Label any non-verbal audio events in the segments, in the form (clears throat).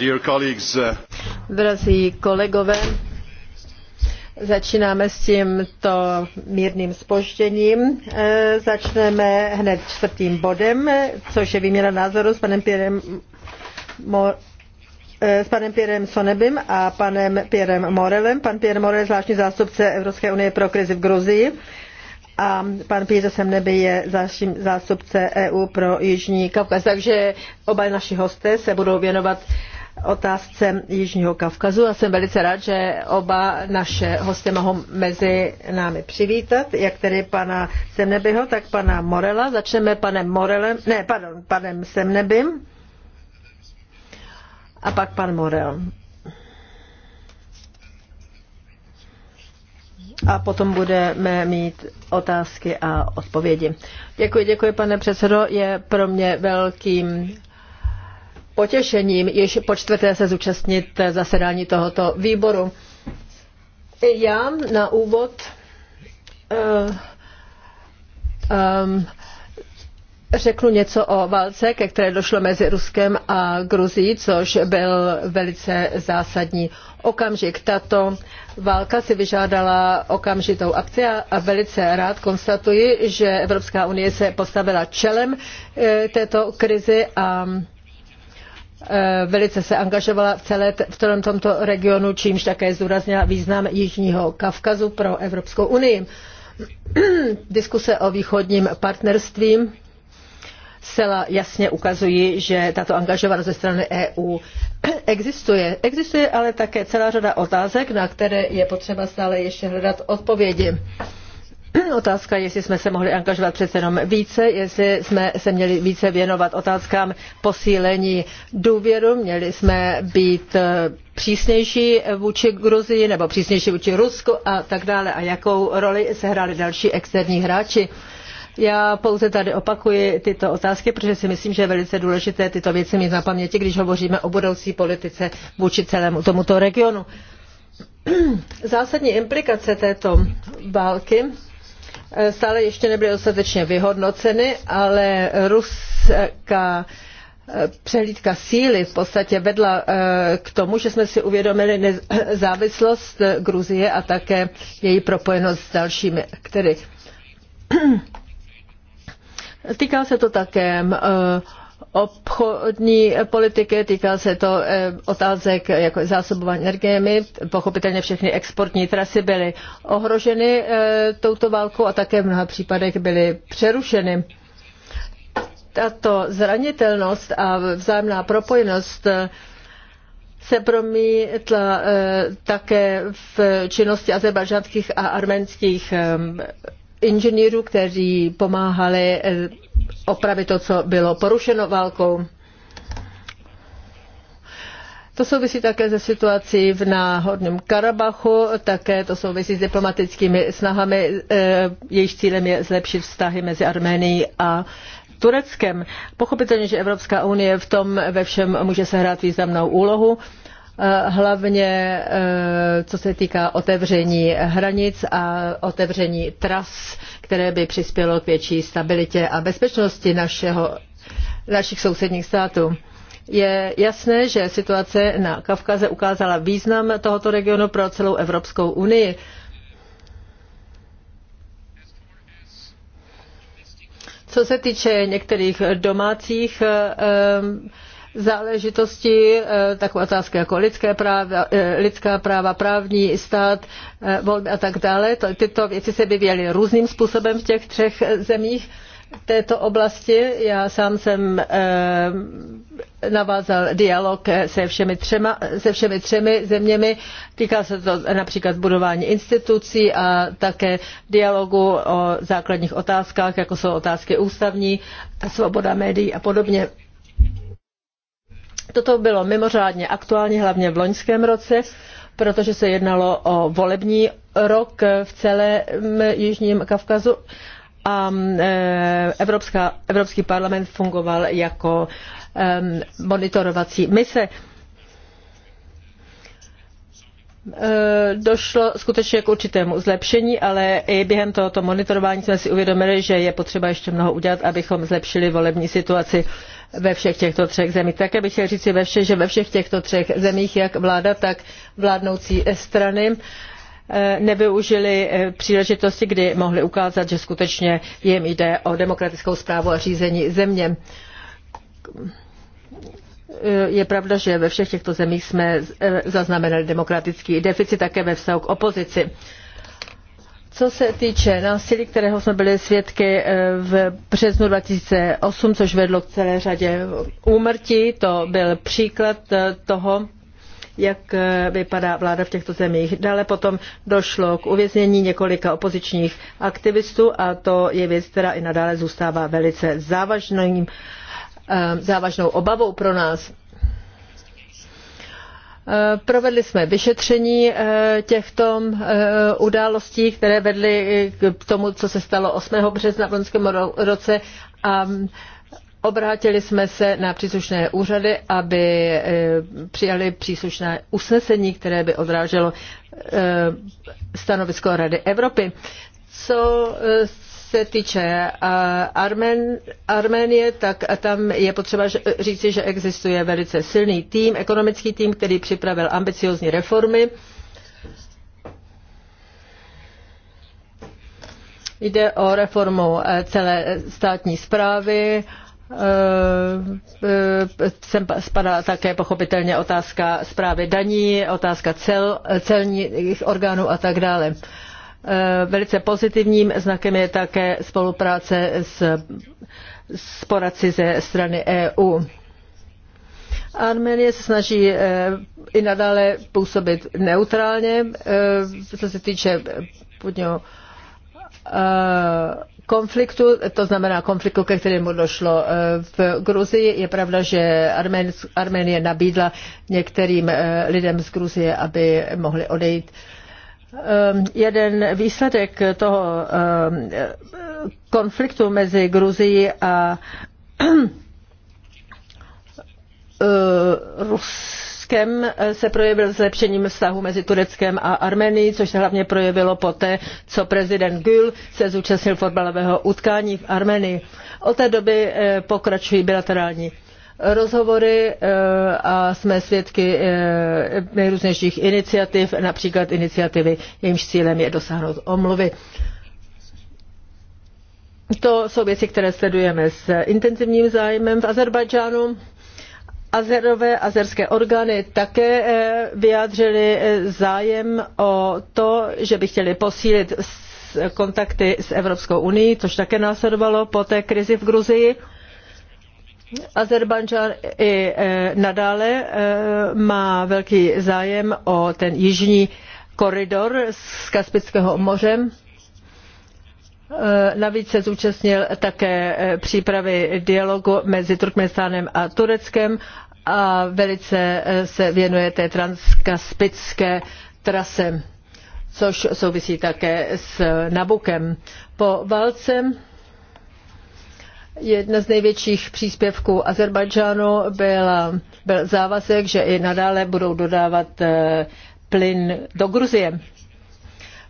Uh, Drazí kolegové, začínáme s tímto mírným spožděním. Eh, začneme hned čtvrtým bodem, což je výměna názoru s panem Pierrem Mo- eh, s panem Pierrem Sonebym a panem Pierrem Morelem. Pan Pierre Morel je zvláštní zástupce Evropské unie pro krizi v Gruzii a pan Pierre Semneby je zástupce EU pro Jižní Kavkaz. Takže oba naši hosté se budou věnovat otázce Jižního Kavkazu a jsem velice rád, že oba naše hosty mohou mezi námi přivítat, jak tedy pana Semnebyho, tak pana Morela. Začneme panem Morelem, ne, pardon, panem Semnebym a pak pan Morel. a potom budeme mít otázky a odpovědi. Děkuji, děkuji, pane předsedo. Je pro mě velkým potěšením již po čtvrté se zúčastnit zasedání tohoto výboru. Já na úvod uh, um, řeknu něco o válce, ke které došlo mezi Ruskem a Gruzí, což byl velice zásadní okamžik. Tato válka si vyžádala okamžitou akci a velice rád konstatuji, že Evropská unie se postavila čelem eh, této krizi a Eh, velice se angažovala v, celé, v celém tomto regionu, čímž také zdůraznila význam Jižního Kavkazu pro Evropskou unii. (clears throat) Diskuse o východním partnerství zcela jasně ukazují, že tato angažovanost ze strany EU (clears throat) existuje. Existuje ale také celá řada otázek, na které je potřeba stále ještě hledat odpovědi. (clears throat) Otázka, jestli jsme se mohli angažovat přece jenom více, jestli jsme se měli více věnovat otázkám posílení důvěru, měli jsme být eh, přísnější vůči Gruzii nebo přísnější vůči Rusku a tak dále a jakou roli sehráli další externí hráči. Já pouze tady opakuji tyto otázky, protože si myslím, že je velice důležité tyto věci mít na paměti, když hovoříme o budoucí politice vůči celému tomuto regionu. (clears throat) Zásadní implikace této války Eh, stále ještě nebyly dostatečně vyhodnoceny, ale ruská eh, přehlídka síly v podstatě vedla eh, k tomu, že jsme si uvědomili nezávislost (clears throat) Gruzie a také její propojenost s dalšími aktéry. (clears throat) Týká se to také obchodní politiky, týká se to eh, otázek eh, jako zásobování energiemi. Pochopitelně všechny exportní trasy byly ohroženy eh, touto válkou a také v mnoha případech byly přerušeny. Tato zranitelnost a vzájemná propojenost se promítla také v činnosti azerbajdžánských a arménských inženýrů, kteří pomáhali eh, opravit to, co bylo porušeno válkou. To souvisí také se situací v náhodném Karabachu, také to souvisí s diplomatickými snahami, eh, jejich cílem je zlepšit vztahy mezi Arménií a Tureckem. Pochopitelně, že Evropská unie v tom ve všem může sehrát významnou úlohu. Eh, hlavně eh, co se týká otevření hranic a otevření tras, které by přispělo k větší stabilitě a bezpečnosti našeho, našich sousedních států. Je jasné, že situace na Kavkaze ukázala význam tohoto regionu pro celou Evropskou unii. Co se týče některých domácích eh, záležitosti, eh, takové otázky jako lidské práva, eh, lidská práva, právní stát, eh, volby a tak dále. Tyto věci se vyvíjely různým způsobem v těch třech zemích této oblasti. Já sám jsem navázal dialog se všemi, třema, se všemi třemi zeměmi. Týká se to například budování institucí a také dialogu o základních otázkách, jako jsou otázky ústavní, svoboda médií a podobně. Toto bylo mimořádně aktuální, hlavně v loňském roce, protože se jednalo o volební rok v celém Jižním Kavkazu a mm, eh, Evropská, Evropský parlament fungoval jako eh, monitorovací mise. Eh, došlo skutečně k určitému zlepšení, ale i během tohoto monitorování jsme si uvědomili, že je potřeba ještě mnoho udělat, abychom zlepšili volební situaci ve všech těchto třech zemích. Také bych chtěl říci ve všech, že ve všech těchto třech zemích, jak vláda, tak vládnoucí strany, eh, nevyužili eh, příležitosti, kdy mohli ukázat, že skutečně jim jde o demokratickou zprávu a řízení země. Eh, je pravda, že ve všech těchto zemích jsme zaznamenali demokratický deficit také ve vztahu k opozici. Co se týče násilí, kterého jsme byli svědky eh, v březnu 2008, což vedlo k celé řadě úmrtí, to byl příklad eh, toho, jak eh, vypadá vláda v těchto zemích. Dále potom došlo k uvěznění několika opozičních aktivistů a to je věc, která i nadále zůstává velice závažným, závažnou obavou pro nás. Eh, provedli jsme vyšetření eh, těchto eh, událostí, které vedly k tomu, co se stalo 8. března v loňském roce a mm, Obrátili jsme se na příslušné úřady, aby přijali příslušné usnesení, které by odráželo stanovisko Rady Evropy. Co se týče eh, Armen, Arménie, tak tam je potřeba říci, že existuje velice silný tým, ekonomický tým, který připravil ambiciozní reformy. Jde o reformu eh, celé státní zprávy, eh, sem spadá také pochopitelně otázka zprávy daní, otázka cel, celních orgánů a tak dále. Eh, velice pozitivním znakem je také spolupráce s, s poradci ze strany EU. Arménie se snaží eh, i nadále působit neutrálně, eh, co se týče půdního konfliktu, to znamená konfliktu, ke kterému došlo v Gruzii. Je pravda, že Arménie nabídla některým lidem z Gruzie, aby mohli odejít Ehm, jeden výsledek toho ehm, konfliktu mezi Gruzií a (clears throat) eh, Ruskem se projevil zlepšením vztahu mezi Tureckem a Armenií, což se hlavně projevilo poté, co prezident Gül se zúčastnil fotbalového utkání v Armenii. Od té doby eh, pokračují bilaterální rozhovory eh, a jsme svědky eh, nejrůznějších iniciativ, například iniciativy, jejímž cílem je dosáhnout omluvy. To jsou věci, které sledujeme s intenzivním zájmem v Azerbajdžánu. Azerové, azerské orgány také eh, vyjádřili zájem o to, že by chtěli posílit kontakty s Evropskou unii, což také následovalo po té krizi v Gruzii. Azerbajdžán i e, nadále e, má velký zájem o ten jižní koridor z Kaspického moře. E, navíc se zúčastnil také přípravy dialogu mezi Turkmenistánem a Tureckem a velice se věnuje té transkaspické trase, což souvisí také s Nabukem. Po válce Jedna z největších příspěvků Azerbajdžánu byla, byl závazek, že i nadále budou dodávat eh, plyn do Gruzie.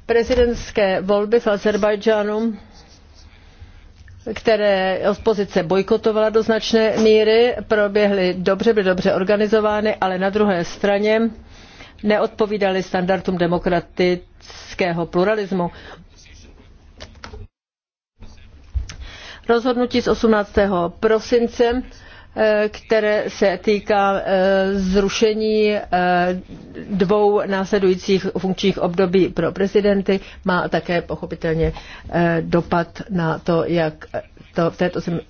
Prezidentské volby v Azerbajdžánu které opozice bojkotovala do značné míry, proběhly dobře, byly dobře organizovány, ale na druhé straně neodpovídaly standardům demokratického pluralismu. Rozhodnutí z 18. prosince eh, které se týká eh, zrušení eh, dvou následujících funkčních období pro prezidenty, má také pochopitelně dopad na to, jak to v této zemi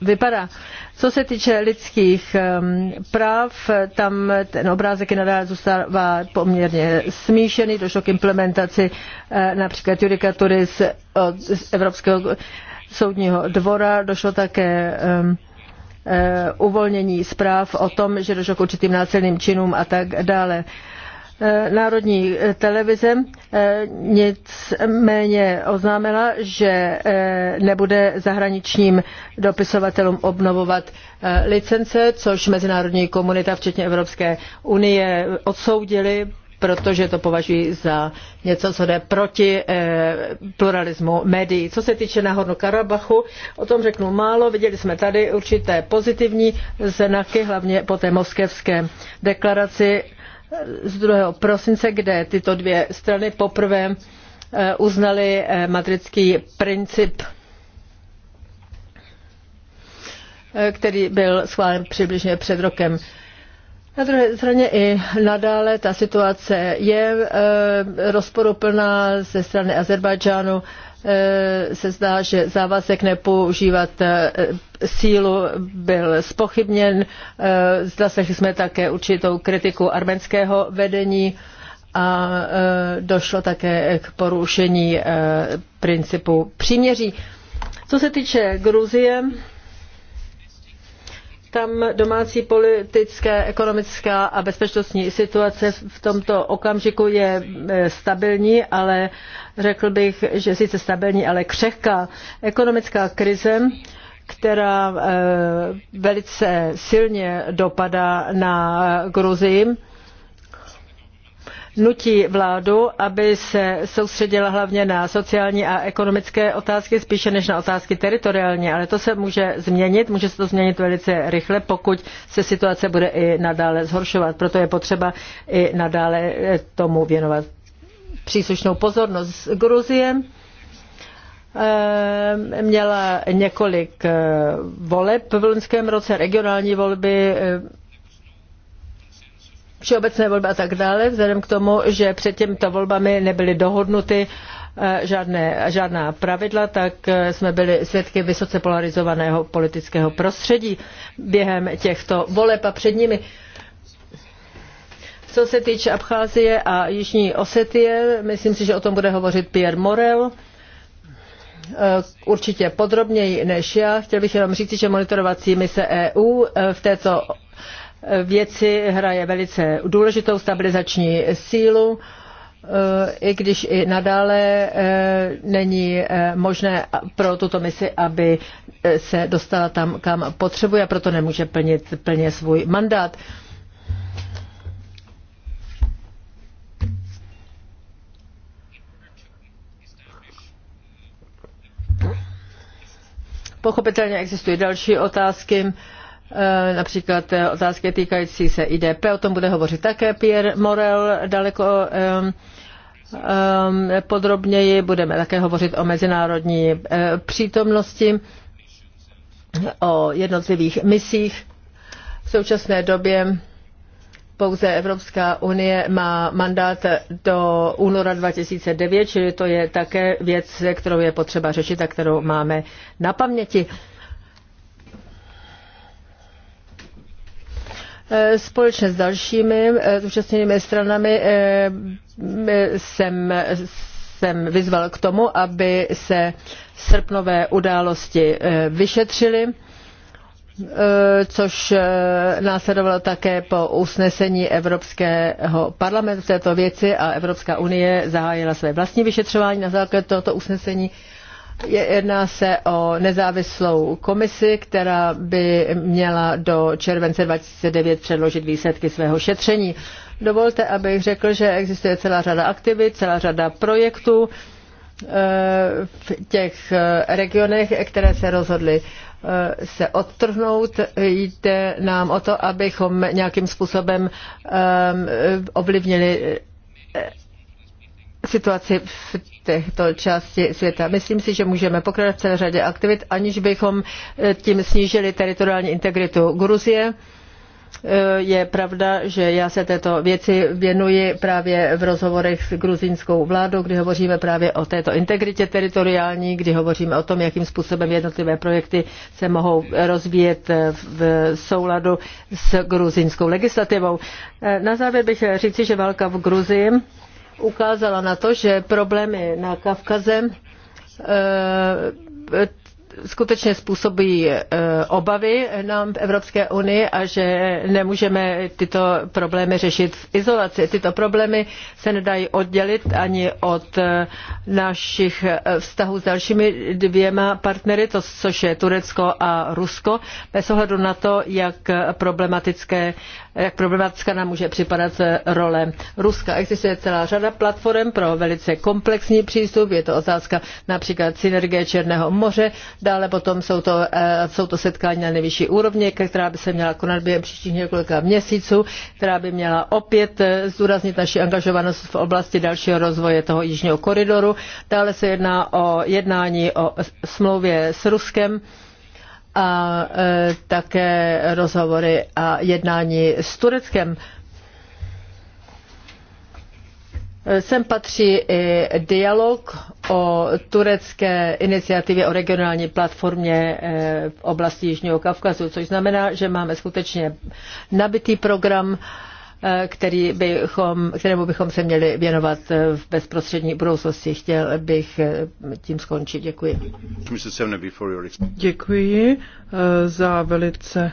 vypadá. Co se týče lidských ehm, práv, tam ten obrázek i nadále zůstává poměrně smíšený, došlo k implementaci například judikatury z, od, z Evropského soudního dvora, došlo také e, uvolnění zpráv o tom, že došlo k určitým násilným činům a tak dále. E, Národní e, televize nicméně oznámila, že nebude zahraničním dopisovatelům obnovovat licence, což mezinárodní komunita, včetně Evropské unie, odsoudili protože to považují za něco, co jde proti eh, pluralismu médií. Co se týče náhodno Karabachu, o tom řeknu málo. Viděli jsme tady určité pozitivní znaky, hlavně po té moskevské deklaraci z 2. prosince, kde tyto dvě strany poprvé eh, uznali eh, madridský princip který byl schválen přibližně před rokem. Na druhé straně i nadále ta situace je e, rozporuplná ze strany Azerbajdžánu. E, se zdá, že závazek nepoužívat e, sílu byl spochybněn. E, zaslechli jsme také určitou kritiku arménského vedení a e, došlo také k porušení e, principu příměří. Co se týče Gruzie, tam domácí politická, ekonomická a bezpečnostní situace v tomto okamžiku je e, stabilní, ale řekl bych, že sice stabilní, ale křehká. Ekonomická krize která e, velice silně dopadá na Gruzii nutí vládu, aby se soustředila hlavně na sociální a ekonomické otázky, spíše než na otázky teritoriální. Ale to se může změnit, může se to změnit velice rychle, pokud se situace bude i nadále zhoršovat. Proto je potřeba i nadále eh, tomu věnovat příslušnou pozornost. Gruzie eh, měla několik eh, voleb v loňském roce, regionální volby, všeobecné volby a tak dále, vzhledem k tomu, že před těmito volbami nebyly dohodnuty eh, žádné, žádná pravidla, tak eh, jsme byli svědky vysoce polarizovaného politického prostředí během těchto voleb a před nimi. Co se týče Abcházie a Jižní Osetie, myslím si, že o tom bude hovořit Pierre Morel eh, určitě podrobněji než já. Chtěl bych jenom říct, že monitorovací mise EU v této věci hraje velice důležitou stabilizační sílu, eh, i když i nadále eh, není eh, možné pro tuto misi, aby se dostala tam, kam potřebuje, a proto nemůže plnit plně svůj mandát. Pochopitelně existují další otázky. Eh, například eh, otázky týkající se IDP, o tom bude hovořit také Pierre Morel daleko ehm, ehm, podrobněji, budeme také hovořit o mezinárodní eh, přítomnosti, o jednotlivých misích. V současné době pouze Evropská unie má mandát do února 2009, čili to je také věc, kterou je potřeba řešit a kterou máme na paměti. Eh, společně s dalšími zúčastněnými eh, stranami eh, jsem, jsem vyzval k tomu, aby se srpnové události vyšetřily což následovalo také po usnesení Evropského parlamentu této věci a Evropská unie zahájila své vlastní vyšetřování na základě tohoto usnesení Jedná se o nezávislou komisi, která by měla do července 2009 předložit výsledky svého šetření. Dovolte, abych řekl, že existuje celá řada aktivit, celá řada projektů eh, v těch eh, regionech, které se rozhodly eh, se odtrhnout. Jde nám o to, abychom nějakým způsobem ovlivnili situaci v této části světa. Myslím si, že můžeme pokračovat v celé řadě aktivit, aniž bychom eh, tím snížili teritoriální integritu Gruzie. Eh, je pravda, že já se této věci věnuji právě v rozhovorech s gruzínskou vládou, kdy hovoříme právě o této integritě teritoriální, kdy hovoříme o tom, jakým způsobem jednotlivé projekty se mohou rozvíjet eh, v souladu s gruzínskou legislativou. Na závěr bych říci, že válka v Gruzii ukázala na to, že problémy na Kavkaze eh, skutečně způsobí eh, obavy nám v Evropské unii a že nemůžeme tyto problémy řešit v izolaci. Tyto problémy se nedají oddělit ani od eh, našich vztahů s dalšími dvěma partnery, to, což je Turecko a Rusko, bez ohledu na to, jak problematické jak problematická nám může připadat eh, role Ruska. Existuje celá řada platform pro velice komplexní přístup, je to otázka například synergie Černého moře, dále potom jsou to, eh, jsou to setkání na nejvyšší úrovni, která by se měla konat během příštích několika měsíců, která by měla opět eh, zdůraznit naši angažovanost v oblasti dalšího rozvoje toho jižního koridoru. Dále se jedná o jednání o smlouvě s Ruskem a e, také rozhovory a jednání s Tureckem. Sem patří i dialog o turecké iniciativě o regionální platformě e, v oblasti Jižního Kavkazu, což znamená, že máme skutečně nabitý program Eh, který bychom, kterému bychom se měli věnovat eh, v bezprostřední budoucnosti. Chtěl bych eh, tím skončit. Děkuji. Děkuji za velice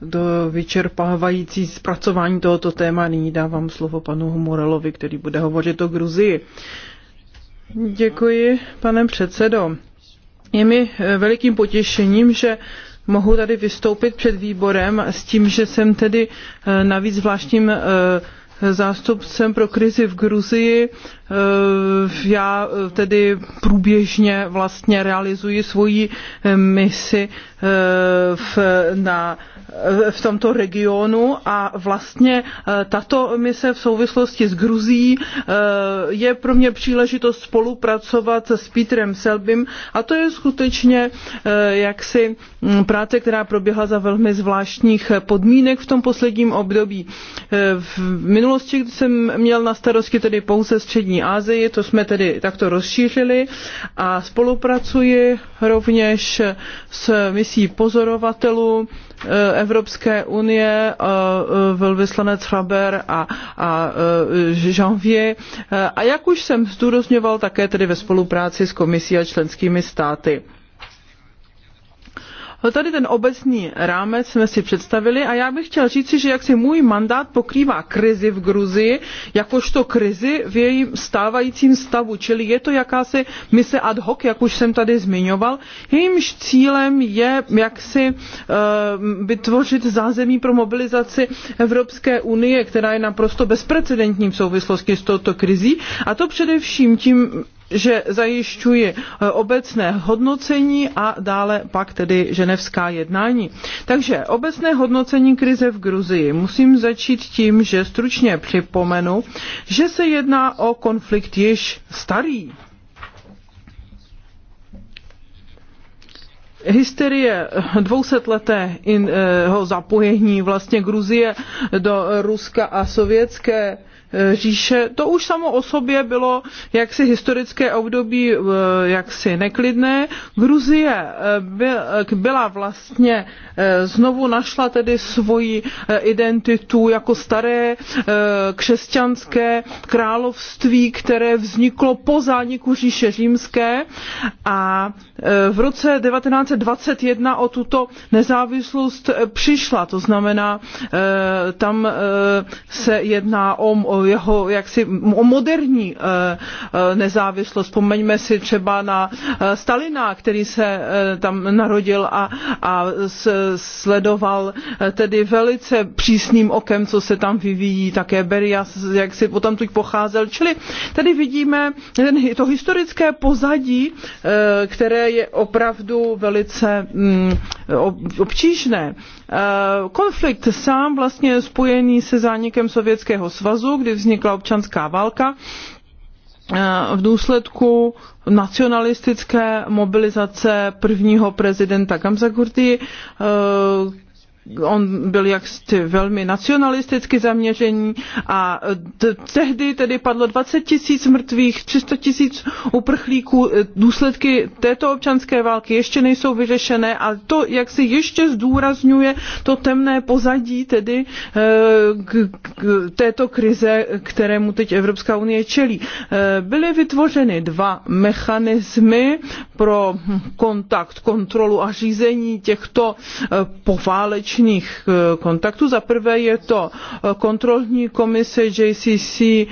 do vyčerpávající zpracování tohoto téma. Nyní dávám slovo panu Humorelovi, který bude hovořit o Gruzii. Děkuji, pane předsedo. Je mi velikým potěšením, že mohu tady vystoupit před výborem s tím, že jsem tedy eh, navíc zvláštním eh, zástupcem pro krizi v Gruzii. Eh, já tedy průběžně vlastně realizuji svoji misi na v tomto regionu a vlastně eh, tato mise v souvislosti s Gruzí eh, je pro mě příležitost spolupracovat s Petrem Selbym a to je skutečně eh, jaksi mm, práce, která proběhla za velmi zvláštních podmínek v tom posledním období. V minulosti jsem měl na starosti tedy pouze střední Asii, to jsme tedy takto rozšířili a spolupracuji rovněž s misí pozorovatelů Eh, Evropské unie, eh, eh, velvyslanec Faber a, a Janvier. A jak už jsem zdůrazňoval, také tedy ve spolupráci s komisí a členskými státy. Tady ten obecný rámec jsme si představili a já bych chtěl říci, že jak si můj mandát pokrývá krizi v Gruzii, jakožto krizi v jejím stávajícím stavu, čili je to jakási mise ad hoc, jak už jsem tady zmiňoval, jejímž cílem je jaksi e, vytvořit zázemí pro mobilizaci Evropské unie, která je naprosto bezprecedentní v souvislosti s touto krizí a to především tím že zajišťuji eh, obecné hodnocení a dále pak tedy ženevská jednání. Takže obecné hodnocení krize v Gruzii. Musím začít tím, že stručně připomenu, že se jedná o konflikt již starý. hysterie dvousetletého eh, zapojení vlastně Gruzie do Ruska a sovětské říše. To už samo o sobě bylo jaksi historické období eh, jaksi neklidné. Gruzie eh, eh, byla vlastně, znovu našla tedy svoji identitu jako staré křesťanské království, které vzniklo po zániku říše římské a v roce 1921 o tuto nezávislost přišla. To znamená, tam se jedná o jeho jaksi moderní eh, eh, nezávislost. Vzpomeňme si třeba na eh, Stalina, který se tam narodil a, a sledoval tedy velice přísným okem, co se tam vyvíjí, také Beria, jak si potom tuď pocházel. Čili tady vidíme to historické pozadí, které je opravdu velice mm, obtížné. Eh, konflikt sám vlastně je spojený se zánikem Sovětského svazu, kdy vznikla občanská válka eh, v důsledku nacionalistické mobilizace prvního prezidenta Gamzagurty, eh, on byl jaksi velmi nacionalisticky zaměřený a tehdy tedy padlo 20 tisíc mrtvých, 300 tisíc uprchlíků. Důsledky této občanské války ještě nejsou vyřešené a to, jak si ještě zdůrazňuje to temné pozadí tedy eh, k, k této krize, kterému teď Evropská unie čelí. Eh, byly vytvořeny dva mechanismy pro kontakt, kontrolu a řízení těchto eh, poválečných dodatečných eh, kontaktů. Za prvé je to eh, kontrolní komise JCC eh,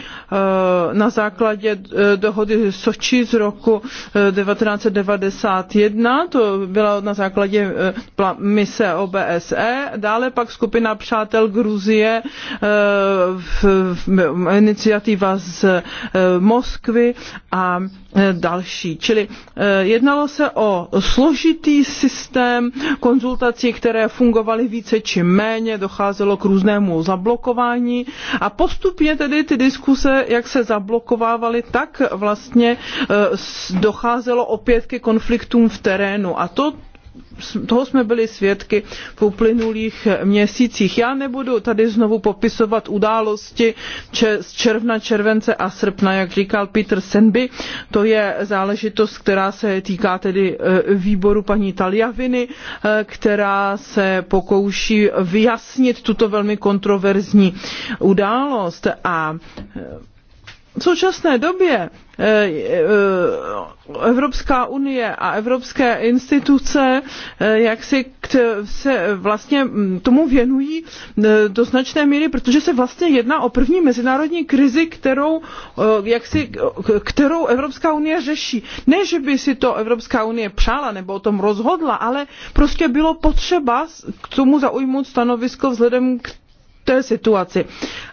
na základě dohody Soči z roku 1991, to byla na základě mise OBSE, dále pak skupina přátel Gruzie iniciativa z Moskvy a Eh, další. Čili eh, jednalo se o složitý systém konzultací, které fungovaly více či méně, docházelo k různému zablokování a postupně tedy ty diskuse, jak se zablokovávaly, tak vlastně eh, docházelo opět ke konfliktům v terénu. A to toho jsme byli svědky v uplynulých měsících. Já nebudu tady znovu popisovat události z června, července a srpna, jak říkal Peter Senby. To je záležitost, která se týká tedy e, výboru paní Taliaviny, e, která se pokouší vyjasnit tuto velmi kontroverzní událost. A e, v současné době eh, eh, Evropská unie a evropské instituce eh, jak si se vlastně mm, tomu věnují do značné míry, protože se vlastně jedná o první mezinárodní krizi, kterou, jak si, kterou Evropská unie řeší. Ne, že by si to Evropská unie přála nebo o tom rozhodla, ale prostě bylo potřeba k tomu zaujmout stanovisko vzhledem k té situaci.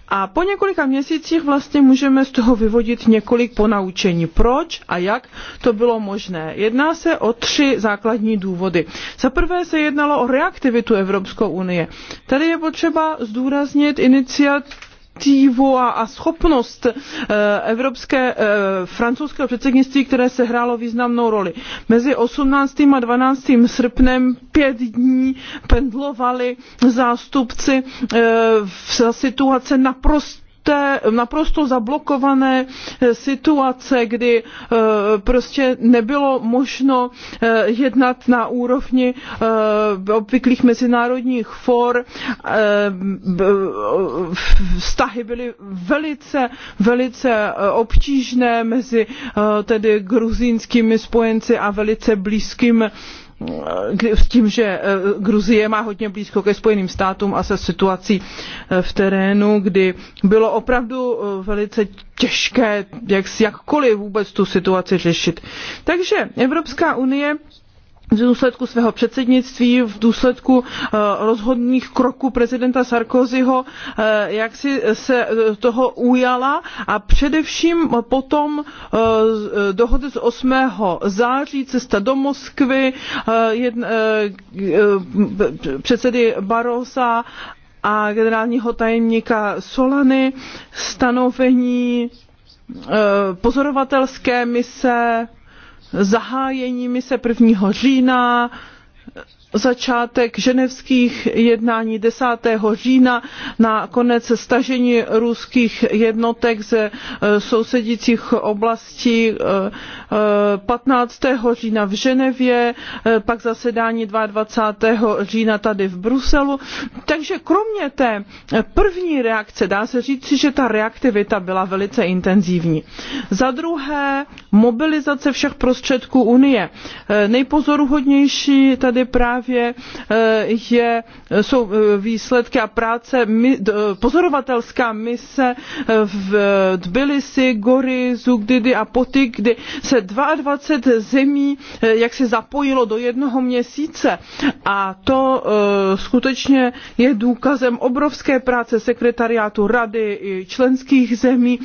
A po několika měsících vlastně můžeme z toho vyvodit několik ponaučení. Proč a jak to bylo možné? Jedná se o tři základní důvody. Za prvé se jednalo o reaktivitu Evropské unie. Tady je potřeba zdůraznit iniciativu perspektivu a, a schopnost eh, evropské, eh, francouzského předsednictví, které se hrálo významnou roli. Mezi 18. a 12. srpnem pět dní pendlovali zástupci eh, v situace naprosto té naprosto zablokované eh, situace, kdy eh, prostě nebylo možno eh, jednat na úrovni obvyklých mezinárodních for. Vztahy byly velice, velice obtížné mezi tedy gruzínskými spojenci a velice blízkým Eh, s tím, že eh, Gruzie má hodně blízko ke Spojeným státům a se situací eh, v terénu, kdy bylo opravdu velice těžké jak, jakkoliv vůbec tu situaci řešit. Takže Evropská unie v důsledku svého předsednictví, v důsledku eh, rozhodných kroků prezidenta Sarkozyho, eh, jak si se eh, toho ujala a především potom dohody z 8. září, cesta do Moskvy, předsedy Barosa a generálního tajemníka Solany, stanovení pozorovatelské mise Zahájení mise 1. října začátek ženevských jednání 10. října na konec stažení ruských jednotek ze e, sousedících oblastí 15. E, e, října v Ženevě, pak zasedání 22. října tady v Bruselu. Takže kromě té první reakce, dá se říct, že ta reaktivita byla velice intenzivní. Za druhé, mobilizace všech prostředků Unie. Nejpozoruhodnější tady právě právě eh, je, eh, jsou eh, výsledky a práce pozorovatelská mise v Tbilisi, Gory, Zugdidy a Poty, kdy se 22 zemí jak se zapojilo do jednoho měsíce a to skutečně je důkazem obrovské práce sekretariátu rady i členských zemí,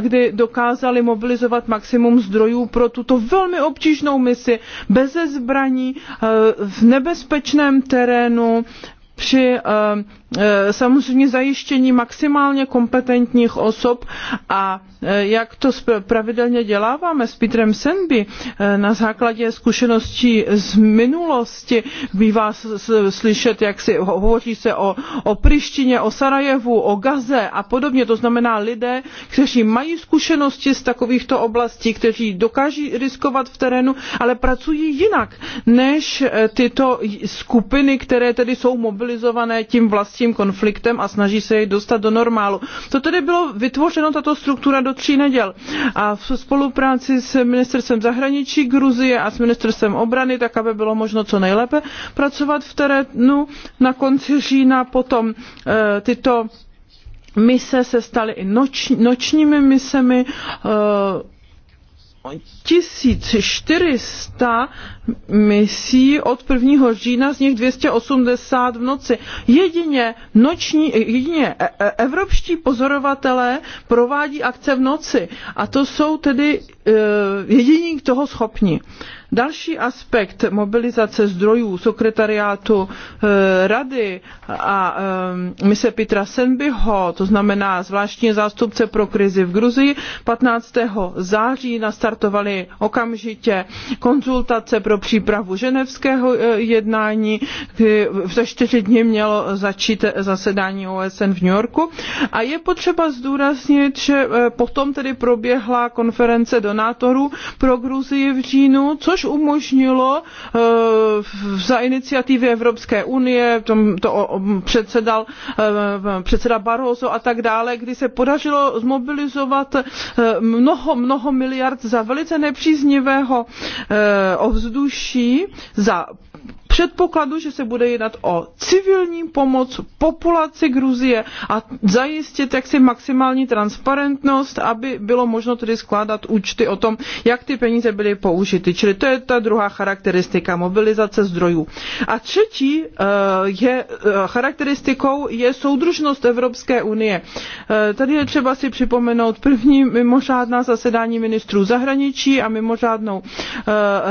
kdy dokázali mobilizovat maximum zdrojů pro tuto velmi obtížnou misi beze zbraní v nebe nebezpečném terénu při eh, Eh, samozřejmě zajištění maximálně kompetentních osob a eh, jak to pravidelně děláváme s Petrem Senby eh, na základě zkušeností z minulosti, bývá slyšet, jak si hovoří se o, o Prištině, o Sarajevu, o Gaze a podobně, to znamená lidé, kteří mají zkušenosti z takovýchto oblastí, kteří dokáží riskovat v terénu, ale pracují jinak než tyto skupiny, které tedy jsou mobilizované tím vlastním tím konfliktem a snaží se jej dostat do normálu. To tedy bylo vytvořeno, tato struktura do tří neděl. A v spolupráci s ministerstvem zahraničí Gruzie a s ministerstvem obrany, tak aby bylo možno co nejlépe pracovat v terénu. Na konci října potom e, tyto mise se staly i noč, nočními misemi. E, eh, 1400 misí od 1. října, z nich 280 v noci. Jedině, noční, jedině e, e, evropští pozorovatelé provádí akce v noci a to jsou tedy e, jediní k toho schopni. Další aspekt mobilizace zdrojů sekretariátu rady a mise Petra Senbyho, to znamená zvláštní zástupce pro krizi v Gruzii, 15. září nastartovali okamžitě konzultace pro pro přípravu ženevského e, jednání, kdy za čtyři dny mělo začít zasedání OSN v New Yorku. A je potřeba zdůraznit, že e, potom tedy proběhla konference donátorů pro Gruzii v říjnu, což umožnilo e, za iniciativy Evropské unie, to předsedal předseda Barroso a tak dále, kdy se podařilo zmobilizovat mnoho, mnoho miliard za velice nepříznivého ovzduší jednodušší za předpokladu, že se bude jednat o civilní pomoc populaci Gruzie a zajistit jaksi maximální transparentnost, aby bylo možno tedy skládat účty o tom, jak ty peníze byly použity. Čili to je ta druhá charakteristika, mobilizace zdrojů. A třetí eh, je, eh, charakteristikou je soudružnost Evropské unie. Eh, tady je třeba si připomenout první mimořádná zasedání ministrů zahraničí a mimořádnou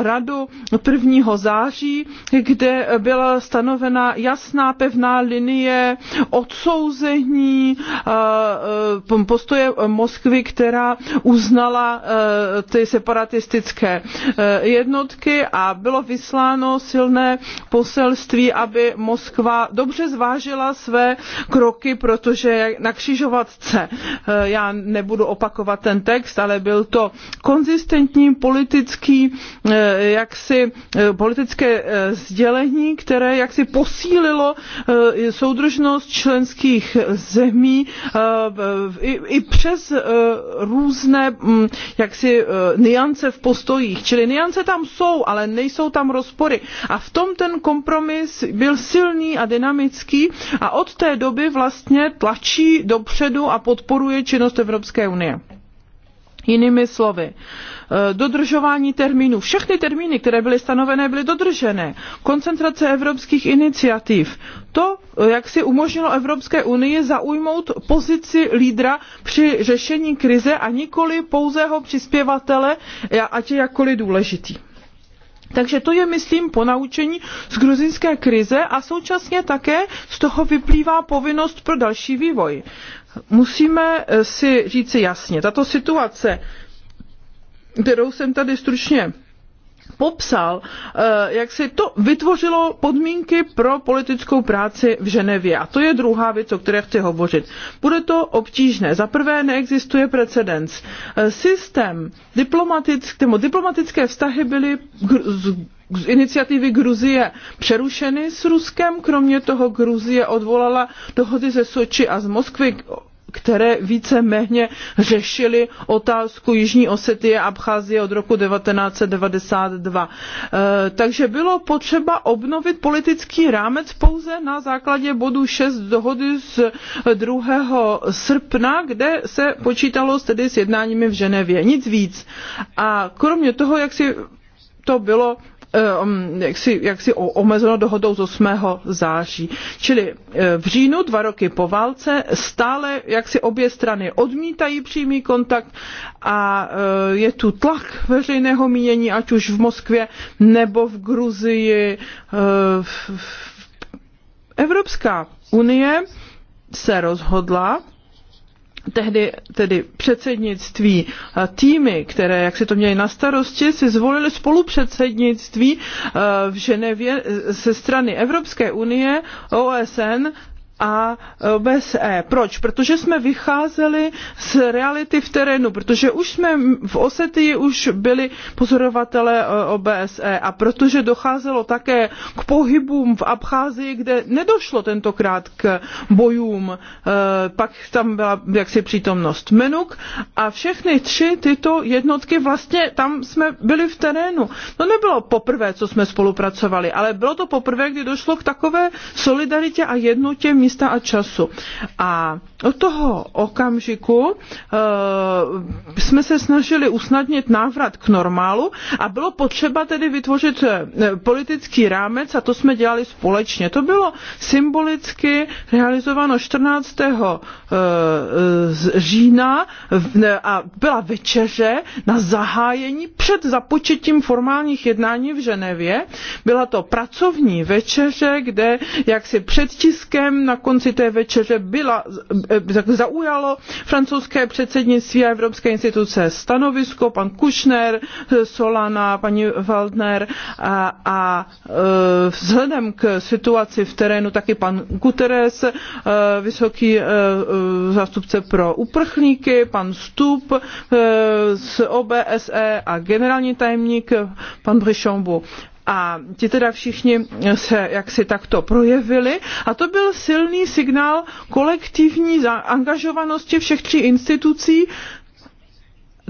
radu 1. září, kde byla stanovena jasná pevná linie odsouzení eh, eh, postoje Moskvy, která uznala eh, ty separatistické jednotky a bylo vysláno silné poselství, aby Moskva dobře zvážila své kroky, protože na křižovatce, já nebudu opakovat ten text, ale byl to konzistentní politický, jaksi politické sdělení, které jaksi posílilo eh, soudržnost členských zemí eh, i přes eh, různé mm, jaksi niance v postojích. Čili niance tam jsou, ale nejsou tam rozpory. A v tom ten kompromis byl silný a dynamický a od té doby vlastně tlačí dopředu a podporuje činnost Evropské unie. Jinými slovy, Eh, dodržování termínů. Všechny termíny, které byly stanovené, byly dodržené. Koncentrace evropských iniciativ. To, eh, jak si umožnilo Evropské unii zaujmout pozici lídra při řešení krize a nikoli pouzeho přispěvatele, ať je jakkoliv důležitý. Takže to je, myslím, ponaučení z gruzinské krize a současně také z toho vyplývá povinnost pro další vývoj. Musíme eh, si říci jasně, tato situace kterou jsem tady stručně popsal, eh, jak si to vytvořilo podmínky pro politickou práci v Ženevě. A to je druhá věc, o které chci hovořit. Bude to obtížné. Za prvé neexistuje precedens. Eh, systém diplomatick, nebo diplomatické vztahy byly z iniciativy Gruzie přerušeny s Ruskem. Kromě toho Gruzie odvolala dohody ze Soči a z Moskvy které více méně řešily otázku Jižní Osety a Abcházie od roku 1992. E, takže bylo potřeba obnovit politický rámec pouze na základě bodu 6 dohody z 2. srpna, kde se počítalo tedy s jednáními v Ženevě. Nic víc. A kromě toho, jak si to bylo Eh, um, jaksi, jaksi omezeno dohodou z 8. září. Čili eh, v říjnu, dva roky po válce, stále jaksi obě strany odmítají přímý kontakt a eh, je tu tlak veřejného mínění, ať už v Moskvě nebo v Gruzii. Evropská unie se rozhodla tehdy tedy předsednictví eh, týmy, které, jak si to měli na starosti, si zvolili spolupředsednictví eh, v Ženevě eh, ze strany Evropské unie, OSN, a e, e. Proč? Protože jsme vycházeli z reality v terénu, protože už jsme v Osetii už byli pozorovatele OBSE a protože docházelo také k pohybům v Abcházii, kde nedošlo tentokrát k bojům, e, pak tam byla jaksi přítomnost Menuk a všechny tři tyto jednotky vlastně tam jsme byli v terénu. To nebylo poprvé, co jsme spolupracovali, ale bylo to poprvé, kdy došlo k takové solidaritě a jednotě místní místa a času. A od toho okamžiku uh, jsme se snažili usnadnit návrat k normálu a bylo potřeba tedy vytvořit eh, politický rámec a to jsme dělali společně. To bylo symbolicky realizováno 14. Eh, října a byla večeře na zahájení před započetím formálních jednání v Ženevě. Byla to pracovní večeře, kde jaksi před tiskem na na konci té večeře byla, eh, zaujalo francouzské předsednictví a evropské instituce stanovisko, pan Kušner, eh, Solana, paní Waldner a, a eh, vzhledem k situaci v terénu taky pan Guterres, vysoký zástupce pro uprchlíky, pan Stup z OBSE a generální tajemník pan Brichombu. A ti teda všichni se jaksi takto projevili a to byl silný signál kolektivní angažovanosti všech tří institucí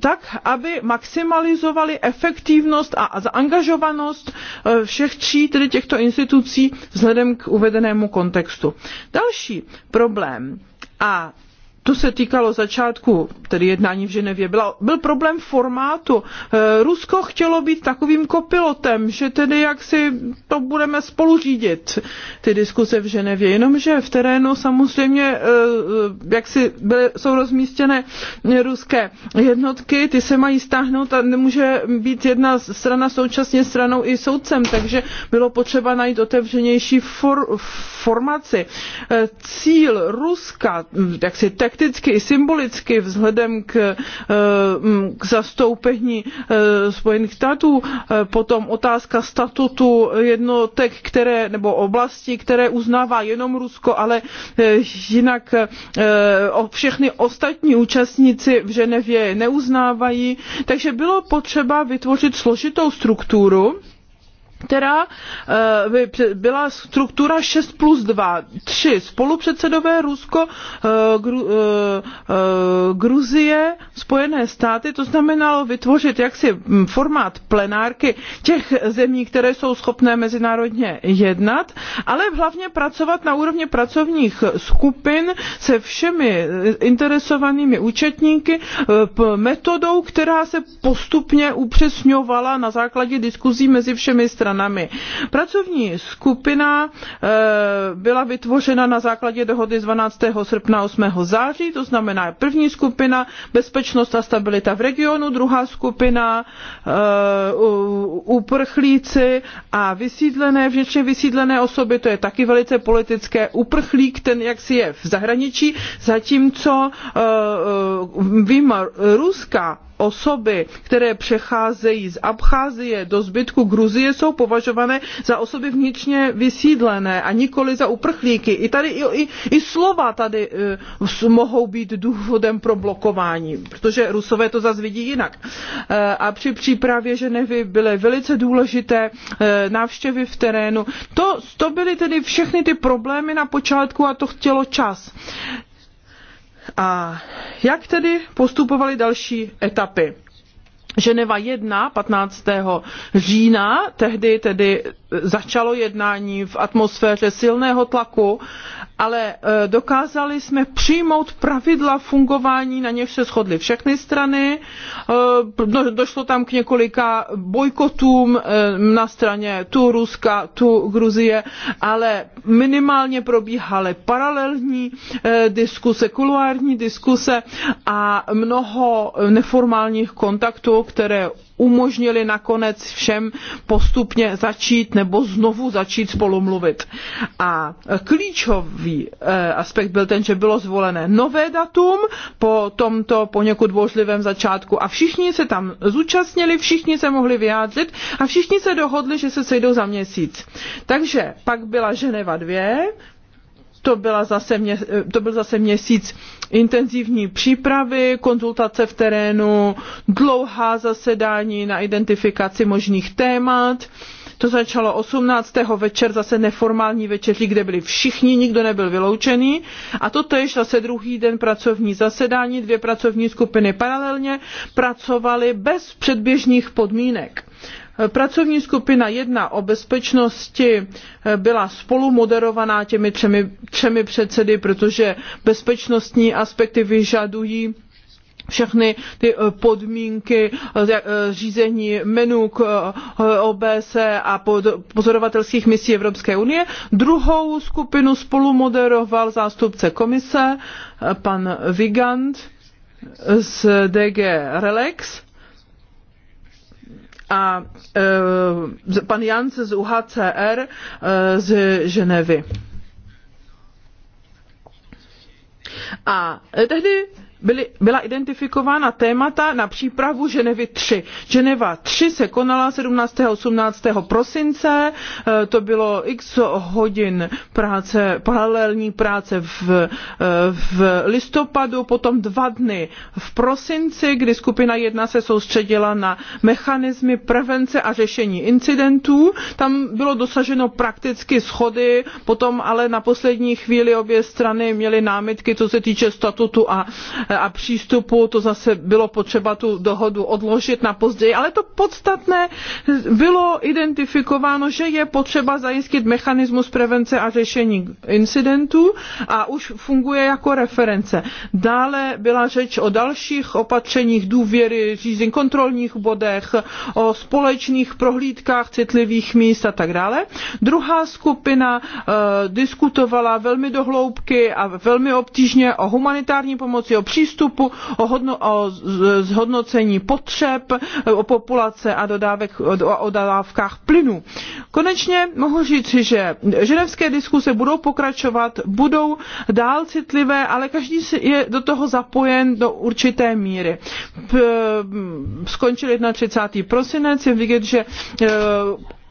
tak, aby maximalizovali efektivnost a zaangažovanost eh, všech tří tedy těchto institucí vzhledem k uvedenému kontextu. Další problém a to se týkalo začátku, tedy jednání v Ženevě, byla, byl problém formátu. Eh, Rusko chtělo být takovým kopilotem, že tedy jak si to budeme spoluřídit, ty diskuse v Ženevě, jenomže v terénu samozřejmě eh, jak si byly, jsou rozmístěné ruské jednotky, ty se mají stáhnout a nemůže být jedna strana současně stranou i soudcem, takže bylo potřeba najít otevřenější for, formaci. Eh, Cíl Ruska, jak si text prakticky i symbolicky vzhledem k, eh, k zastoupení eh, Spojených států, eh, potom otázka statutu jednotek, které, nebo oblasti, které uznává jenom Rusko, ale jinak všechny ostatní účastníci v Ženevě neuznávají. Takže bylo potřeba vytvořit složitou strukturu, která by eh, byla struktura 6 plus 2, tři spolupředsedové Rusko, eh, Gru, eh, Gruzie, Spojené státy, to znamenalo vytvořit jaksi hm, formát plenárky těch zemí, které jsou schopné mezinárodně jednat, ale hlavně pracovat na úrovni pracovních skupin se všemi interesovanými účetníky metodou, která se postupně upřesňovala na základě diskuzí mezi všemi stranami stranami. Pracovní skupina eh, byla vytvořena na základě dohody z 12. srpna 8. září, to znamená první skupina bezpečnost a stabilita v regionu, druhá skupina eh, uprchlíci a vysídlené, vnitřně vysídlené osoby, to je taky velice politické, uprchlík, ten jak si je v zahraničí, zatímco eh, výjima Ruska osoby, které přecházejí z Abcházie do zbytku Gruzie, jsou považované za osoby vnitřně vysídlené a nikoli za uprchlíky. I tady i, i, i slova tady e, mohou být důvodem pro blokování, protože Rusové to zase vidí jinak. E, a při přípravě Ženevy byly velice důležité e, návštěvy v terénu. To, to byly tedy všechny ty problémy na počátku a to chtělo čas. A jak tedy postupovaly další etapy? Ženeva 1 15. října, tehdy tedy začalo jednání v atmosféře silného tlaku ale e, dokázali jsme přijmout pravidla fungování, na něž se shodly všechny strany. E, no, došlo tam k několika bojkotům e, na straně tu Ruska, tu Gruzie, ale minimálně probíhaly paralelní diskuse, kuluární diskuse a mnoho neformálních kontaktů, které umožnili nakonec všem postupně začít nebo znovu začít spolu mluvit. A klíčový eh, aspekt byl ten, že bylo zvolené nové datum po tomto poněkud božlivém začátku a všichni se tam zúčastnili, všichni se mohli vyjádřit a všichni se dohodli, že se sejdou za měsíc. Takže pak byla Ženeva 2, to, byla zase mě, eh, to byl zase měsíc intenzivní přípravy, konzultace v terénu, dlouhá zasedání na identifikaci možných témat. To začalo 18. večer, zase neformální večeří, kde byli všichni, nikdo nebyl vyloučený. A to je zase druhý den pracovní zasedání, dvě pracovní skupiny paralelně pracovaly bez předběžných podmínek. Pracovní skupina jedna o bezpečnosti eh, byla spolu moderovaná těmi třemi, třemi předsedy, protože bezpečnostní aspekty vyžadují všechny ty eh, podmínky eh, řízení menu k OBSE a pozorovatelských misí Evropské unie. Druhou skupinu spolu moderoval zástupce komise, pan Vigand z DG Relax a e, pan Jance z UHCR e, z Ženevy. A e, tehdy byly, byla identifikována témata na přípravu Ženevy 3. Ženeva 3 se konala 17. a 18. prosince, eh, to bylo x hodin práce, paralelní práce v, eh, v listopadu, potom dva dny v prosinci, kdy skupina 1 se soustředila na mechanismy prevence a řešení incidentů. Tam bylo dosaženo prakticky schody, potom ale na poslední chvíli obě strany měly námitky, co se týče statutu a eh, a přístupu, to zase bylo potřeba tu dohodu odložit na později, ale to podstatné bylo identifikováno, že je potřeba zajistit mechanismus prevence a řešení incidentů a už funguje jako reference. Dále byla řeč o dalších opatřeních důvěry, řízení kontrolních bodech, o společných prohlídkách citlivých míst a tak dále. Druhá skupina e, diskutovala velmi dohloubky a velmi obtížně o humanitární pomoci, o pří přístupu, o, hodno, o zhodnocení potřeb, o populace a dodávek, o, o dodávkách plynu. Konečně mohu říci, že ženevské diskuse budou pokračovat, budou dál citlivé, ale každý je do toho zapojen do určité míry. Skončil 31. prosinec, je vidět, že e,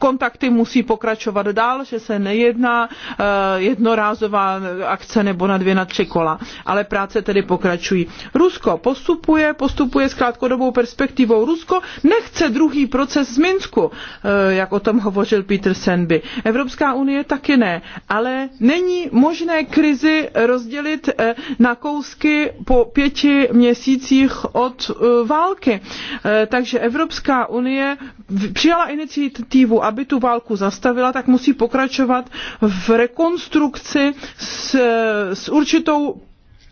kontakty musí pokračovat dál, že se nejedná eh, jednorázová akce nebo na dvě, na tři kola, ale práce tedy pokračují. Rusko postupuje, postupuje s krátkodobou perspektivou. Rusko nechce druhý proces z Minsku, eh, jak o tom hovořil Peter Senby. Evropská unie taky ne, ale není možné krizi rozdělit eh, na kousky po pěti měsících od války. Takže Evropská unie přijala iniciativu, aby aby tu válku zastavila, tak musí pokračovat v rekonstrukci s, s určitou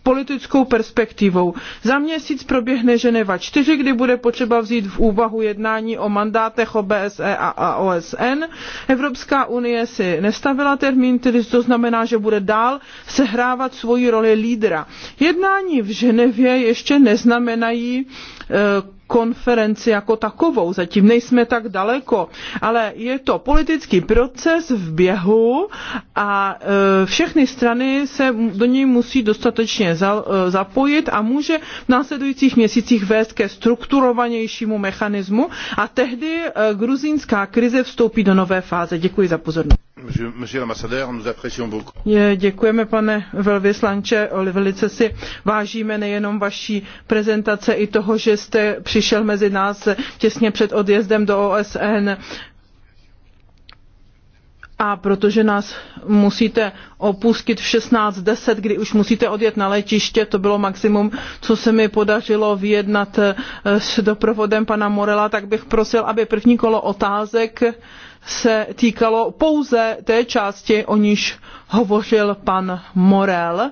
politickou perspektivou. Za měsíc proběhne Ženeva 4, kdy bude potřeba vzít v úvahu jednání o mandátech OBSE a OSN. Evropská unie si nestavila termín, tedy to znamená, že bude dál sehrávat svoji roli lídra. Jednání v Ženevě ještě neznamenají eh, konferenci jako takovou. Zatím nejsme tak daleko, ale je to politický proces v běhu a e, všechny strany se do něj musí dostatečně e, zapojit a může v následujících měsících vést ke strukturovanějšímu mechanismu a tehdy e, gruzínská krize vstoupí do nové fáze. Děkuji za pozornost. Děkujeme, pane velvyslanče, velice si vážíme nejenom vaší prezentace i toho, že jste přišli přišel mezi nás těsně před odjezdem do OSN. A protože nás musíte opustit v 16.10, kdy už musíte odjet na letiště, to bylo maximum, co se mi podařilo vyjednat eh, s doprovodem pana Morela, tak bych prosil, aby první kolo otázek se týkalo pouze té části, o níž hovořil pan Morel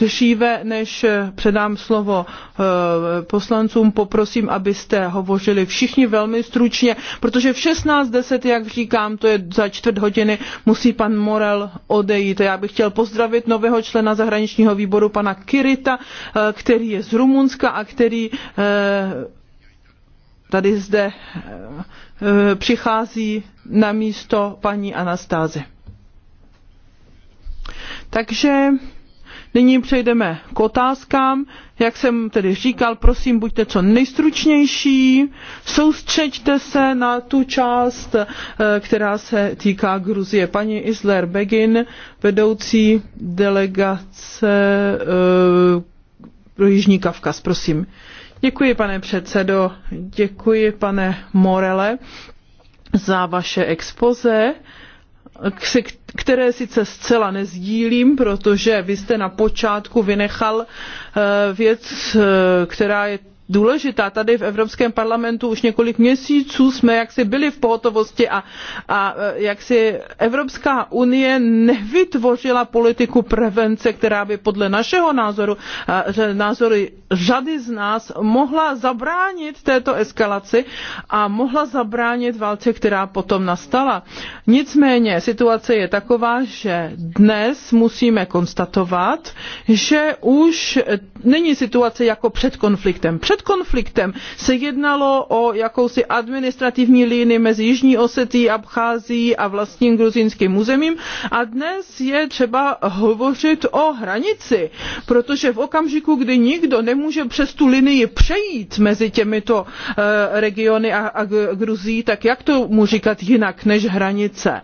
dříve než předám slovo eh, poslancům, poprosím, abyste hovořili všichni velmi stručně, protože v 16.10, jak říkám, to je za čtvrt hodiny, musí pan Morel odejít. Já bych chtěl pozdravit nového člena zahraničního výboru, pana Kirita, eh, který je z Rumunska a který eh, tady zde přichází na místo paní Anastázy. Takže Nyní přejdeme k otázkám. Jak jsem tedy říkal, prosím, buďte co nejstručnější, soustřeďte se na tu část, eh, která se týká Gruzie. Paní Isler Begin, vedoucí delegace pro eh, Jižní Kavkaz, prosím. Děkuji, pane předsedo, děkuji, pane Morele, za vaše expoze které sice zcela nezdílím, protože vy jste na počátku vynechal eh, věc, eh, která je důležitá. Tady v Evropském parlamentu už několik měsíců jsme jaksi byli v pohotovosti a, a eh, jaksi Evropská unie nevytvořila politiku prevence, která by podle našeho názoru, názory řady z nás, mohla zabránit této eskalaci a mohla zabránit válce, která potom nastala. Nicméně situace je taková, že dnes musíme konstatovat, že už není situace jako před konfliktem. Před před konfliktem se jednalo o jakousi administrativní linii mezi Jižní Osetí, Abchází a vlastním gruzínským územím a dnes je třeba hovořit o hranici, protože v okamžiku, kdy nikdo nemůže přes tu linii přejít mezi těmito eh, regiony a, a Gruzí, tak jak to mu říkat jinak než hranice?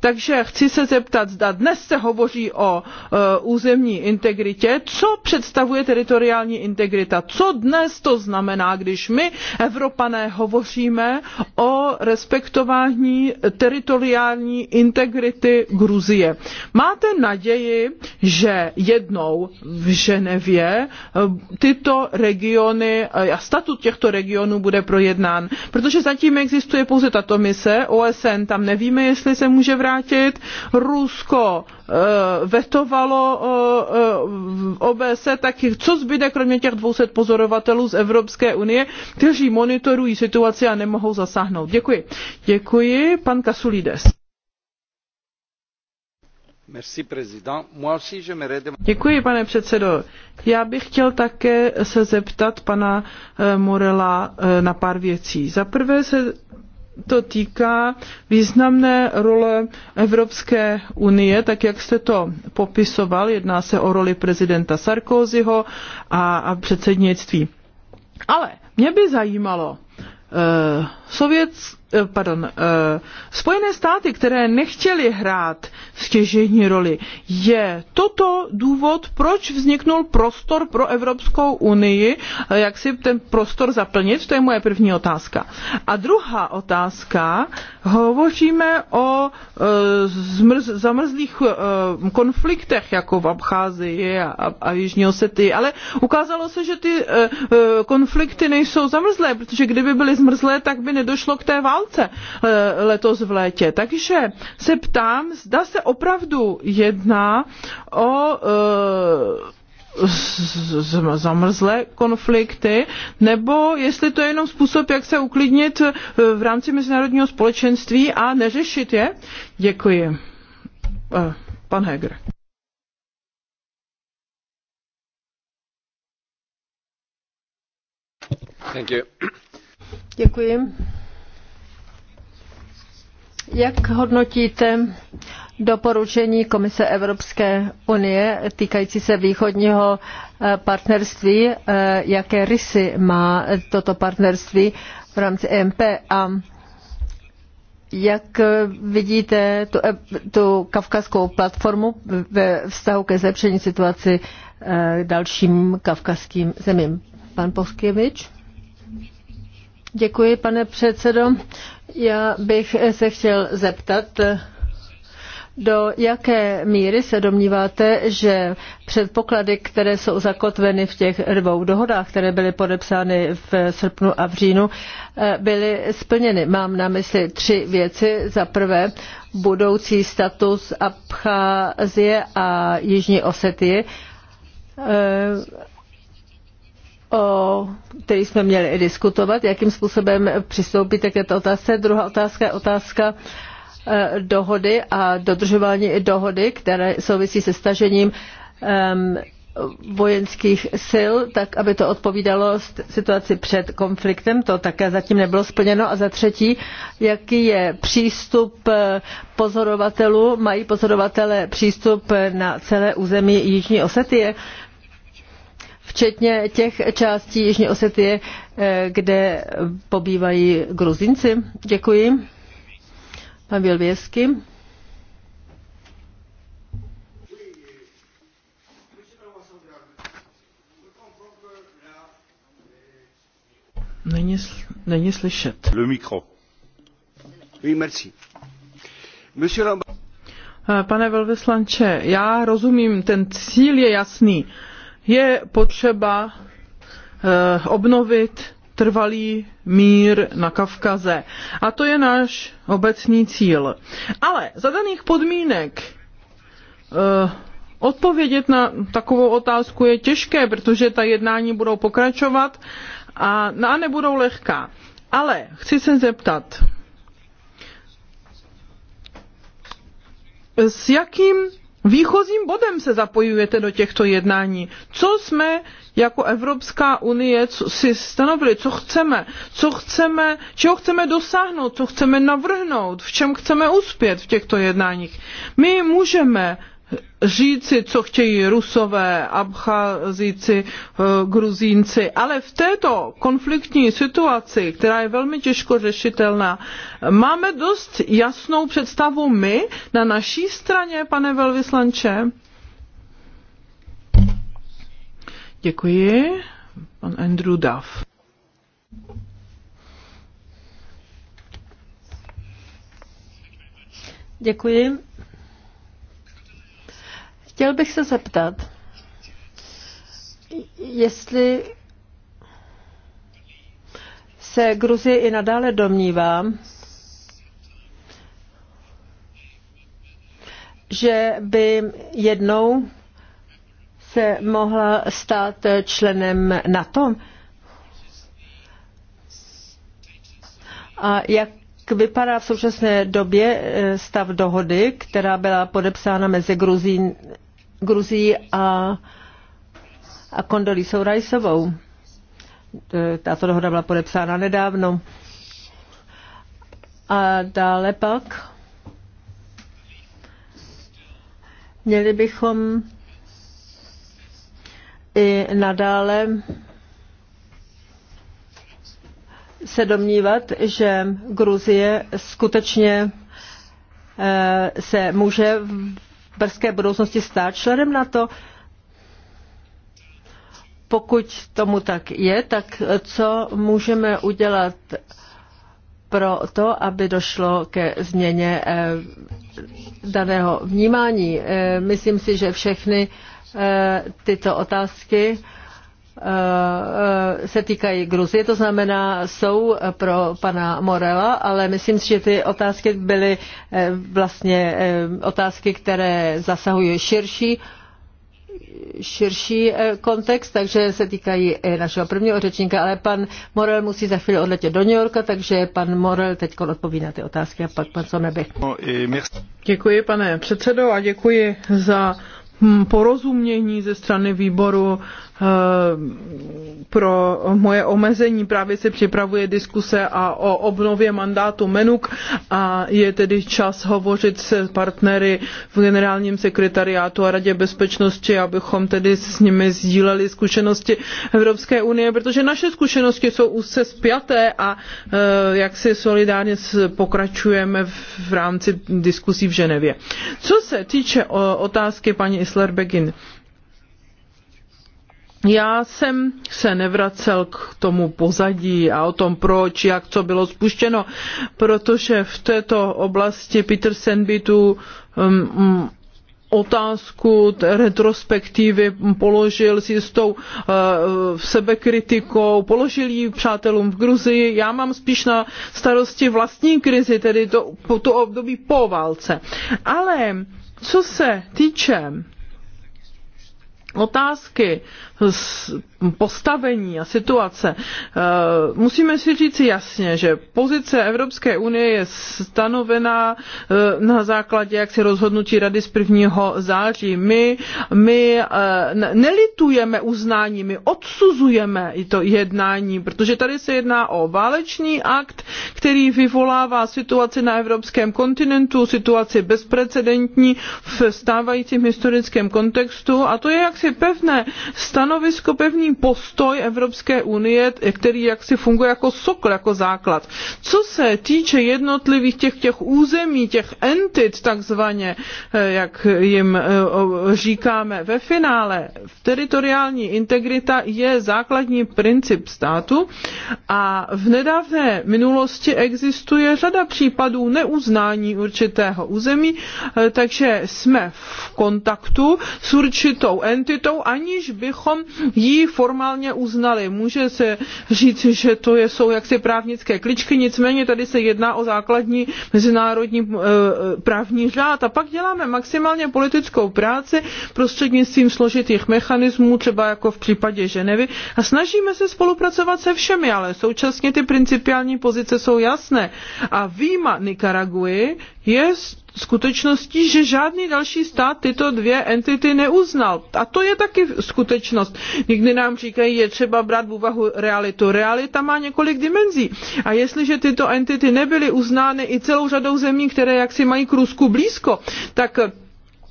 Takže chci se zeptat, zda dnes se hovoří o e, územní integritě, co představuje teritoriální integrita, co dnes to znamená, když my, Evropané, hovoříme o respektování teritoriální integrity Gruzie. Máte naději, že jednou v Ženevě e, tyto regiony e, a statut těchto regionů bude projednán, protože zatím existuje pouze tato mise, OSN tam nevíme, jestli se může vrátit obrátit. Rusko eh, vetovalo eh, OBSE, tak co zbyde kromě těch 200 pozorovatelů z Evropské unie, kteří monitorují situaci a nemohou zasáhnout. Děkuji. Děkuji, pan Kasulides. Děkuji, pane předsedo. Já bych chtěl také se zeptat pana eh, Morela na pár věcí. Za prvé se to týká významné role Evropské unie, tak jak jste to popisoval, jedná se o roli prezidenta Sarkozyho a, a předsednictví. Ale mě by zajímalo, eh, Sovět, Eh, pardon, eh, Spojené státy, které nechtěly hrát stěžení roli, je toto důvod, proč vzniknul prostor pro Evropskou unii, eh, jak si ten prostor zaplnit, to je moje první otázka. A druhá otázka, hovoříme o zmrz, zamrzlých konfliktech, jako v Abcházii a, a, a Jižní Osety, ale ukázalo se, že ty konflikty nejsou zamrzlé, protože kdyby byly zmrzlé, tak by nedošlo k té válce válce eh, letos v létě. Takže se ptám, zda se opravdu jedná o eh, zamrzlé konflikty, nebo jestli to je jenom způsob, jak se uklidnit eh, v rámci mezinárodního společenství a neřešit je? Děkuji. Pan Heger. Thank you. Děkuji. Jak hodnotíte doporučení Komise Evropské unie týkající se východního eh, partnerství? Eh, jaké rysy má toto partnerství v rámci EMP a jak vidíte tu, eh, tu kavkazskou platformu ve vztahu ke zlepšení situaci dalším kavkazským zemím? Pan Povskevič. Děkuji, pane předsedo. Já bych se chtěl zeptat, do jaké míry se domníváte, že předpoklady, které jsou zakotveny v těch dvou dohodách, které byly podepsány v srpnu a v říjnu, byly splněny? Mám na mysli tři věci. Za prvé, budoucí status Abcházie a Jižní Osetie o který jsme měli diskutovat, jakým způsobem přistoupit, k této otázce. Druhá otázka je otázka eh, dohody a dodržování dohody, které souvisí se stažením ehm, vojenských sil, tak aby to odpovídalo situaci před konfliktem. To také zatím nebylo splněno. A za třetí, jaký je přístup eh, pozorovatelů? Mají pozorovatele přístup na celé území Jižní Osetie? včetně těch částí Jižní Osetie, eh, kde pobývají Gruzinci. Děkuji. Pan Bělvěsky. Není, není slyšet. Le micro. Oui, merci. Monsieur eh, Pane velvyslanče, já rozumím, ten cíl je jasný je potřeba eh, obnovit trvalý mír na Kavkaze. A to je náš obecný cíl. Ale za daných podmínek eh, odpovědět na takovou otázku je těžké, protože ta jednání budou pokračovat a, a nebudou lehká. Ale chci se zeptat, s jakým výchozím bodem se zapojujete do těchto jednání. Co jsme jako Evropská unie si stanovili, co chceme, co chceme, čeho chceme dosáhnout, co chceme navrhnout, v čem chceme uspět v těchto jednáních. My můžeme říci, co chtějí Rusové, Abchazíci, eh, Gruzínci, ale v této konfliktní situaci, která je velmi těžko řešitelná, máme dost jasnou představu my na naší straně, pane velvyslanče? Děkuji. Pan Andrew Duff. Děkuji. Chtěl bych se zeptat, jestli se Gruzie i nadále domnívá, že by jednou se mohla stát členem NATO? A jak vypadá v současné době eh, stav dohody, která byla podepsána mezi Gruzí, Gruzí a, a Kondolisou Rajsovou. E, Tato dohoda byla podepsána nedávno. A dále pak měli bychom i nadále se domnívat, že Gruzie skutečně e, se může brzké budoucnosti stát členem NATO? Pokud tomu tak je, tak co můžeme udělat pro to, aby došlo ke změně eh, daného vnímání? Eh, myslím si, že všechny eh, tyto otázky Eh, se týkají Gruzie, to znamená, jsou pro pana Morela, ale myslím si, že ty otázky byly eh, vlastně eh, otázky, které zasahují širší širší kontext, takže se týkají i našeho prvního řečníka, ale pan Morel musí za chvíli odletět do New Yorka, takže pan Morel teď odpoví na ty otázky a pak pan Soneby. No, děkuji, pane předsedo, a děkuji za hm, porozumění ze strany výboru Eh, pro moje omezení právě se připravuje diskuse a o obnově mandátu MENUK a je tedy čas hovořit se partnery v generálním sekretariátu a Radě bezpečnosti, abychom tedy s nimi sdíleli zkušenosti Evropské unie, protože naše zkušenosti jsou úzce spjaté a eh, jak si solidárně pokračujeme v rámci diskusí v Ženevě. Co se týče otázky paní Isler-Begin, já jsem se nevracel k tomu pozadí a o tom proč, jak co bylo spuštěno, protože v této oblasti Peter Sandby tu um, um, otázku retrospektivy položil s jistou uh, sebekritikou, položil ji přátelům v Gruzii. Já mám spíš na starosti vlastní krizi, tedy to, po to období po válce. Ale co se týče otázky postavení a situace. Eh, musíme si říct jasně, že pozice Evropské unie je stanovená eh, na základě jaksi rozhodnutí Rady z 1. září. My, my eh, nelitujeme uznání, my odsuzujeme i to jednání, protože tady se jedná o válečný akt, který vyvolává situaci na evropském kontinentu, situaci bezprecedentní v stávajícím historickém kontextu a to je jaksi pevné stanovení stanovisko, pevný postoj Evropské unie, který jaksi funguje jako sokl, jako základ. Co se týče jednotlivých těch, těch území, těch entit takzvaně, eh, jak jim eh, říkáme, ve finále teritoriální integrita je základní princip státu a v nedávné minulosti existuje řada případů neuznání určitého území, eh, takže jsme v kontaktu s určitou entitou, aniž bychom abychom ji formálně uznali. Může se říct, že to je, jsou jaksi právnické kličky, nicméně tady se jedná o základní mezinárodní eh, právní řád. A pak děláme maximálně politickou práci prostřednictvím složitých mechanismů, třeba jako v případě Ženevy. A snažíme se spolupracovat se všemi, ale současně ty principiální pozice jsou jasné. A výjima Nikaraguji je skutečností, že žádný další stát tyto dvě entity neuznal. A to je taky skutečnost. Někdy nám říkají, je třeba brát v úvahu realitu. Realita má několik dimenzí. A jestliže tyto entity nebyly uznány i celou řadou zemí, které jaksi mají k Rusku blízko, tak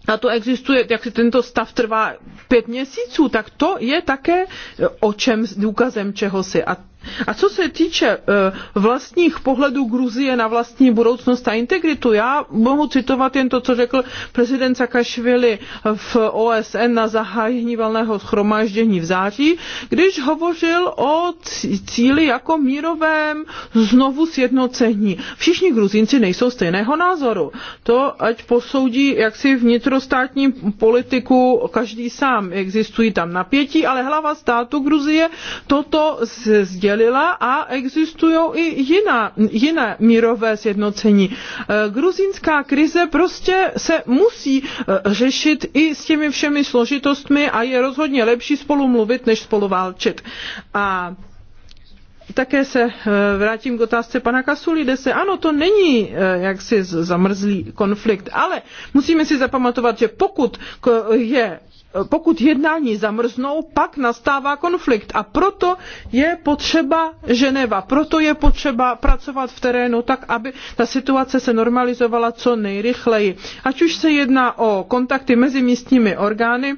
a to existuje, jak tento stav trvá pět měsíců, tak to je také o čem, důkazem čehosi. A a co se týče eh, vlastních pohledů Gruzie na vlastní budoucnost a integritu, já mohu citovat jen to, co řekl prezident Sakašvili v OSN na zahájení valného schromáždění v září, když hovořil o cíli jako mírovém znovu sjednocení. Všichni Gruzinci nejsou stejného názoru. To ať posoudí jaksi vnitrostátní politiku každý sám. Existují tam napětí, ale hlava státu Gruzie toto sdělí rozdělila a existují i jiná, jiné mírové sjednocení. E, gruzínská krize prostě se musí e, řešit i s těmi všemi složitostmi a je rozhodně lepší spolu mluvit, než spolu válčit. A také se e, vrátím k otázce pana se Ano, to není jaksi zamrzlý konflikt, ale musíme si zapamatovat, že pokud je pokud jednání zamrznou, pak nastává konflikt. A proto je potřeba Ženeva, proto je potřeba pracovat v terénu tak, aby ta situace se normalizovala co nejrychleji. Ať už se jedná o kontakty mezi místními orgány,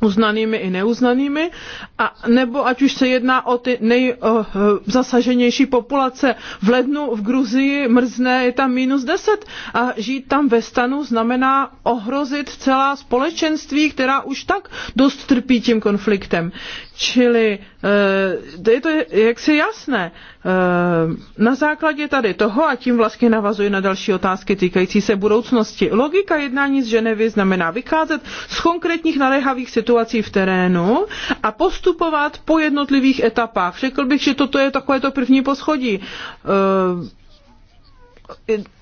uznanými i neuznanými, a nebo ať už se jedná o ty nejzasaženější eh, uh, populace. V lednu v Gruzii mrzne, je tam minus 10 a žít tam ve stanu znamená ohrozit celá společenství, která už tak dost trpí tím konfliktem. Čili eh, je to jaksi jasné. Eh, na základě tady toho, a tím vlastně navazuji na další otázky týkající se budoucnosti, logika jednání z Ženevy znamená vycházet z konkrétních naléhavých situací v terénu a postupovat po jednotlivých etapách. Řekl bych, že toto je takovéto první poschodí eh,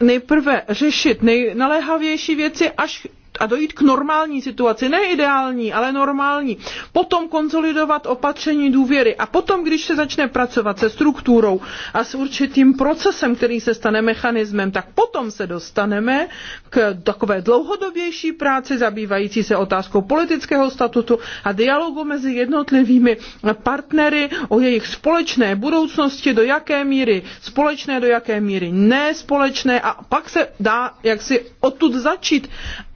nejprve řešit nejnaléhavější věci, až a dojít k normální situaci, ne ideální, ale normální. Potom konsolidovat opatření důvěry a potom, když se začne pracovat se strukturou a s určitým procesem, který se stane mechanismem, tak potom se dostaneme k takové dlouhodobější práci zabývající se otázkou politického statutu a dialogu mezi jednotlivými partnery o jejich společné budoucnosti, do jaké míry společné, do jaké míry ne společné a pak se dá jaksi odtud začít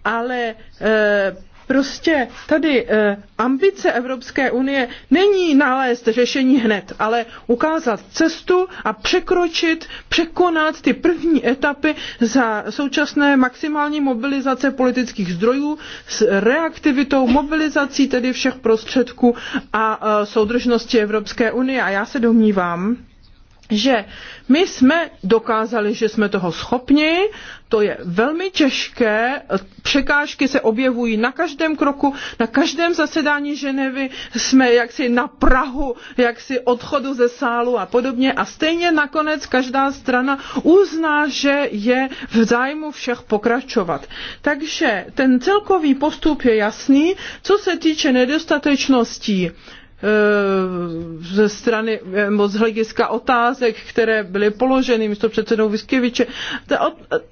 ale eh, prostě tady eh, ambice Evropské unie není nalézt řešení hned, ale ukázat cestu a překročit, překonat ty první etapy za současné maximální mobilizace politických zdrojů s reaktivitou, mobilizací tedy všech prostředků a eh, soudržnosti Evropské unie. A já se domnívám, že my jsme dokázali, že jsme toho schopni, to je velmi těžké, překážky se objevují na každém kroku, na každém zasedání Ženevy, jsme jaksi na Prahu, jaksi odchodu ze sálu a podobně a stejně nakonec každá strana uzná, že je v zájmu všech pokračovat. Takže ten celkový postup je jasný, co se týče nedostatečností Eh, ze strany, eh, z hlediska otázek, které byly položeny místo předsedou Vyskeviče. Eh,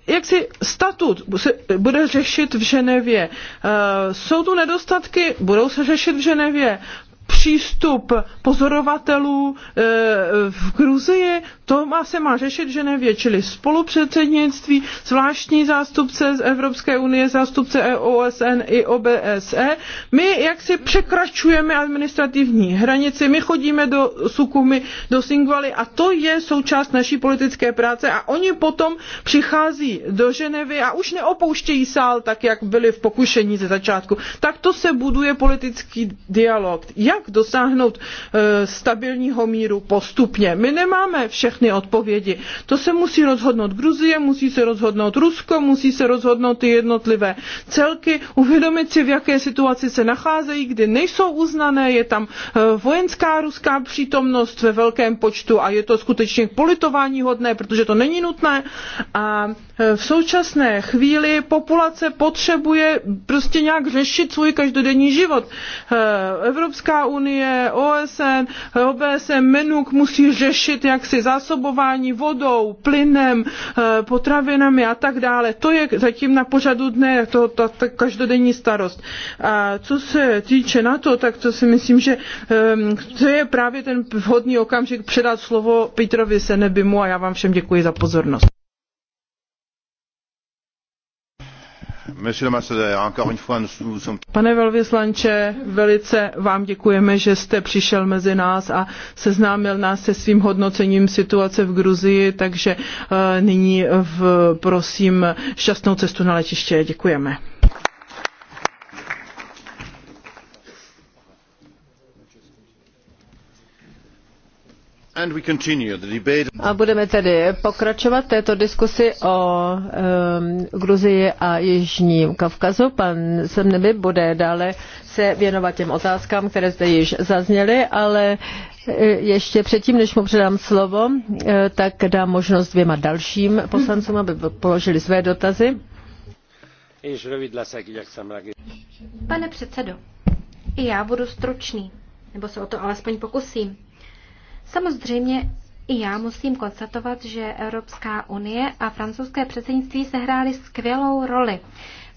Jak si statut se bude řešit v Ženevě? Jsou tu nedostatky, budou se řešit v Ženevě přístup pozorovatelů eh, v Gruzii, to má se má řešit, že nevě, čili spolupředsednictví, zvláštní zástupce z Evropské unie, zástupce OSN i OBSE. My jak si překračujeme administrativní hranici, my chodíme do Sukumy, do Singvaly a to je součást naší politické práce a oni potom přichází do Ženevy a už neopouštějí sál tak, jak byli v pokušení ze začátku. Tak to se buduje politický dialog. Jak jak dosáhnout eh, stabilního míru postupně. My nemáme všechny odpovědi. To se musí rozhodnout Gruzie, musí se rozhodnout Rusko, musí se rozhodnout ty jednotlivé celky, uvědomit si, v jaké situaci se nacházejí, kdy nejsou uznané, je tam eh, vojenská ruská přítomnost ve velkém počtu a je to skutečně politování hodné, protože to není nutné. A eh, v současné chvíli populace potřebuje prostě nějak řešit svůj každodenní život. Evropská unie, OSN, se MENUK musí řešit jaksi zásobování vodou, plynem, eh, potravinami a tak dále. To je zatím na pořadu dne, to, to, to každodenní starost. A co se týče na to, tak to si myslím, že ehm, to je právě ten vhodný okamžik předat slovo Petrovi Senebimu a já vám všem děkuji za pozornost. Pane velvyslanče, velice vám děkujeme, že jste přišel mezi nás a seznámil nás se svým hodnocením situace v Gruzii, takže eh, nyní v, prosím šťastnou cestu na letiště. Děkujeme. A budeme tedy pokračovat této diskusi o um, Gruzii a Jižním Kavkazu. Pan Semneby bude dále se věnovat těm otázkám, které zde již zazněly, ale e, ještě předtím, než mu předám slovo, e, tak dám možnost dvěma dalším poslancům, aby položili své dotazy. Pane předsedo, i já budu stručný, nebo se o to alespoň pokusím. Samozřejmě i já musím konstatovat, že Evropská unie a francouzské předsednictví sehrály skvělou roli.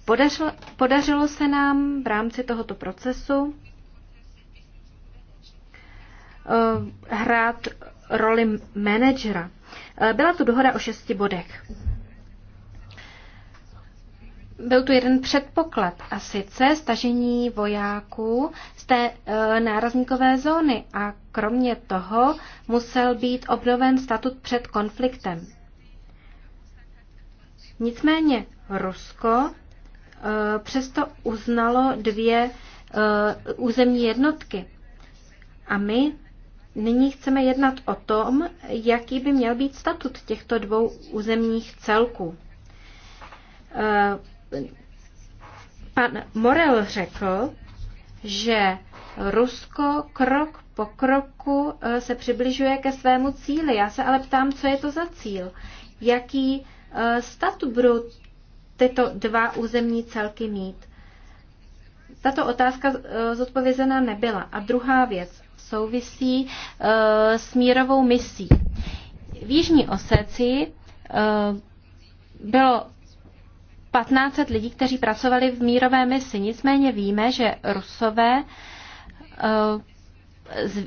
Podařilo, podařilo se nám v rámci tohoto procesu eh, hrát roli manažera. Eh, byla tu dohoda o šesti bodech byl tu jeden předpoklad a sice stažení vojáků z té e, nárazníkové zóny a kromě toho musel být obnoven statut před konfliktem. Nicméně Rusko e, přesto uznalo dvě e, územní jednotky a my nyní chceme jednat o tom, jaký by měl být statut těchto dvou územních celků. E, pan Morel řekl, že Rusko krok po kroku eh, se přibližuje ke svému cíli. Já se ale ptám, co je to za cíl? Jaký eh, statut budou tyto dva územní celky mít? Tato otázka eh, zodpovězena nebyla. A druhá věc souvisí s mírovou misí. V Jižní Oseci bylo 1500 lidí, kteří pracovali v mírové misi. Nicméně víme, že Rusové eh,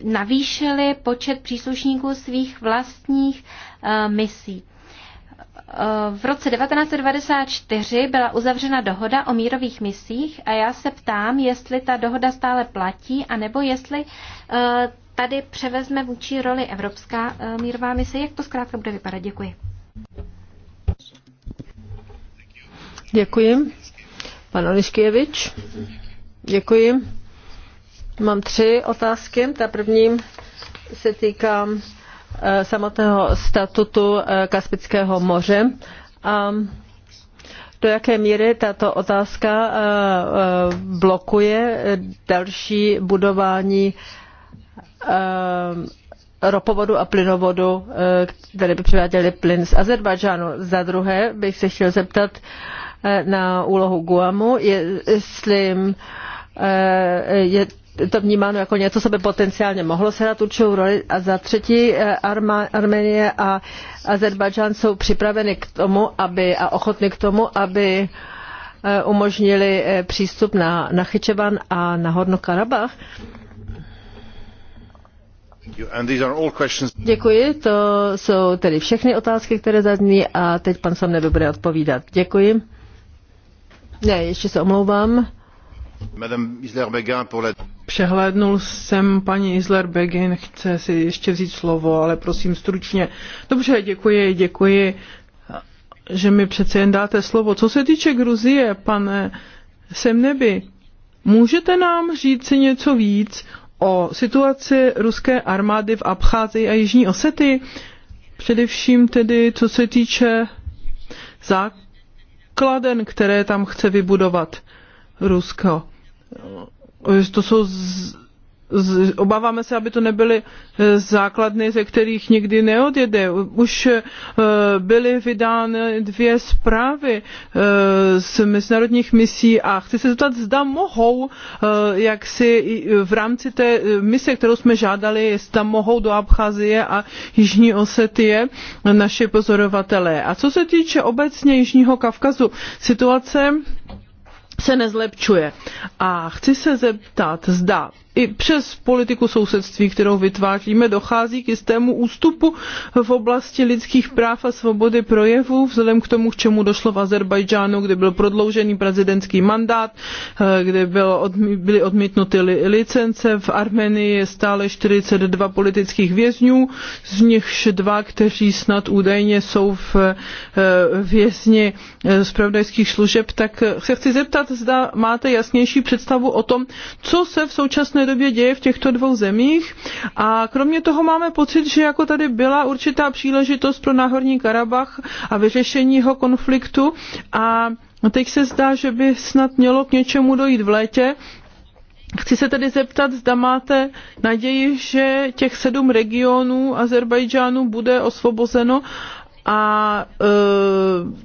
navýšili počet příslušníků svých vlastních eh, misí. Eh, v roce 1994 byla uzavřena dohoda o mírových misích a já se ptám, jestli ta dohoda stále platí, anebo jestli tady převezme vůči roli Evropská mírová mise. Jak to zkrátka bude vypadat? Děkuji. Děkuji. Pan Oliškěvič. Děkuji. Mám tři otázky. Ta první se týká eh, samotného statutu eh, Kaspického moře a do jaké míry tato otázka eh, blokuje další budování ropovodu a plynovodu, které by přiváděly plyn z Azerbajdžánu. Za druhé bych se chtěl zeptat, Eh, na úlohu Guamu, jestli eh, je to vnímáno jako něco, co by potenciálně mohlo sehrát určitou roli. A za třetí, eh, Arma, Armenie a Azerbajdžán jsou připraveny k tomu, aby a ochotny k tomu, aby umožnili přístup na na Chyčevan a na Horno Karabach. Děkuji, to jsou tedy všechny otázky, které zazní a teď pan Sam bude odpovídat. Děkuji. Ne, ještě se omlouvám. Přehlédnul jsem paní Isler Begin, chce si ještě vzít slovo, ale prosím stručně. Dobře, děkuji, děkuji, že mi přece jen dáte slovo. Co se týče Gruzie, pane Semneby, můžete nám říct si něco víc o situaci ruské armády v Abcházii a Jižní Osety? Především tedy, co se týče zákonů kladen, které tam chce vybudovat Rusko. To jsou obáváme se, aby to nebyly eh, základny, ze kterých nikdy neodjede. Už eh, byly vydány dvě zprávy eh, z mezinárodních misí a chci se zeptat, zda mohou, jak si v rámci té mise, kterou jsme žádali, zda mohou do Abcházie a Jižní Osetie naši pozorovatelé. A co se týče obecně Jižního Kavkazu, situace se nezlepšuje. A chci se zeptat, zda i přes politiku sousedství, kterou vytváříme, dochází k jistému ústupu v oblasti lidských práv a svobody projevu, vzhledem k tomu, k čemu došlo v ázerbájdžánu kde byl prodloužený prezidentský mandát, eh, kde byly odmítnuty licence. V Armenii je stále 42 politických vězňů, z nichž dva, kteří snad údajně jsou v eh, vězni eh, zpravodajských služeb, tak se chci zeptat, zda máte jasnější představu o tom, co se v současné době děje v těchto dvou zemích. A kromě toho máme pocit, že jako tady byla určitá příležitost pro Náhorní Karabach a vyřešení jeho konfliktu. A teď se zdá, že by snad mělo k něčemu dojít v létě, Chci se tedy zeptat, zda máte naději, že těch sedm regionů Azerbajdžánu bude osvobozeno a e,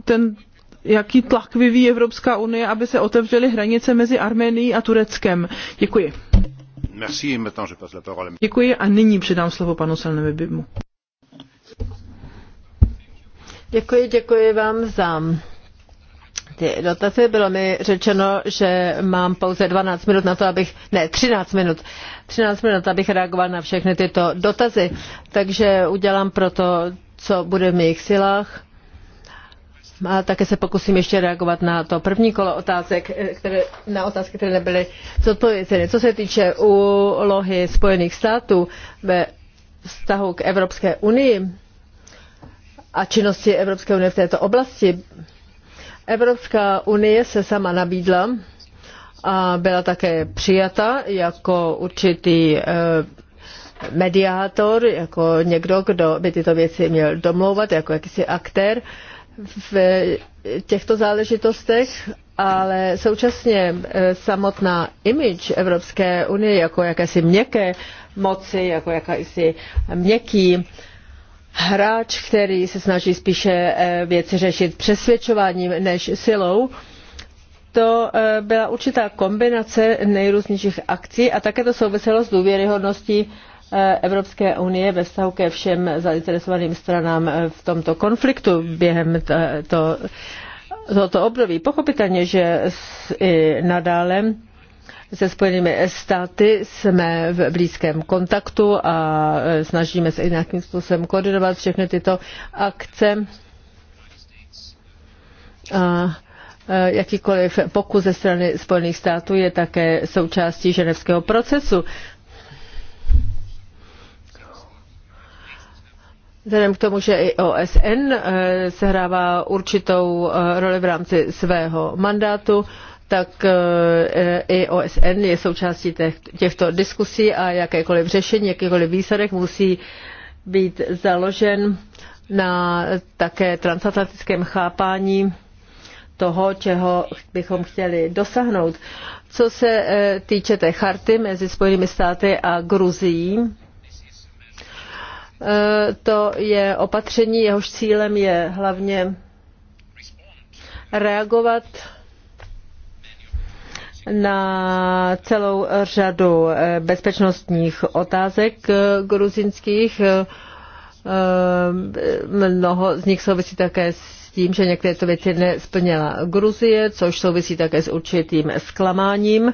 ten, jaký tlak vyvíjí Evropská unie, aby se otevřely hranice mezi Arménií a Tureckem. Děkuji. Děkuji a nyní předám slovo panu Selnemi Bimu. Děkuji, děkuji vám za ty dotazy. Bylo mi řečeno, že mám pouze 12 minut na to, abych, ne, 13 minut, 13 minut, abych reagoval na všechny tyto dotazy. Takže udělám proto, co bude v mých silách a také se pokusím ještě reagovat na to první kolo otázek, eh, které, na otázky, které nebyly zodpovězeny. Co se týče úlohy Spojených států ve vztahu k Evropské unii a činnosti Evropské unie v této oblasti, Evropská unie se sama nabídla a byla také přijata jako určitý eh, mediátor, jako někdo, kdo by tyto věci měl domlouvat, jako jakýsi aktér v těchto záležitostech, ale současně eh, samotná image Evropské unie jako jakési měkké moci, jako jakési měkký hráč, který se snaží spíše eh, věci řešit přesvědčováním než silou, to eh, byla určitá kombinace nejrůznějších akcí a také to souviselo s důvěryhodností Evropské unie ve vztahu ke všem zainteresovaným stranám v tomto konfliktu během to, tohoto období. Pochopitelně, že i nadále se Spojenými státy jsme v blízkém kontaktu a e, snažíme se i nějakým způsobem koordinovat všechny tyto akce. A e, jakýkoliv pokus ze strany Spojených států je také součástí ženevského procesu. Vzhledem k tomu, že i OSN eh, sehrává určitou eh, roli v rámci svého mandátu, tak eh, i OSN je součástí těchto diskusí a jakékoliv řešení, jakýkoliv výsledek musí být založen na také transatlantickém chápání toho, čeho bychom chtěli dosáhnout. Co se týče té charty mezi Spojenými státy a Gruzií, Eh, to je opatření, jehož cílem je hlavně reagovat na celou řadu eh, bezpečnostních otázek eh, gruzinských. Mnoho z nich souvisí také s tím, že některé to věci nesplněla Gruzie, což souvisí také s určitým zklamáním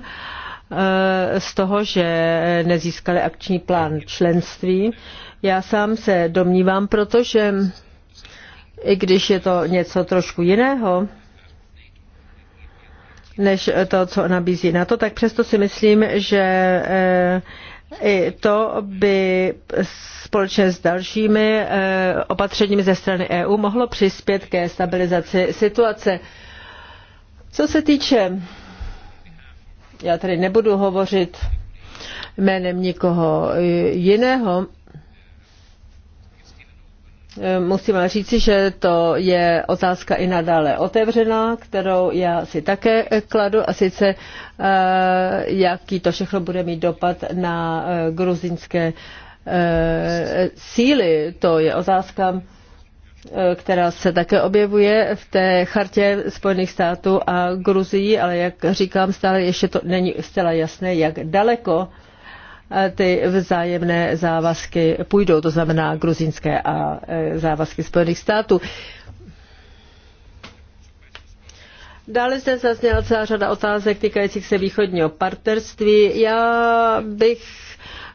z toho, že nezískali akční plán členství. Já sám se domnívám, protože i když je to něco trošku jiného, než to, co nabízí na to, tak přesto si myslím, že eh, i to by společně s dalšími eh, opatřeními ze strany EU mohlo přispět ke stabilizaci situace. Co se týče, já tady nebudu hovořit jménem nikoho jiného, musím ale říci, že to je otázka i nadále otevřená, kterou já si také kladu, a sice eh, jaký to všechno bude mít dopad na eh, gruzinské eh, síly. To je otázka, která se také objevuje v té chartě Spojených států a Gruzií, ale jak říkám, stále ještě to není zcela jasné, jak daleko uh, ty vzájemné závazky půjdou, to znamená gruzínské a e, závazky Spojených států. Dále zde zazněla celá řada otázek týkajících se východního partnerství. Já bych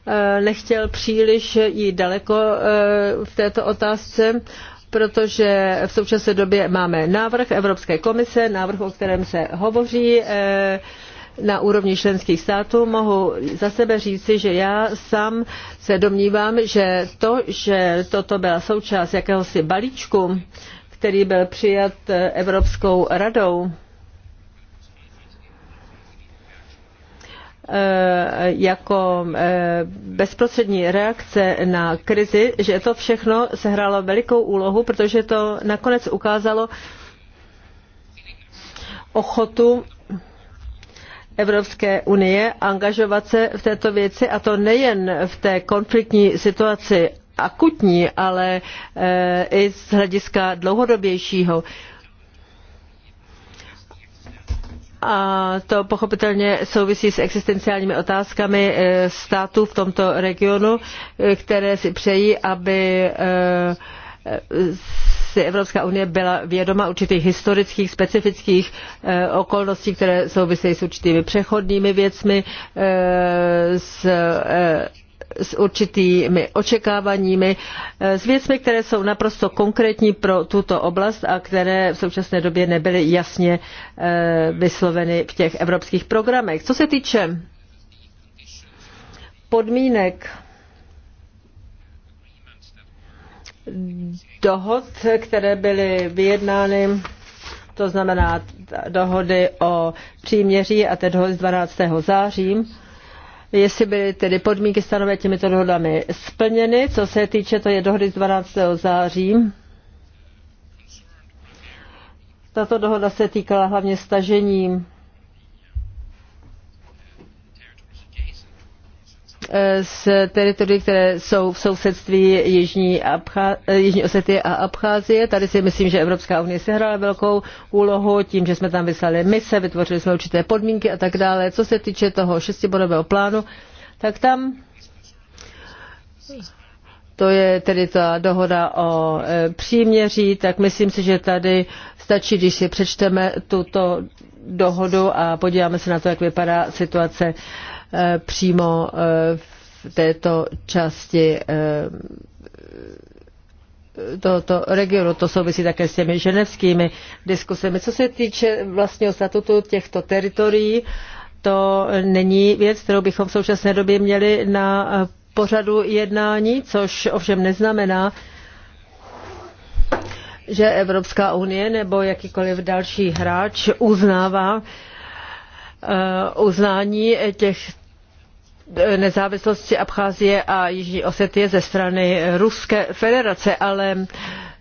e, nechtěl příliš jít daleko e, v této otázce, protože v současné době máme návrh Evropské komise, návrh, o kterém se hovoří na úrovni členských států, mohu za sebe říci, že já sám se domnívám, že to, že toto byla součást jakéhosi balíčku, který byl přijat Evropskou radou, eh, jako eh, bezprostřední reakce na krizi, že to všechno sehrálo velikou úlohu, protože to nakonec ukázalo ochotu Evropské unie angažovat se v této věci a to nejen v té konfliktní situaci akutní, ale e, i z hlediska dlouhodobějšího. A to pochopitelně souvisí s existenciálními otázkami e, států v tomto regionu, e, které si přejí, aby si Evropská unie byla vědoma určitých historických, specifických eh, okolností, které souvisejí s určitými přechodnými věcmi, eh, s eh, s určitými očekáváními, s věcmi, které jsou naprosto konkrétní pro tuto oblast a které v současné době nebyly jasně vysloveny v těch evropských programech. Co se týče podmínek dohod, které byly vyjednány, to znamená dohody o příměří a té dohody z 12. září, jestli byly tedy podmínky stanové těmito dohodami splněny. Co se týče, to je dohody z 12. září. Tato dohoda se týkala hlavně stažení Eh, z teritorií, které jsou v sousedství Jižní, Abcha, eh, Jižní Osety a Abcházie. Tady si myslím, že Evropská unie sehrála velkou úlohu tím, že jsme tam vyslali mise, vytvořili jsme určité podmínky a tak dále. Co se týče toho šestibodového plánu, tak tam to je tedy ta dohoda o eh, příměří, tak myslím si, že tady stačí, když si přečteme tuto dohodu a podíváme se na to, jak vypadá situace Eh, přímo eh, v této části eh, tohoto regionu. To souvisí také s těmi ženevskými diskusemi. Co se týče vlastního statutu těchto teritorií, to není věc, kterou bychom v současné době měli na pořadu jednání, což ovšem neznamená, že Evropská unie nebo jakýkoliv další hráč uznává uznání těch nezávislosti Abcházie a Jižní Osetie ze strany Ruské federace, ale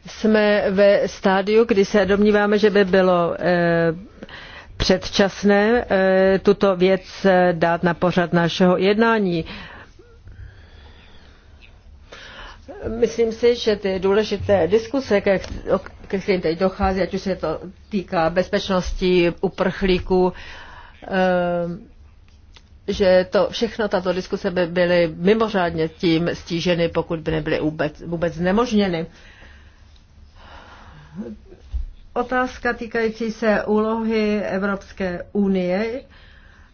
jsme ve stádiu, kdy se domníváme, že by bylo eh, předčasné eh, tuto věc eh, dát na pořad našeho jednání. Myslím si, že ty důležité diskuse, ke kterým teď dochází, ať už se to týká bezpečnosti uprchlíků, že to všechno, tato diskuse by byly mimořádně tím stíženy, pokud by nebyly vůbec, vůbec znemožněny. Otázka týkající se úlohy Evropské unie,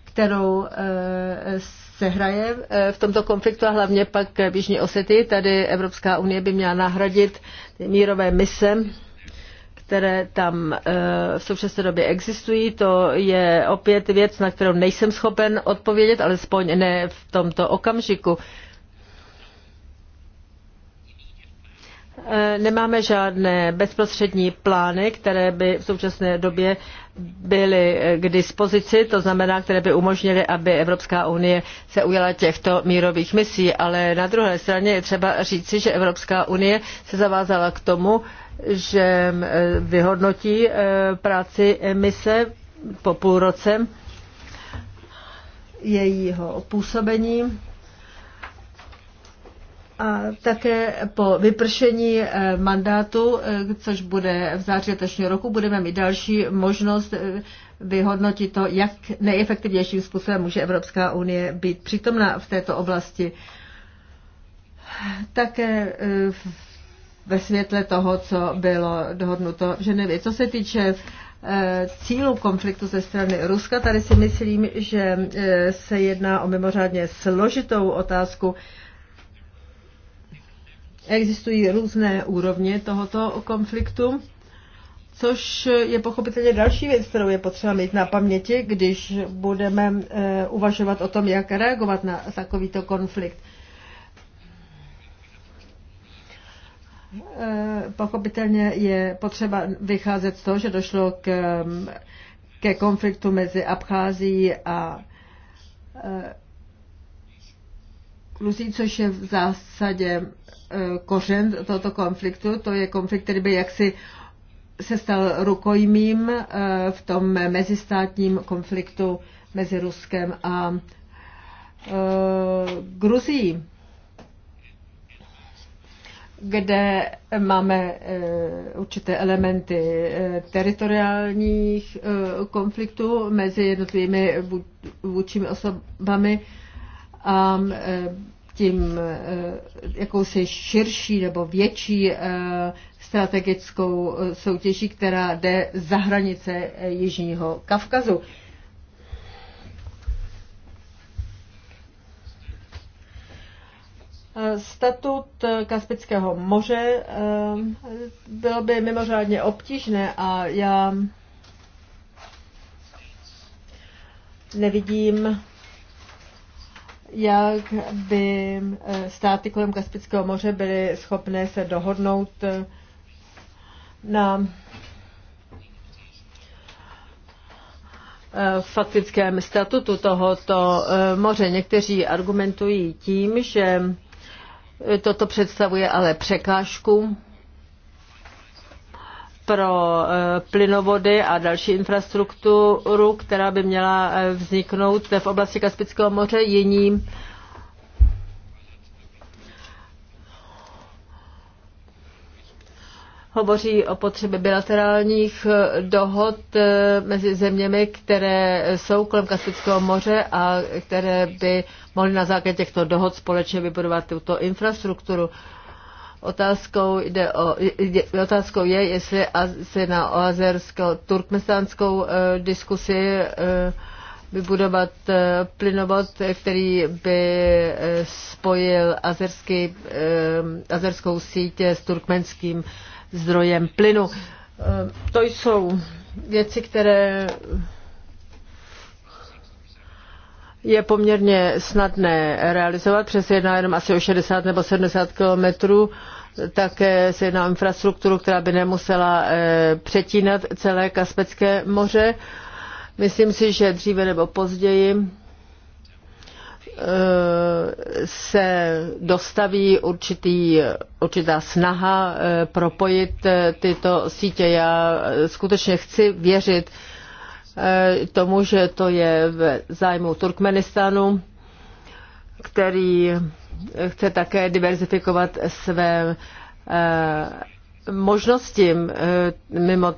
kterou eh, se hraje eh, v tomto konfliktu a hlavně pak v Jižní Osety. Tady Evropská unie by měla nahradit mírové mise které tam eh, v současné době existují. To je opět věc, na kterou nejsem schopen odpovědět, alespoň ne v tomto okamžiku. Eh, nemáme žádné bezprostřední plány, které by v současné době byly eh, k dispozici, to znamená, které by umožnily, aby Evropská unie se ujala těchto mírových misí. Ale na druhé straně je třeba říci, že Evropská unie se zavázala k tomu, že eh, vyhodnotí eh, práci emise po půl roce jejího působení a také po vypršení eh, mandátu, což bude v září letošního roku, budeme mít další možnost vyhodnotit to, jak nejefektivnějším způsobem může Evropská unie být přítomna v této oblasti. Také v ve světle toho, co bylo dohodnuto v Ženevě. Co se týče eh, cílů konfliktu ze strany Ruska, tady si myslím, že eh, se jedná o mimořádně složitou otázku. Existují různé úrovně tohoto konfliktu, což je pochopitelně další věc, kterou je potřeba mít na paměti, když budeme eh, uvažovat o tom, jak reagovat na takovýto konflikt. Eh, pochopitelně je potřeba vycházet z toho, že došlo k, ke konfliktu mezi Abcházií a eh, Rusí, což je v zásadě eh, kořen tohoto konfliktu. To je konflikt, který by jaksi se stal rukojmím v tom mezistátním konfliktu mezi Ruskem a Gruzií kde máme eh, určité elementy eh, teritoriálních eh, konfliktů mezi jednotlivými vůdčími osobami a tím jakousi širší nebo větší strategickou soutěží, která jde za hranice Jižního Kavkazu. Statut Kaspického moře eh, bylo by mimořádně obtížné a já nevidím, jak by eh, státy kolem Kaspického moře byly schopné se dohodnout eh, na faktickém statutu tohoto moře. Někteří argumentují tím, že Toto představuje ale překážku pro e, plynovody a další infrastrukturu, která by měla e, vzniknout v oblasti Kaspického moře. Jiní hovoří o potřebě bilaterálních e, dohod mezi zeměmi, které jsou kolem Kaspického moře a které by mohli na základě těchto dohod společně vybudovat tuto infrastrukturu. Otázkou, jde o, je, otázkou je, jestli se na oazersko-turkmestánskou e, eh, diskusi e, vybudovat e, plynovod, který by e, spojil azerský, e, azerskou síť s turkmenským zdrojem plynu. E, to jsou věci, které je poměrně snadné realizovat, přes jedná jenom asi o 60 nebo 70 kilometrů. Také se jedná o infrastrukturu, která by nemusela eh, přetínat celé Kaspické moře. Myslím si, že dříve nebo později eh, se dostaví určitý, určitá snaha eh, propojit tyto sítě. Já skutečně chci věřit, Eh, tomu, že to je v zájmu Turkmenistanu, který chce také diverzifikovat své eh, možnosti. Eh, mimo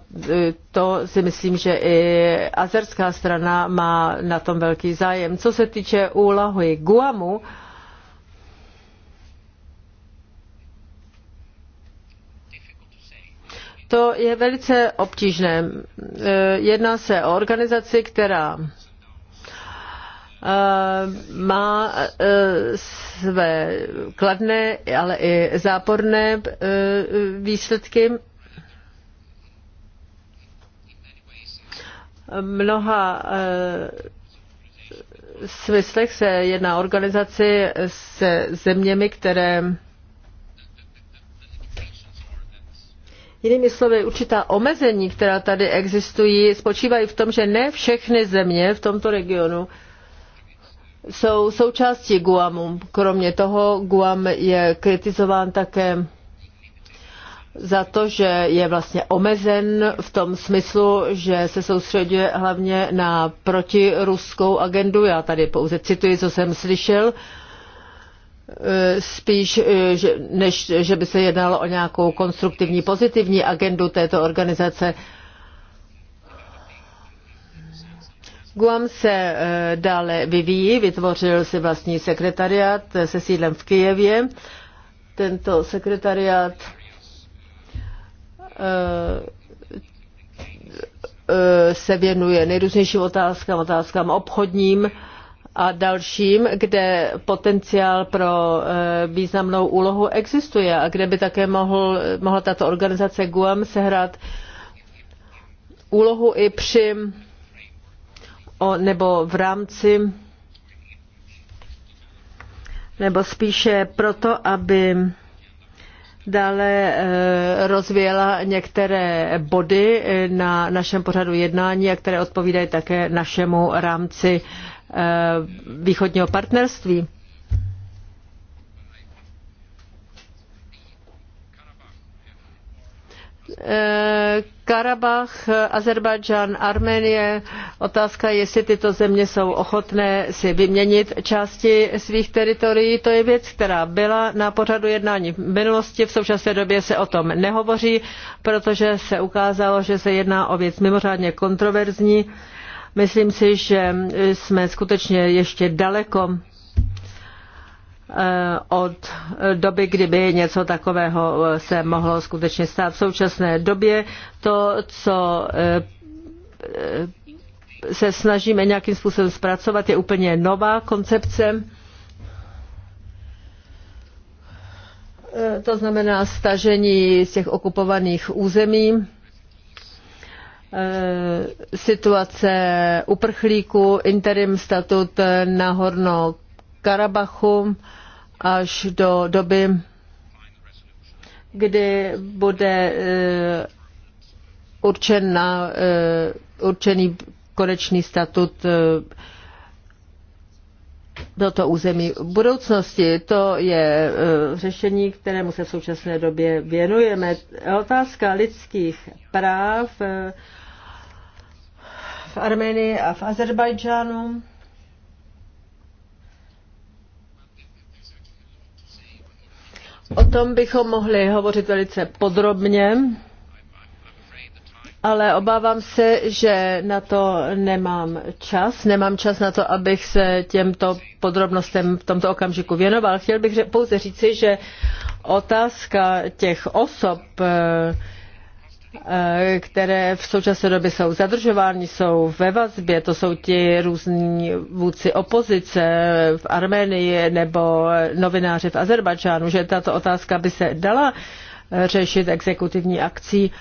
to si myslím, že i azerská strana má na tom velký zájem. Co se týče úlohy Guamu, To je velice obtížné. E, jedná se o organizaci, která e, má e, své kladné, ale i záporné výsledky. Mnoha smyslech se jedná organizaci se zeměmi, které Jinými slovy, určitá omezení, která tady existují, spočívají v tom, že ne všechny země v tomto regionu jsou součástí Guamu. Kromě toho Guam je kritizován také za to, že je vlastně omezen v tom smyslu, že se soustředuje hlavně na protiruskou agendu. Já tady pouze cituji, co jsem slyšel. Uh, Eh, spíš, eh, než že by se jednalo o nějakou konstruktivní pozitivní agendu této organizace. Guam se eh, dále vyvíjí, vytvořil si vlastní sekretariat se sídlem v Kijevě. Tento sekretariat se věnuje nejrůznějším otázkám, otázkám obchodním, a dalším, kde potenciál pro eh, významnou úlohu existuje a kde by také mohl, mohla tato organizace GUAM sehrát úlohu i při o, nebo v rámci nebo spíše proto, aby dále eh, rozvíjela některé body eh, na našem pořadu jednání a které odpovídají také našemu rámci Eh, východního partnerství. Eh, Karabach, Azerbajdžán, Arménie. Otázka jestli tyto země jsou ochotné si vyměnit části svých teritorií. To je věc, která byla na pořadu jednání v minulosti. V současné době se o tom nehovoří, protože se ukázalo, že se jedná o věc mimořádně kontroverzní Myslím si, že jsme skutečně ještě daleko eh, od doby, kdyby něco takového eh, se mohlo skutečně stát. V současné době to, co eh, se snažíme nějakým způsobem zpracovat, je úplně nová koncepce. To znamená stažení z těch okupovaných území Eh, situace uprchlíků, interim statut na Horno Karabachu až do doby, kdy bude eh, určen na, eh, určený konečný statut do to území v budoucnosti. To je e, řešení, kterému se v současné době věnujeme. Otázka lidských práv e, v Armenii a v Azerbajdžánu. O tom bychom mohli hovořit velice podrobně ale obávám se, že na to nemám čas. Nemám čas na to, abych se těmto podrobnostem v tomto okamžiku věnoval. Chtěl bych pouze říci, že otázka těch osob, eh, eh, které v současné době jsou zadržovány, jsou ve vazbě, to jsou ti různí vůdci opozice v Arménii nebo novináři v Azerbajdžánu, že tato otázka by se dala eh, řešit exekutivní akcí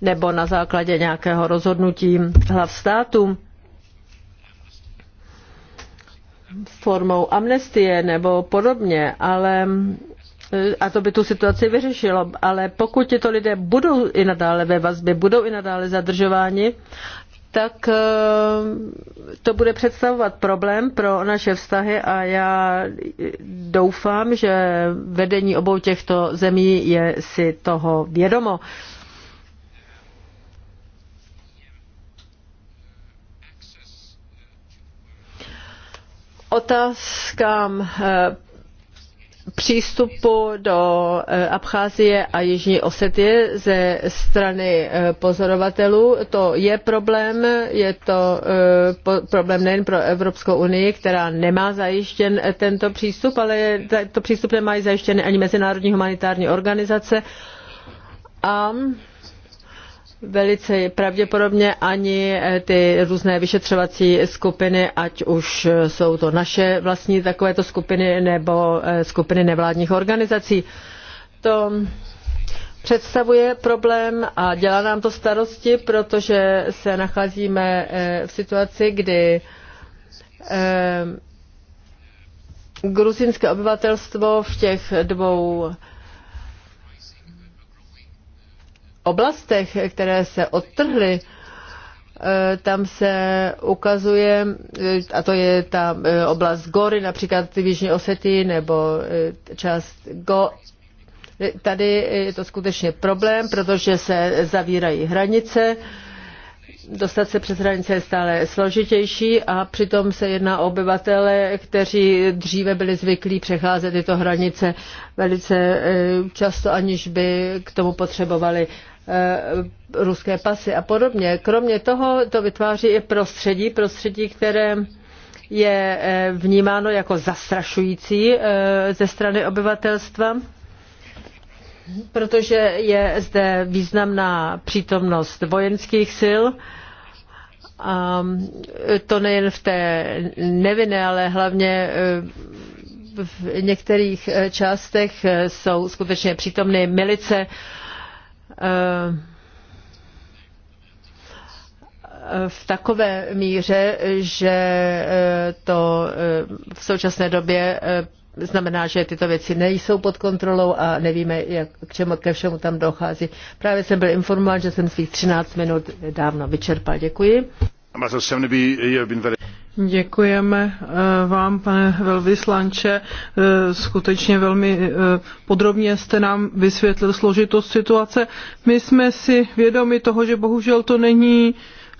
nebo na základě nějakého rozhodnutí hlav státu formou amnestie nebo podobně, ale eh, a to by tu situaci vyřešilo, ale pokud tyto lidé budou i nadále ve vazbě, budou i nadále zadržováni, tak eh, to bude představovat problém pro naše vztahy a já doufám, že vedení obou těchto zemí je si toho vědomo. otázkám eh, přístupu do eh, Abcházie a Jižní Osetie ze strany eh, pozorovatelů. To je problém, je to problém nejen pro Evropskou unii, která nemá zajištěn tento přístup, ale to přístup nemají zajištěny ani mezinárodní humanitární organizace. A velice pravděpodobně ani eh, ty různé vyšetřovací skupiny, ať už eh, jsou to naše vlastní takovéto skupiny nebo eh, skupiny nevládních organizací. To představuje problém a dělá nám to starosti, protože se nacházíme v situaci, kdy gruzinské obyvatelstvo v těch dvou oblastech, které se odtrhly, eh, tam se ukazuje, eh, a to je ta eh, oblast Gory, například v Jižní Osety nebo část Go. Tady je to skutečně problém, protože se zavírají hranice, dostat se přes hranice je stále složitější a přitom se jedná o obyvatele, kteří dříve byli zvyklí přecházet tyto hranice velice často, aniž by k tomu potřebovali Eh, ruské pasy a podobně. Kromě toho to vytváří i prostředí, prostředí, které je eh, vnímáno jako zastrašující eh, ze strany obyvatelstva, protože je zde významná přítomnost vojenských sil, a to nejen v té nevinné, ale hlavně v některých částech jsou skutečně přítomny milice Eh, v takové míře, že eh, to eh, v současné době znamená, že tyto věci nejsou pod kontrolou a nevíme, jak, k čemu ke všemu tam dochází. Právě jsem byl informován, že jsem svých 13 minut dávno vyčerpal. Děkuji. Děkujeme eh, vám, pane velvyslanče. Eh, skutečně velmi eh, podrobně jste nám vysvětlil složitost situace. My jsme si vědomi toho, že bohužel to není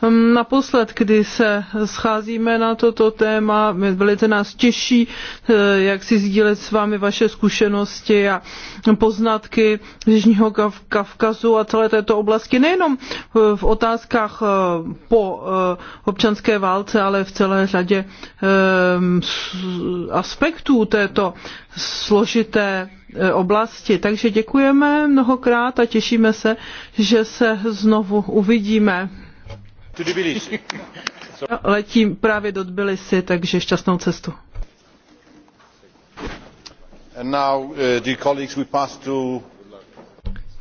Hm, naposled, kdy se scházíme na toto téma. Velice nás těší, eh, jak si sdílet s vámi vaše zkušenosti a poznatky z Jižního Kavkazu a celé této oblasti, nejenom eh, v otázkách eh, po občanské válce, ale v celé řadě ehm, aspektů této složité oblasti. Takže děkujeme mnohokrát a těšíme se, že se znovu uvidíme. (laughs) No, letím právě do Tbilisi, takže šťastnou cestu. Uh,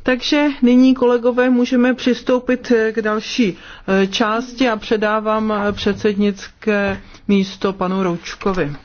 takže nyní, kolegové, můžeme přistoupit eh, k další eh, části a předávám eh, předsednické místo panu Roučkovi.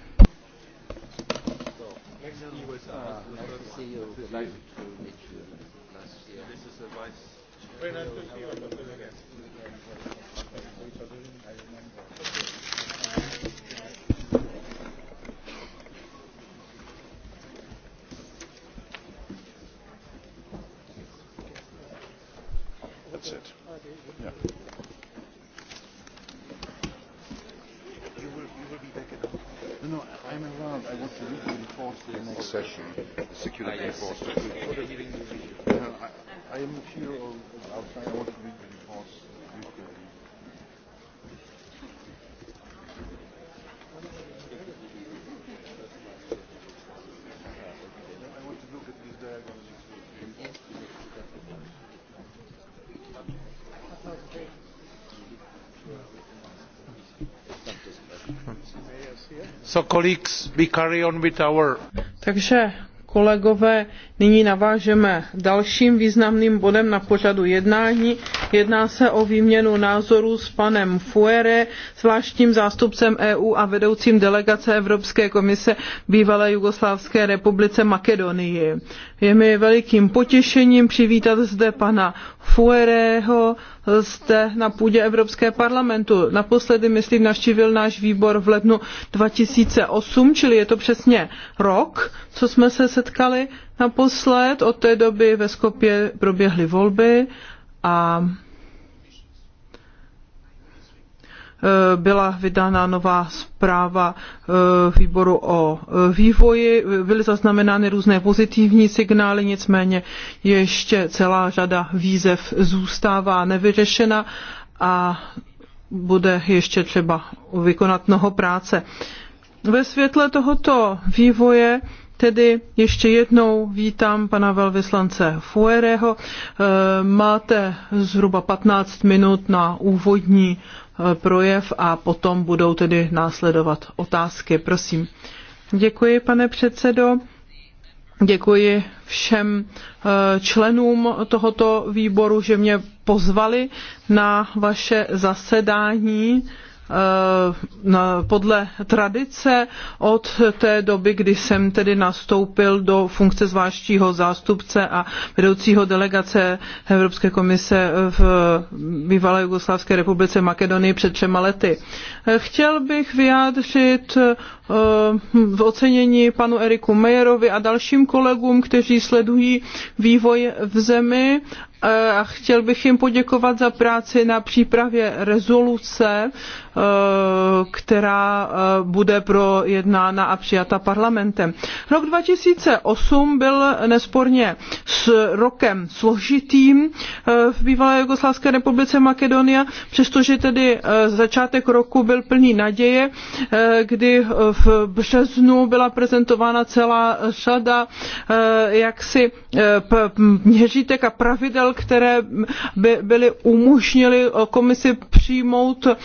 session, security forces. Uh, I, am Takže kolegové, nyní navážeme dalším významným bodem na pořadu jednání. Jedná se o výměnu názorů s panem Fuere, zvláštním zástupcem EU a vedoucím delegace Evropské komise bývalé Jugoslávské republice Makedonii. Je mi velikým potěšením přivítat zde pana Fuereho, zde na půdě Evropské parlamentu. Naposledy, myslím, navštívil náš výbor v lednu 2008, čili je to přesně rok, co jsme se setkali naposled. Od té doby ve Skopě proběhly volby a Eh, byla vydána nová zpráva eh, výboru o eh, vývoji. Byly zaznamenány různé pozitivní signály, nicméně ještě celá řada výzev zůstává nevyřešena a bude ještě třeba vykonat mnoho práce. Ve světle tohoto vývoje Tedy ještě jednou vítám pana velvyslance Fuereho. Máte zhruba 15 minut na úvodní projev a potom budou tedy následovat otázky. Prosím. Děkuji, pane předsedo. Děkuji všem eh, členům tohoto výboru, že mě pozvali na vaše zasedání. Eh, podle tradice od té doby, kdy jsem tedy nastoupil do funkce zvláštního zástupce a vedoucího delegace Evropské komise v bývalé Jugoslávské republice Makedonii před třema lety. Eh, chtěl bych vyjádřit eh, v ocenění panu Eriku Mejerovi a dalším kolegům, kteří sledují vývoj v zemi Eh, a chtěl bych jim poděkovat za práci na přípravě rezoluce, eh, která eh, bude projednána a přijata parlamentem. Rok 2008 byl nesporně s rokem složitým v bývalé Jugoslávské republice Makedonia, přestože tedy začátek roku byl plný naděje, kdy v březnu byla prezentována celá řada jaksi měřítek a pravidel pravidel, které by byly umožnily eh, komisi přijmout eh,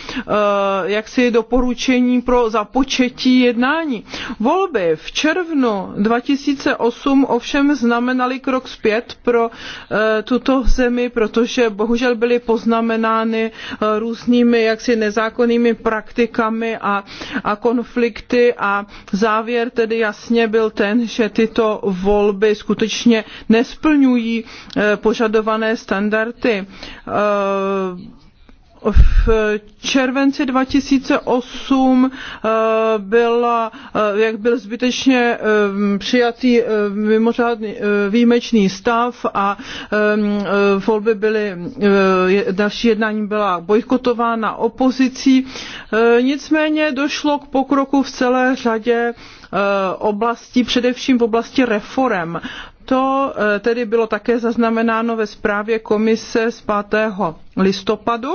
jaksi doporučení pro započetí jednání. Volby v červnu 2008 ovšem znamenaly krok zpět pro eh, tuto zemi, protože bohužel byly poznamenány různými jaksi nezákonnými praktikami a, a konflikty a závěr tedy jasně byl ten, že tyto volby skutečně nesplňují požadované harmonizované standardy eh, v červenci 2008 eh, byla, eh, jak byl zbytečně přijatý mimořádný výjimečný stav a volby byly, další jednání byla bojkotována opozicí. Nicméně došlo k pokroku v celé řadě oblastí, především v oblasti reform. To eh, tedy bylo také zaznamenáno ve zprávě komise z listopadu.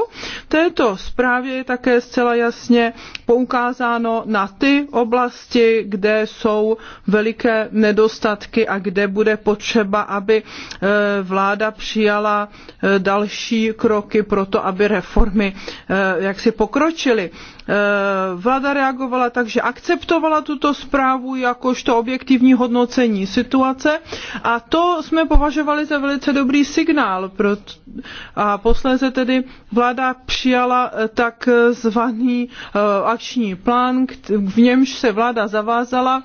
V této zprávě je také zcela jasně poukázáno na ty oblasti, kde jsou veliké nedostatky a kde bude potřeba, aby e, vláda přijala e, další kroky pro to, aby reformy e, jaksi pokročily. Vláda reagovala tak, že akceptovala tuto zprávu jakožto objektivní hodnocení situace a to jsme považovali za velice dobrý signál a posléze se tedy vláda přijala eh, tak eh, zvaný eh, akční plán, v němž se vláda zavázala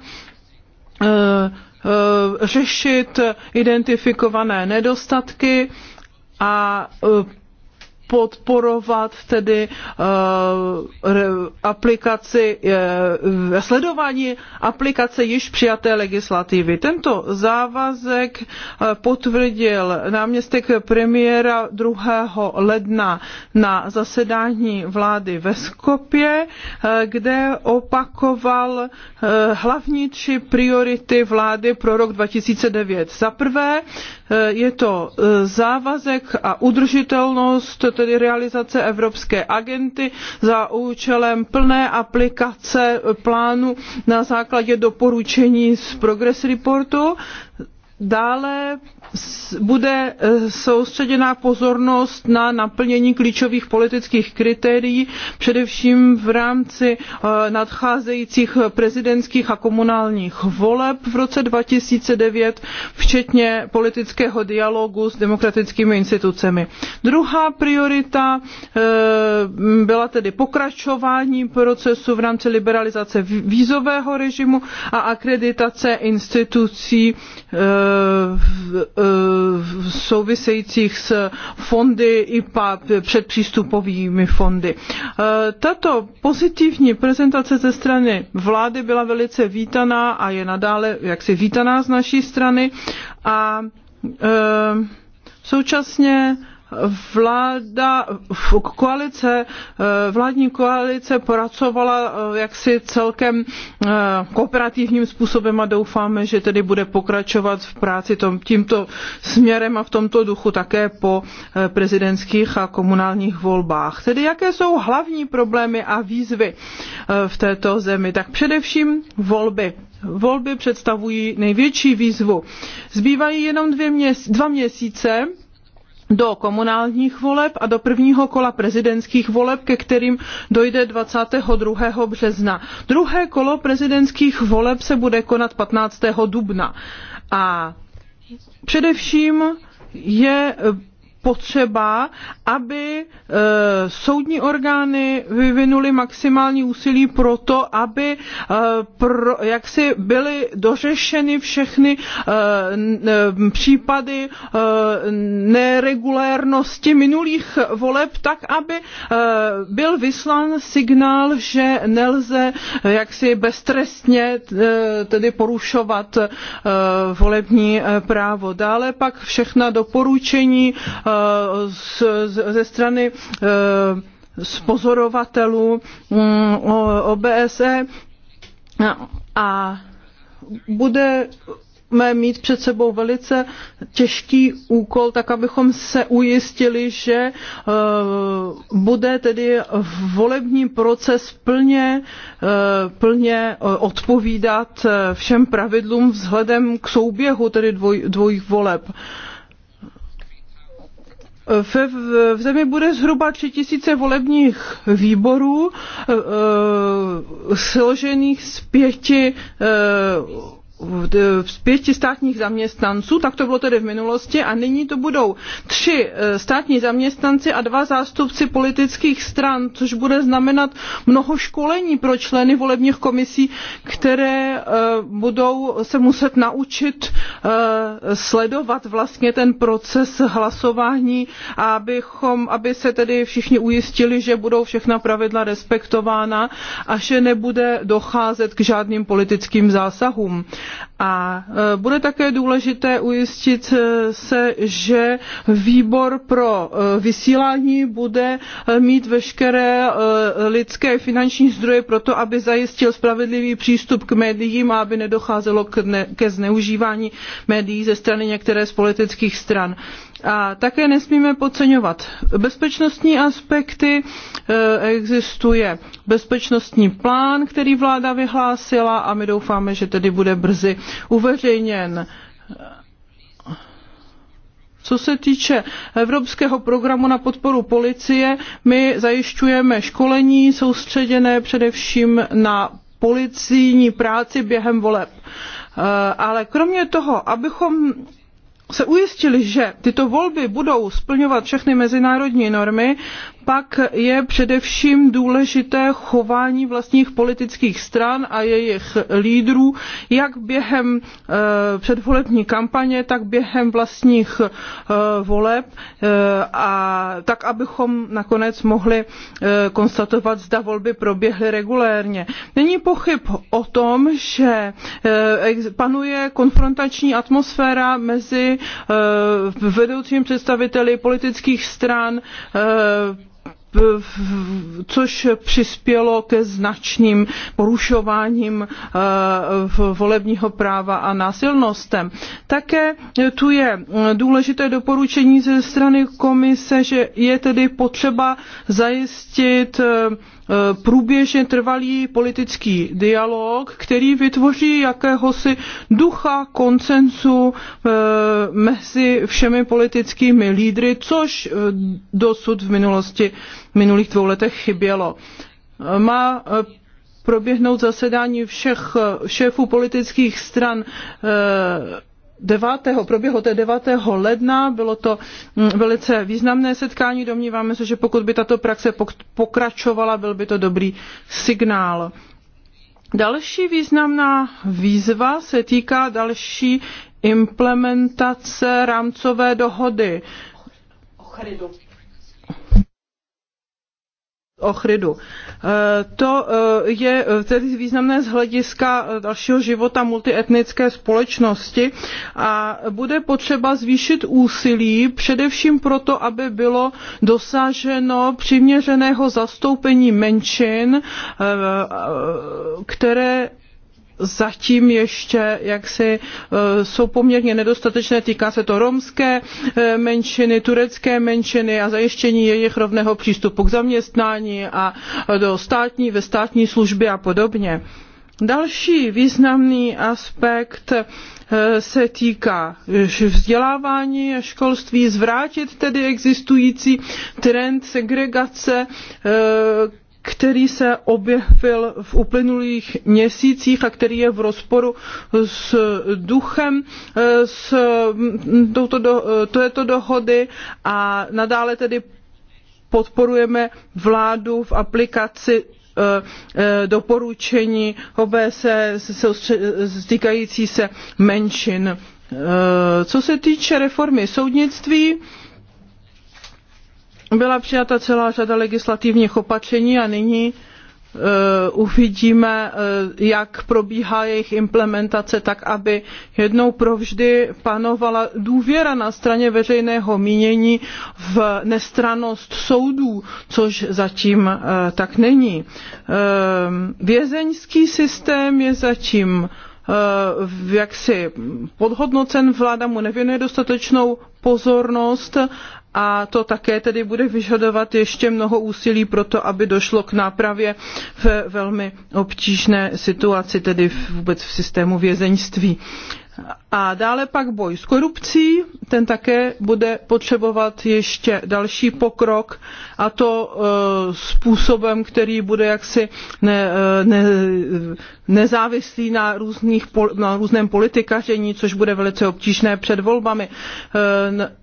řešit identifikované nedostatky a podporovat tedy eh, aplikaci, eh, sledování aplikace již přijaté legislativy. Tento závazek eh, potvrdil náměstek premiéra 2. ledna na zasedání vlády ve Skopě, kde opakoval hlavní tři priority vlády pro rok 2009. Za prvé, Eh, je to eh, závazek a udržitelnost, tedy realizace evropské agenty za účelem plné aplikace plánu na základě doporučení z Progress Reportu Dále bude eh, soustředěná pozornost na naplnění klíčových politických kritérií, především v rámci eh, nadcházejících prezidentských a komunálních voleb v roce 2009, včetně politického dialogu s demokratickými institucemi. Druhá priorita eh, byla tedy pokračování procesu v rámci liberalizace vízového režimu a akreditace institucí Eh, eh, souvisejících s fondy IPA předpřístupovými fondy. Eh, tato pozitivní prezentace ze strany vlády byla velice vítaná a je nadále jaksi vítaná z naší strany a současně vláda, koalice, eh, vládní koalice pracovala eh, jaksi celkem eh, kooperativním způsobem a doufáme, že tedy bude pokračovat v práci tom, tímto směrem a v tomto duchu také po prezidentských a komunálních volbách. Tedy jaké jsou hlavní problémy a výzvy v této zemi? Tak především volby. Volby představují největší výzvu. Zbývají jenom dvě měs- dva měsíce do komunálních voleb a do prvního kola prezidentských voleb, ke kterým dojde 22. března. Druhé kolo prezidentských voleb se bude konat 15. dubna. A především je potřeba, aby eh, soudní orgány vyvinuly maximální úsilí pro to, aby eh, pro, jaksi byly dořešeny všechny eh, případy neregulérnosti minulých voleb, tak aby byl vyslán signál, že nelze jaksi beztrestně tedy porušovat volební právo. Dále pak všechna doporučení ze strany z eh, pozorovatelů mm, OBSE a bude mít před sebou velice těžký úkol, tak abychom se ujistili, že eh, bude tedy volební proces plně, eh, plně odpovídat všem pravidlům vzhledem k souběhu tedy dvoj, dvojích voleb v, zemi bude zhruba tři tisíce volebních výborů e, e, složených z pěti e, z pěti státních zaměstnanců, tak to bylo tedy v minulosti, a nyní to budou tři eh, státní zaměstnanci a dva zástupci politických stran, což bude znamenat mnoho školení pro členy volebních komisí, které eh, budou se muset naučit eh, sledovat vlastně ten proces hlasování, abychom, aby se tedy všichni ujistili, že budou všechna pravidla respektována a že nebude docházet k žádným politickým zásahům. A e, bude také důležité ujistit e, se, že výbor pro e, vysílání bude mít veškeré lidské finanční zdroje pro to, aby zajistil spravedlivý přístup k médiím a aby nedocházelo ke zneužívání médií ze strany některé z politických stran. A také nesmíme podceňovat bezpečnostní aspekty. E, existuje bezpečnostní plán, který vláda vyhlásila a my doufáme, že tedy bude brzy uveřejněn. Co se týče Evropského programu na podporu policie, my zajišťujeme školení soustředěné především na policijní práci během voleb. E, ale kromě toho, abychom se ujistili, že tyto volby budou splňovat všechny mezinárodní normy, pak je především důležité chování vlastních politických stran a jejich lídrů, jak během eh, předvolební kampaně, tak během vlastních eh, voleb, eh, a tak abychom nakonec mohli konstatovat, zda volby proběhly regulérně. Není pochyb o tom, že panuje konfrontační atmosféra mezi vedoucím představiteli politických stran, což přispělo ke značným porušováním eh, volebního práva a násilnostem. Také tu je eh, důležité doporučení ze strany komise, že je tedy potřeba zajistit eh, Eh, průběžně trvalý politický dialog, který vytvoří jakéhosi ducha koncensu eh, mezi všemi politickými lídry, což eh, dosud v minulosti, v minulých dvou letech chybělo. Má proběhnout zasedání všech šéfů politických stran 9. proběhlo to 9. ledna, bylo to mm, velice významné setkání, domníváme se, že pokud by tato praxe pokračovala, byl by to dobrý signál. Další významná výzva se týká další implementace rámcové dohody ochrydu. Eh, to eh, je eh, tedy významné z hlediska dalšího života multietnické společnosti a bude potřeba zvýšit úsilí především proto, aby bylo dosaženo přiměřeného zastoupení menšin, které zatím ještě jaksi e, jsou poměrně nedostatečné. Týká se to romské e, menšiny, turecké menšiny a zajištění jejich rovného přístupu k zaměstnání a do státní, ve státní služby a podobně. Další významný aspekt e, se týká vzdělávání a školství, zvrátit tedy existující trend segregace, který se objevil v uplynulých měsících a který je v rozporu s duchem s mm, touto do, této dohody a nadále tedy podporujeme vládu v aplikaci eh, eh, doporučení OBSE týkající se menšin. Eh, co se týče reformy soudnictví, byla přijata celá řada legislativních opatření a nyní e, uvidíme, e, jak probíhá jejich implementace, tak aby jednou provždy panovala důvěra na straně veřejného mínění v nestranost soudů, což zatím e, tak není. Vězeňský systém je zatím jaksi podhodnocen, vláda mu nevěnuje dostatečnou pozornost a to také tedy bude vyžadovat ještě mnoho úsilí pro to, aby došlo k nápravě v velmi obtížné situaci, tedy vůbec v systému vězeňství. A dále pak boj s korupcí, ten také bude potřebovat ještě další pokrok a to e, způsobem, který bude jaksi ne, e, ne, nezávislý na, různých, na různém politikaření, což bude velice obtížné před volbami. E,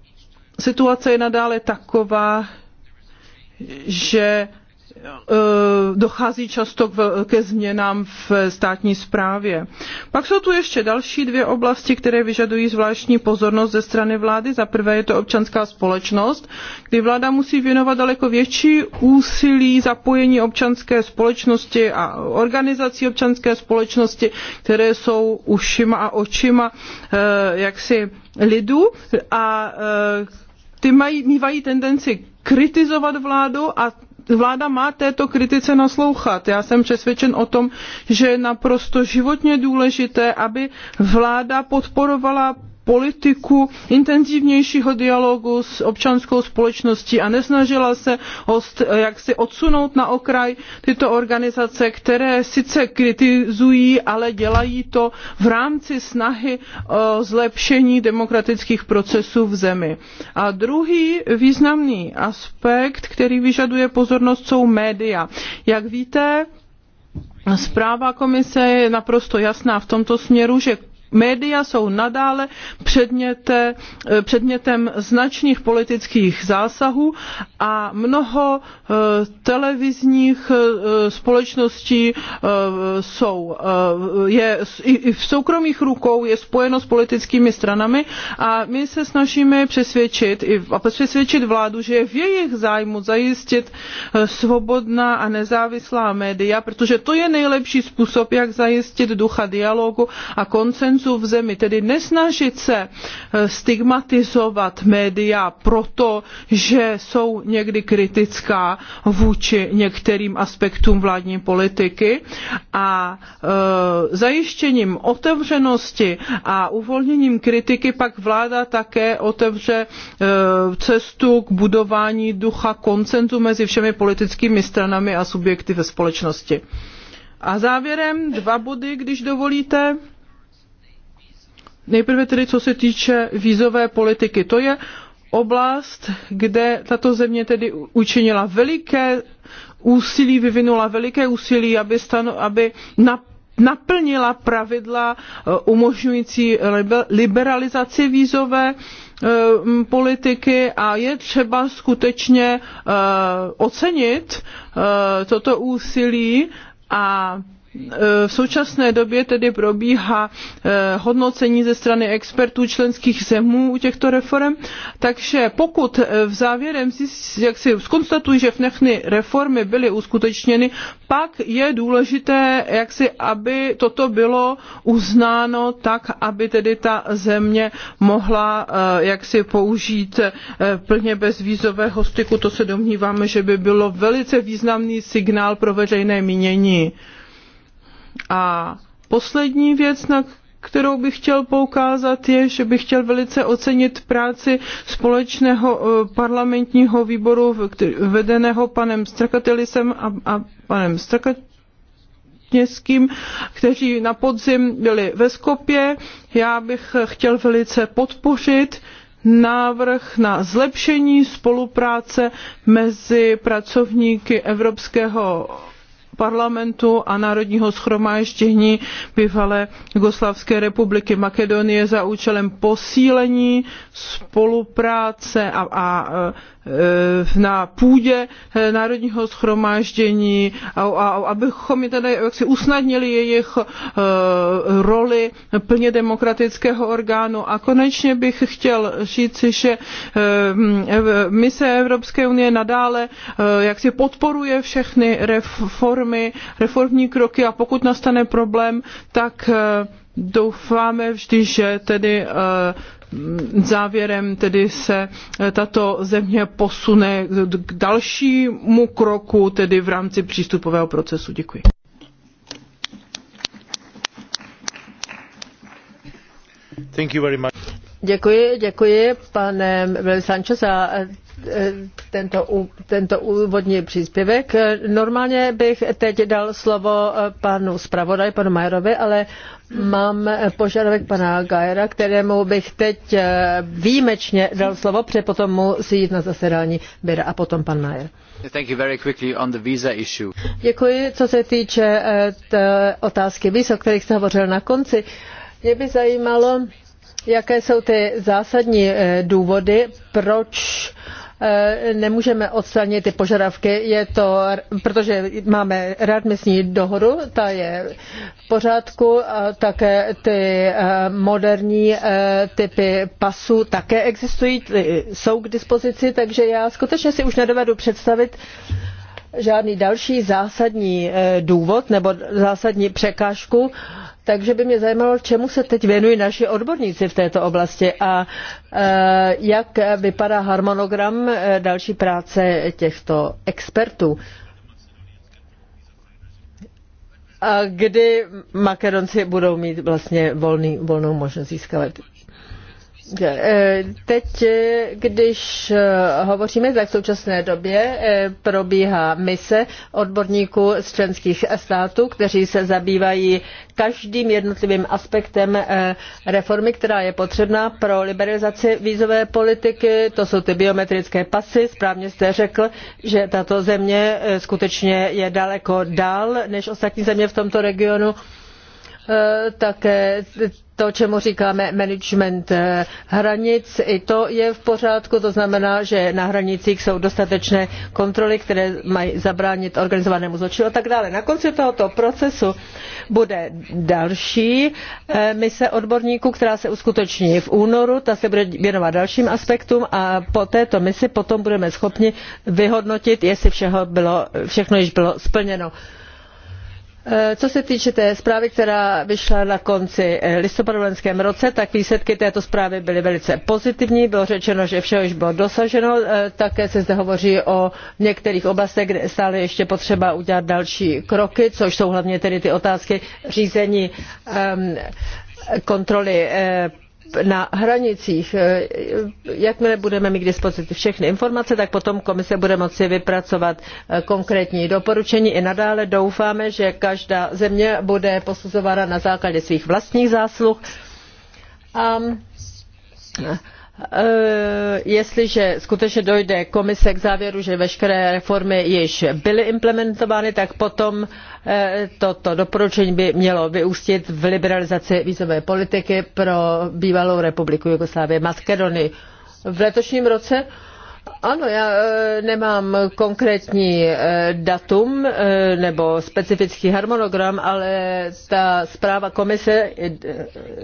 situace je nadále taková, že e, dochází často ke změnám v státní správě. Pak jsou tu ještě další dvě oblasti, které vyžadují zvláštní pozornost ze strany vlády. Za prvé je to občanská společnost, kdy vláda musí věnovat daleko větší úsilí zapojení občanské společnosti a organizací občanské společnosti, které jsou ušima a očima e, jaksi lidu a e, ty mají, mývají tendenci kritizovat vládu a vláda má této kritice naslouchat. Já jsem přesvědčen o tom, že je naprosto životně důležité, aby vláda podporovala politiku intenzivnějšího dialogu s občanskou společností a nesnažila se host, eh, jak si odsunout na okraj tyto organizace, které sice kritizují, ale dělají to v rámci snahy o eh, zlepšení demokratických procesů v zemi. A druhý významný aspekt, který vyžaduje pozornost, jsou média. Jak víte, Zpráva komise je naprosto jasná v tomto směru, že Média jsou nadále předměte, eh, předmětem značných politických zásahů a mnoho eh, televizních eh, společností jsou, je i v soukromých rukou, je spojeno s politickými stranami a my se snažíme přesvědčit a přesvědčit vládu, že je v jejich zájmu zajistit svobodná a nezávislá média, protože to je nejlepší způsob, jak zajistit ducha dialogu a koncenzu cizinců v zemi, tedy nesnažit se eh, stigmatizovat média proto, že jsou někdy kritická vůči některým aspektům vládní politiky a eh, zajištěním otevřenosti a uvolněním kritiky pak vláda také otevře eh, cestu k budování ducha koncenzu mezi všemi politickými stranami a subjekty ve společnosti. A závěrem dva body, když dovolíte. Nejprve tedy, co se týče vízové politiky. To je oblast, kde tato země tedy učinila veliké úsilí, vyvinula veliké úsilí, aby, stano, aby na naplnila pravidla eh, umožňující liberalizaci vízové eh, politiky a je třeba skutečně eh, ocenit toto úsilí a Eh, v současné době tedy probíhá eh, hodnocení ze strany expertů členských zemů u těchto reform, takže pokud eh, v závěrem jak si skonstatují, že všechny reformy byly uskutečněny, pak je důležité, jak si, aby toto bylo uznáno tak, aby tedy ta země mohla jak si použít plně bezvízového styku. To se domníváme, že by bylo velice významný signál pro veřejné mínění. A poslední věc, na kterou bych chtěl poukázat, je, že bych chtěl velice ocenit práci společného eh, parlamentního výboru vedeného panem Strakatelisem a, a panem Strakatelisem Městským, kteří na podzim byli ve Skopě. Já bych eh, chtěl velice podpořit návrh na zlepšení spolupráce mezi pracovníky Evropského parlamentu a Národního schromáždění bývalé Jugoslavské republiky Makedonie za účelem posílení spolupráce a, a e, na půdě e, Národního schromáždění, a, a, abychom je tedy jaksi usnadnili jejich e, roli plně demokratického orgánu. A konečně bych chtěl říci, že mise Evropské unie nadále jaksi podporuje všechny reformy reformy, reformní kroky a pokud nastane problém, tak eh, doufáme vždy, že tedy eh, závěrem tedy se eh, tato země posune k dalšímu kroku, tedy v rámci přístupového procesu. Děkuji. Thank you very much. Děkuji, děkuji, pane Sanchez, za tento, tento úvodní příspěvek. Normálně bych teď dal slovo eh, panu zpravodaj, panu Majerovi, ale mám požadavek pana Gajera, kterému bych teď eh, výjimečně dal slovo, protože potom si jít na zasedání Bira a potom pan Majer. Děkuji, co se týče eh, otázky víz, o kterých jste hovořil na konci. Mě by zajímalo, jaké jsou ty zásadní důvody, proč Eh, nemůžeme odstranit ty požadavky, je to, protože máme readmisní dohodu, ta je v pořádku a také ty eh, moderní eh, typy pasů také existují, jsou k dispozici, takže já skutečně si už nedovedu představit, žádný další zásadní důvod nebo zásadní překážku takže by mě zajímalo, čemu se teď věnují naši odborníci v této oblasti a e, jak vypadá harmonogram e, další práce těchto expertů. A kdy Makedonci budou mít vlastně volný, volnou možnost získat Eh, teď, eh, když eh, hovoříme, tak v současné době probíhá mise odborníků z členských států, kteří se zabývají každým jednotlivým aspektem reformy, která je potřebná pro liberalizaci vízové politiky. To jsou ty biometrické pasy. Správně jste řekl, že tato země skutečně je daleko dál než ostatní země v tomto regionu. Eh, také to, čemu říkáme management eh, hranic, i to je v pořádku, to znamená, že na hranicích jsou dostatečné kontroly, které mají zabránit organizovanému zločinu a tak dále. Na konci tohoto procesu bude další eh, mise odborníků, která se uskuteční v únoru, ta se bude věnovat dalším aspektům a po této misi potom budeme schopni vyhodnotit, jestli všeho bylo, všechno již bylo splněno. Eh, co se týče té zprávy, která vyšla na konci eh, listopadu loňském roce, tak výsledky této zprávy byly velice pozitivní. Bylo řečeno, že všeho již bylo dosaženo. Eh, také se zde hovoří o některých oblastech, kde stále ještě potřeba udělat další kroky, což jsou hlavně tedy ty otázky řízení ehm, kontroly na hranicích. E, jakmile budeme mít k dispozici všechny informace, tak potom komise bude moci vypracovat e, konkrétní doporučení. I nadále doufáme, že každá země bude posuzována na základě svých vlastních zásluh. Eh, jestliže skutečně dojde komise k závěru že veškeré reformy již byly implementovány tak potom eh, toto doporučení by mělo vyústit v liberalizaci vízové politiky pro bývalou republiku jugoslávie makedonii. v letošním roce ano, já e, nemám konkrétní e, datum e, nebo specifický harmonogram, ale ta zpráva komise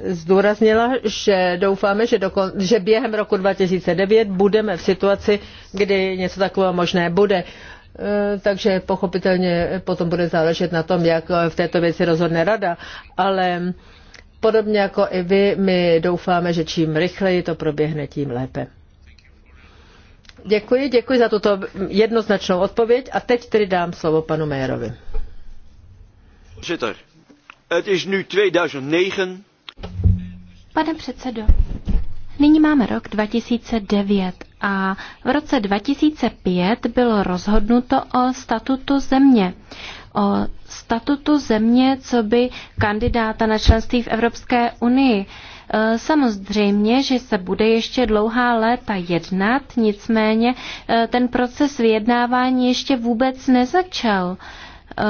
zdůraznila, že doufáme, že, dokon, že během roku 2009 budeme v situaci, kdy něco takového možné bude. Takže pochopitelně potom bude záležet na tom, jak v této věci rozhodne rada, ale podobně jako i vy, my doufáme, že čím rychleji to proběhne, tím lépe. Děkuji, děkuji za tuto jednoznačnou odpověď a teď tedy dám slovo panu Mayerovi. Pane předsedo, nyní máme rok 2009 a v roce 2005 bylo rozhodnuto o statutu země. O statutu země, co by kandidáta na členství v Evropské unii. Eh, samozřejmě, že se bude ještě dlouhá léta jednat, nicméně eh, ten proces vyjednávání ještě vůbec nezačal eh,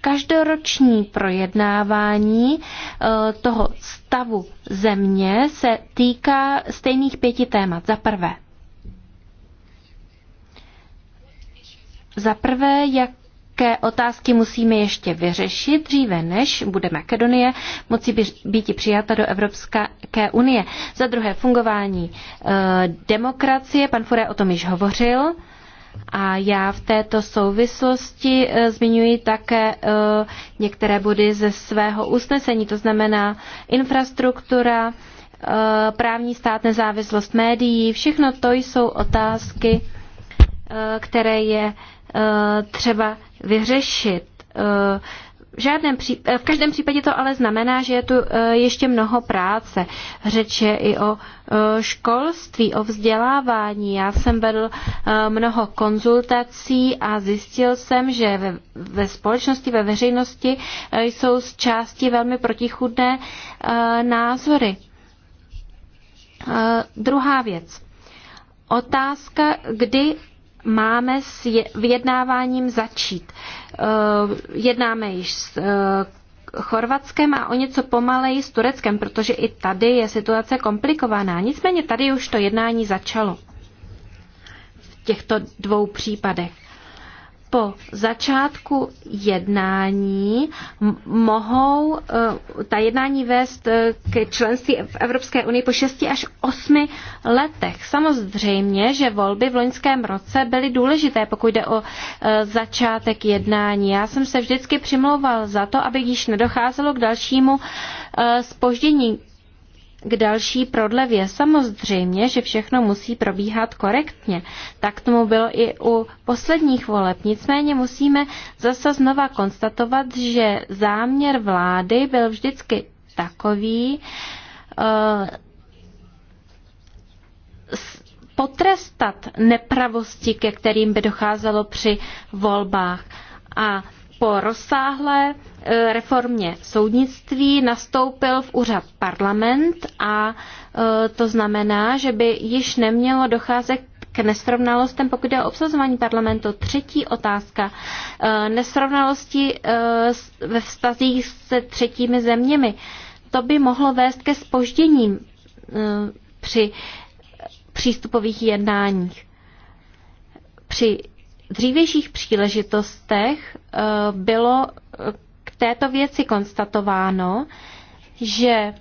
každoroční projednávání toho stavu země se týká stejných pěti témat. Za prvé, za prvé, jak politické otázky musíme ještě vyřešit dříve, než bude Makedonie moci být přijata do Evropské unie. Za druhé fungování eh, demokracie, pan Fure o tom již hovořil. A já v této souvislosti eh, zmiňuji také eh, některé body ze svého usnesení, to znamená infrastruktura, právní stát, nezávislost médií, všechno to jsou otázky, které je Eh, třeba vyřešit. V, eh, žádném případě, eh, v každém případě to ale znamená, že je tu ještě mnoho práce. Řeč je i o školství, o vzdělávání. Já jsem vedl mnoho konzultací a zjistil jsem, že ve, ve společnosti, ve veřejnosti jsou z části velmi protichudné názory. Druhá věc. Otázka, kdy máme s vyjednáváním začít. Eh, jednáme již s eh, Chorvatskem a o něco pomaleji s Tureckem, protože i tady je situace komplikovaná. Nicméně tady už to jednání začalo v těchto dvou případech po začátku jednání mohou eh, ta jednání vést eh, ke členství v Evropské unii po 6 až 8 letech. Samozřejmě, že volby v loňském roce byly důležité, pokud jde o eh, začátek jednání. Já jsem se vždycky přimlouval za to, aby již nedocházelo k dalšímu spoždění k další prodlevě. Samozřejmě, že všechno musí probíhat korektně. Tak tomu bylo i u posledních voleb. Nicméně musíme zase znova konstatovat, že záměr vlády byl vždycky takový, uh, potrestat nepravosti, ke kterým by docházelo při volbách. A po rozsáhlé e, reformě soudnictví nastoupil v úřad parlament a e, to znamená, že by již nemělo docházet k nesrovnalostem, pokud je o obsazování parlamentu. Třetí otázka. E, nesrovnalosti ve vztazích se třetími zeměmi. To by mohlo vést ke spožděním při přístupových jednáních. Při dřívějších příležitostech eh, bylo eh, k této věci konstatováno, že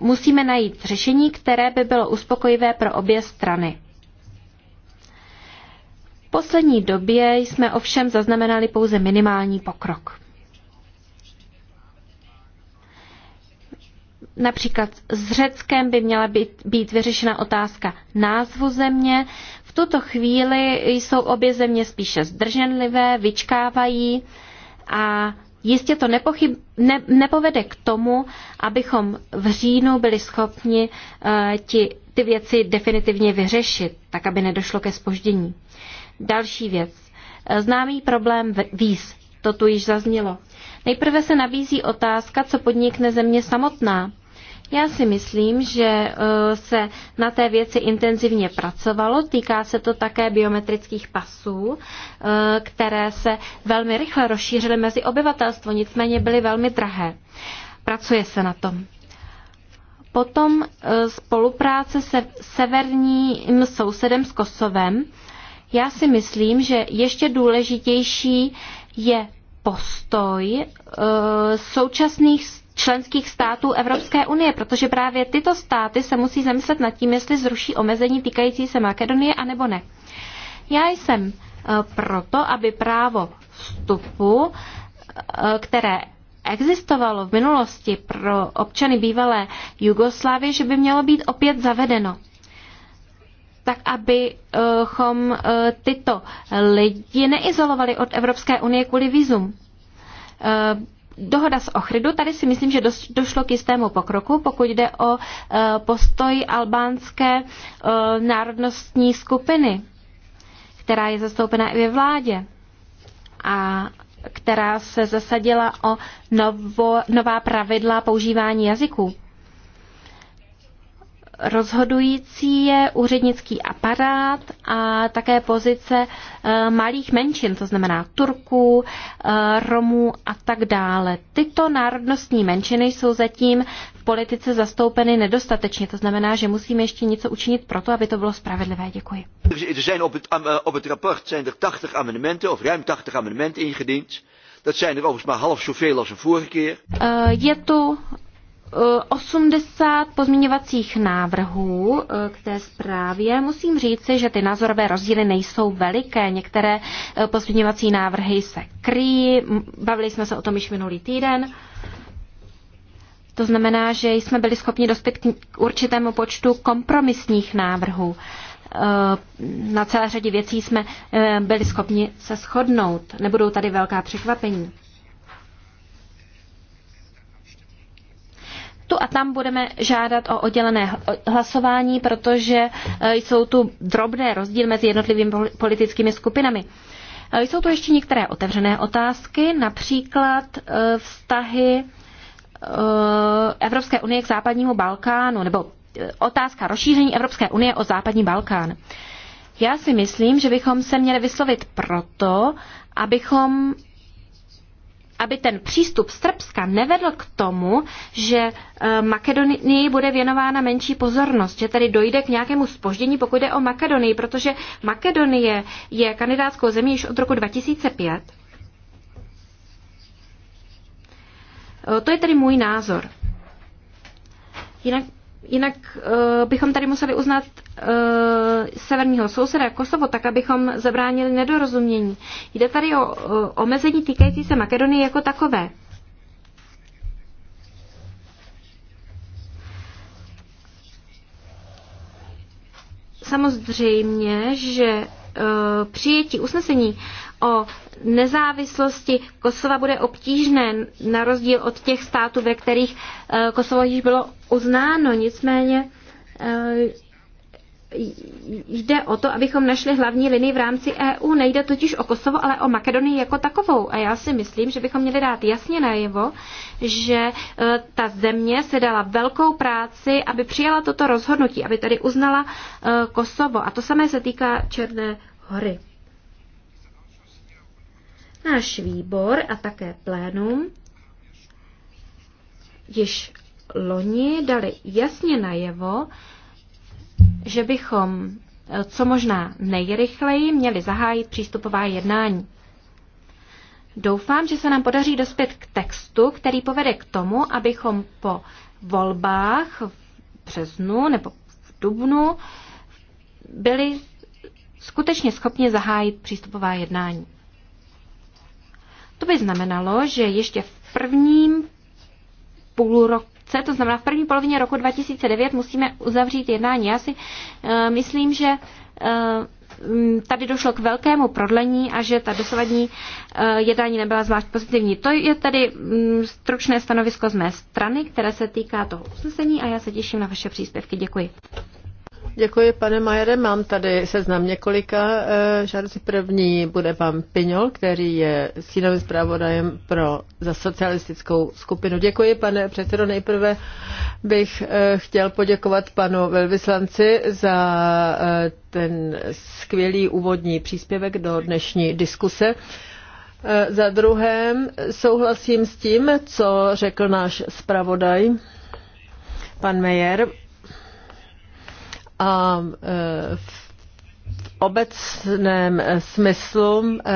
musíme najít řešení, které by bylo uspokojivé pro obě strany. V poslední době jsme ovšem zaznamenali pouze minimální pokrok. Například s Řeckem by měla být, být vyřešena otázka názvu země, tuto chvíli jsou obě země spíše zdrženlivé, vyčkávají a jistě to nepochyb, ne, nepovede k tomu, abychom v říjnu byli schopni uh, ti, ty věci definitivně vyřešit, tak aby nedošlo ke spoždění. Další věc. Eh, známý problém víz. To tu již zaznělo. Nejprve se nabízí otázka, co podnikne země samotná. Já si myslím, že eh, se na té věci intenzivně pracovalo. Týká se to také biometrických pasů, eh, které se velmi rychle rozšířily mezi obyvatelstvo, nicméně byly velmi drahé. Pracuje se na tom. Potom eh, spolupráce se severním sousedem s Kosovem. Já si myslím, že ještě důležitější je postoj současných členských států Evropské unie, protože právě tyto státy se musí zamyslet nad tím, jestli zruší omezení týkající se Makedonie, anebo ne. Já jsem eh, proto, aby právo vstupu, eh, které existovalo v minulosti pro občany bývalé Jugoslávie, že by mělo být opět zavedeno. Tak, abychom eh, tyto lidi neizolovali od Evropské unie kvůli výzum dohoda z Ochrydu, tady si myslím, že došlo k jistému pokroku, pokud jde o e, postoj albánské e, národnostní skupiny, která je zastoupena i ve vládě a která se zasadila o novo, nová pravidla používání jazyků. Rozhodující je úřednický aparát a také pozice eh, malých menšin, to znamená Turků, eh, Romů a tak dále. Tyto národnostní menšiny jsou zatím v politice zastoupeny nedostatečně, to znamená, že musíme ještě něco učinit pro to, aby to bylo spravedlivé. Děkuji. Er zijn op het, eh, op het rapport zijn er 80 amendementen of ruim 80 amendementen ingediend. Dat zijn er overigens maar half zoveel als een vorige keer. Je tu 80 pozměňovacích návrhů eh, k té zprávě. Musím říci, že ty názorové rozdíly nejsou veliké. Některé eh, pozměňovací návrhy se kryjí. Bavili jsme se o tom již minulý týden. To znamená, že jsme byli schopni dospět k určitému počtu kompromisních návrhů. Eh, na celé řadě věcí jsme byli schopni se shodnout. Nebudou tady velká překvapení. a tam budeme žádat o oddělené hlasování, protože eh, jsou tu drobné rozdíly mezi jednotlivými politickými skupinami. Eh, jsou tu ještě některé otevřené otázky, například eh, vztahy Evropské unie k západnímu Balkánu, nebo otázka rozšíření Evropské unie o západní Balkán. Já si myslím, že bychom se měli vyslovit proto, abychom aby ten přístup Srbska nevedl k tomu, že eh, Makedonii bude věnována menší pozornost, že tedy dojde k nějakému spoždění, pokud jde o Makedonii, protože Makedonie je kandidátskou zemí již od roku 2005. Eh, to je tedy můj názor. Jinak Jinak uh, bychom tady museli uznat uh, severního souseda Kosovo, tak abychom zabránili nedorozumění. Jde tady o uh, omezení týkající se Makedonie jako takové. Samozřejmě, že uh, přijetí usnesení uh, o nezávislosti Kosova bude obtížné, na rozdíl od těch států, ve kterých eh, Kosovo již bylo uznáno. Nicméně eh, jde o to, abychom našli hlavní linii v rámci EU. Nejde totiž o Kosovo, ale o Makedonii jako takovou. A já si myslím, že bychom měli dát jasně najevo, že eh, ta země se dala velkou práci, aby přijala toto rozhodnutí, aby tady uznala Kosovo. A to samé se týká Černé hory. Náš výbor a také plénum již loni dali jasně najevo, že bychom eh, co možná nejrychleji měli zahájit přístupová jednání. Doufám, že se nám podaří dospět k textu, který povede k tomu, abychom po volbách v březnu nebo v dubnu byli skutečně schopni zahájit přístupová jednání. To by znamenalo, že ještě v prvním půlroce, to znamená v první polovině roku 2009, musíme uzavřít jednání. Já si uh, myslím, že uh, tady došlo k velkému prodlení a že ta dosavadní uh, jednání nebyla zvlášť pozitivní. To je tedy um, stručné stanovisko z mé strany, které se týká toho usnesení a já se těším na vaše příspěvky. Děkuji. Děkuji, pane Majere. Mám tady seznam několika eh, žádostí. První bude pan Piňol, který je sínovým zpravodajem pro, za socialistickou skupinu. Děkuji, pane předsedo. Nejprve bych eh, chtěl poděkovat panu velvyslanci za eh, ten skvělý úvodní příspěvek do dnešní diskuse. Za druhé souhlasím s tím, co řekl náš zpravodaj, pan Mejer a e, v obecném e, smyslu e,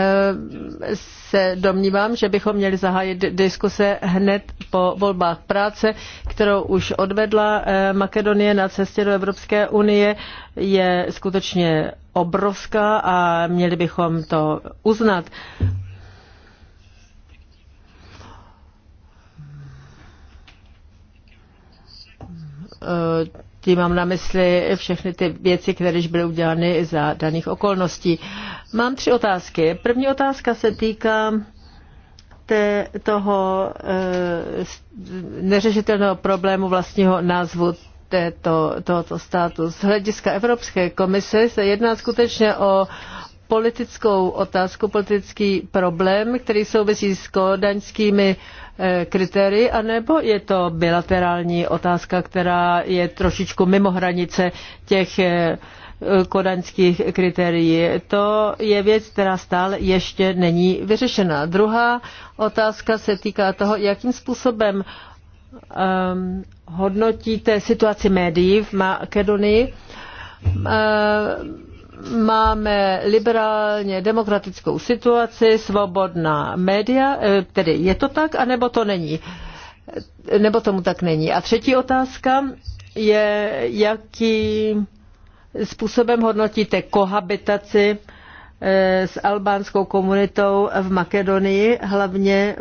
se domnívám, že bychom měli zahájit diskuse hned po volbách práce, kterou už odvedla Makedonie na cestě do Evropské unie, je skutečně obrovská a měli bychom to uznat. Uh, tím mám na mysli všechny ty věci, které byly udělány za daných okolností. Mám tři otázky. První otázka se týká té, toho e, neřešitelného problému vlastního názvu této, tohoto státu. Z hlediska Evropské komise se jedná skutečně o politickou otázku, politický problém, který souvisí s kodaňskými eh, kritérii, anebo je to bilaterální otázka, která je trošičku mimo hranice těch eh, kodaňských kritérií. To je věc, která stále ještě není vyřešena. Druhá otázka se týká toho, jakým způsobem um, hodnotíte situaci médií v Makedonii. Um, máme liberálně demokratickou situaci, svobodná média, eh, tedy je to tak, anebo to není? Nebo tomu tak není? A třetí otázka je, jakým způsobem hodnotíte kohabitaci eh, s albánskou komunitou v Makedonii, hlavně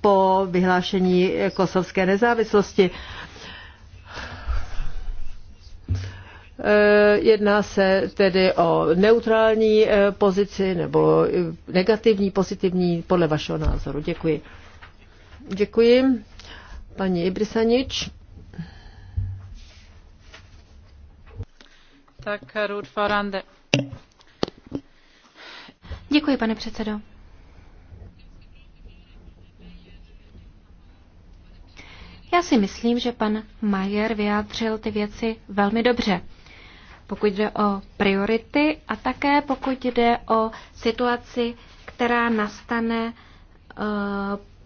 po vyhlášení kosovské nezávislosti. Eh, jedná se tedy o neutrální eh, pozici nebo eh, negativní, pozitivní, podle vašeho názoru. Děkuji. Děkuji. Paní Ibrisanič. Tak, Farande. Děkuji, pane předsedo. Já si myslím, že pan Majer vyjádřil ty věci velmi dobře pokud jde o priority a také pokud jde o situaci, která nastane eh,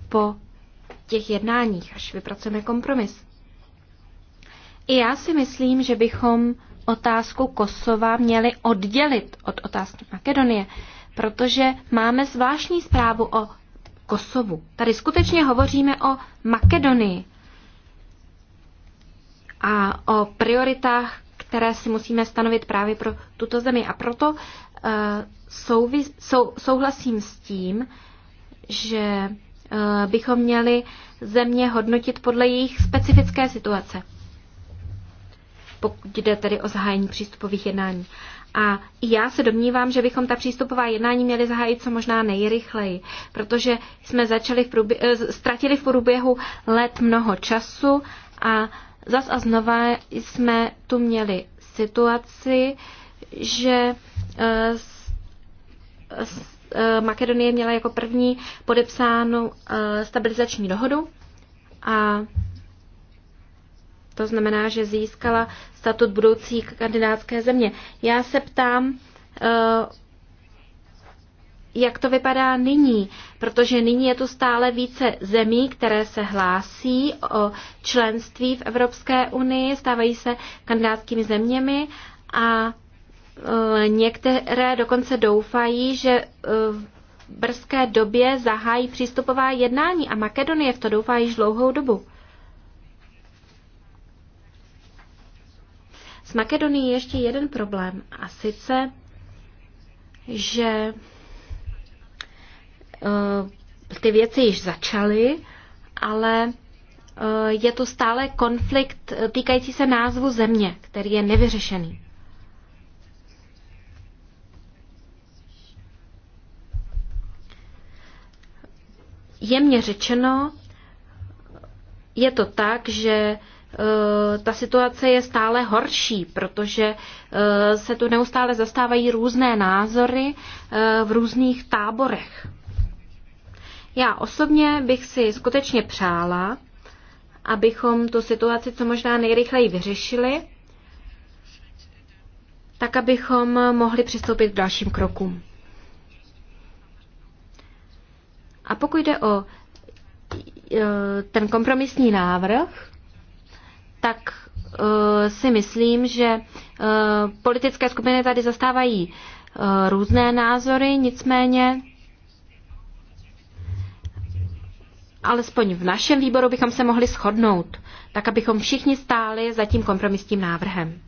po těch jednáních, až vypracujeme kompromis. I já si myslím, že bychom otázku Kosova měli oddělit od otázky Makedonie, protože máme zvláštní zprávu o Kosovu. Tady skutečně hovoříme o Makedonii a o prioritách které si musíme stanovit právě pro tuto zemi. A proto eh, souvis, sou, souhlasím s tím, že eh, bychom měli země hodnotit podle jejich specifické situace, pokud jde tedy o zahájení přístupových jednání. A já se domnívám, že bychom ta přístupová jednání měli zahájit co možná nejrychleji, protože jsme začali v průběhu, eh, ztratili v průběhu let mnoho času a Zas a znova jsme tu měli situaci, že eh, eh, Makedonie měla jako první podepsánu eh, stabilizační dohodu a to znamená, že získala statut budoucí kandidátské země. Já se ptám, jak to vypadá nyní, protože nyní je tu stále více zemí, které se hlásí o členství v Evropské unii, stávají se kandidátskými zeměmi a e, některé dokonce doufají, že e, v brzké době zahájí přístupová jednání a Makedonie v to doufá již dlouhou dobu. S Makedonií ještě jeden problém a sice, že Eh, ty věci již začaly, ale eh, je to stále konflikt eh, týkající se názvu země, který je nevyřešený. Jemně řečeno, je to tak, že ta situace je stále horší, protože se tu neustále zastávají různé názory v různých táborech. Já osobně bych si skutečně přála, abychom tu situaci co možná nejrychleji vyřešili, tak abychom mohli přistoupit k dalším krokům. A pokud jde o e, ten kompromisní návrh, tak e, si myslím, že e, politické skupiny tady zastávají různé názory, nicméně alespoň v našem výboru bychom se mohli shodnout, tak abychom všichni stáli za tím kompromisním návrhem.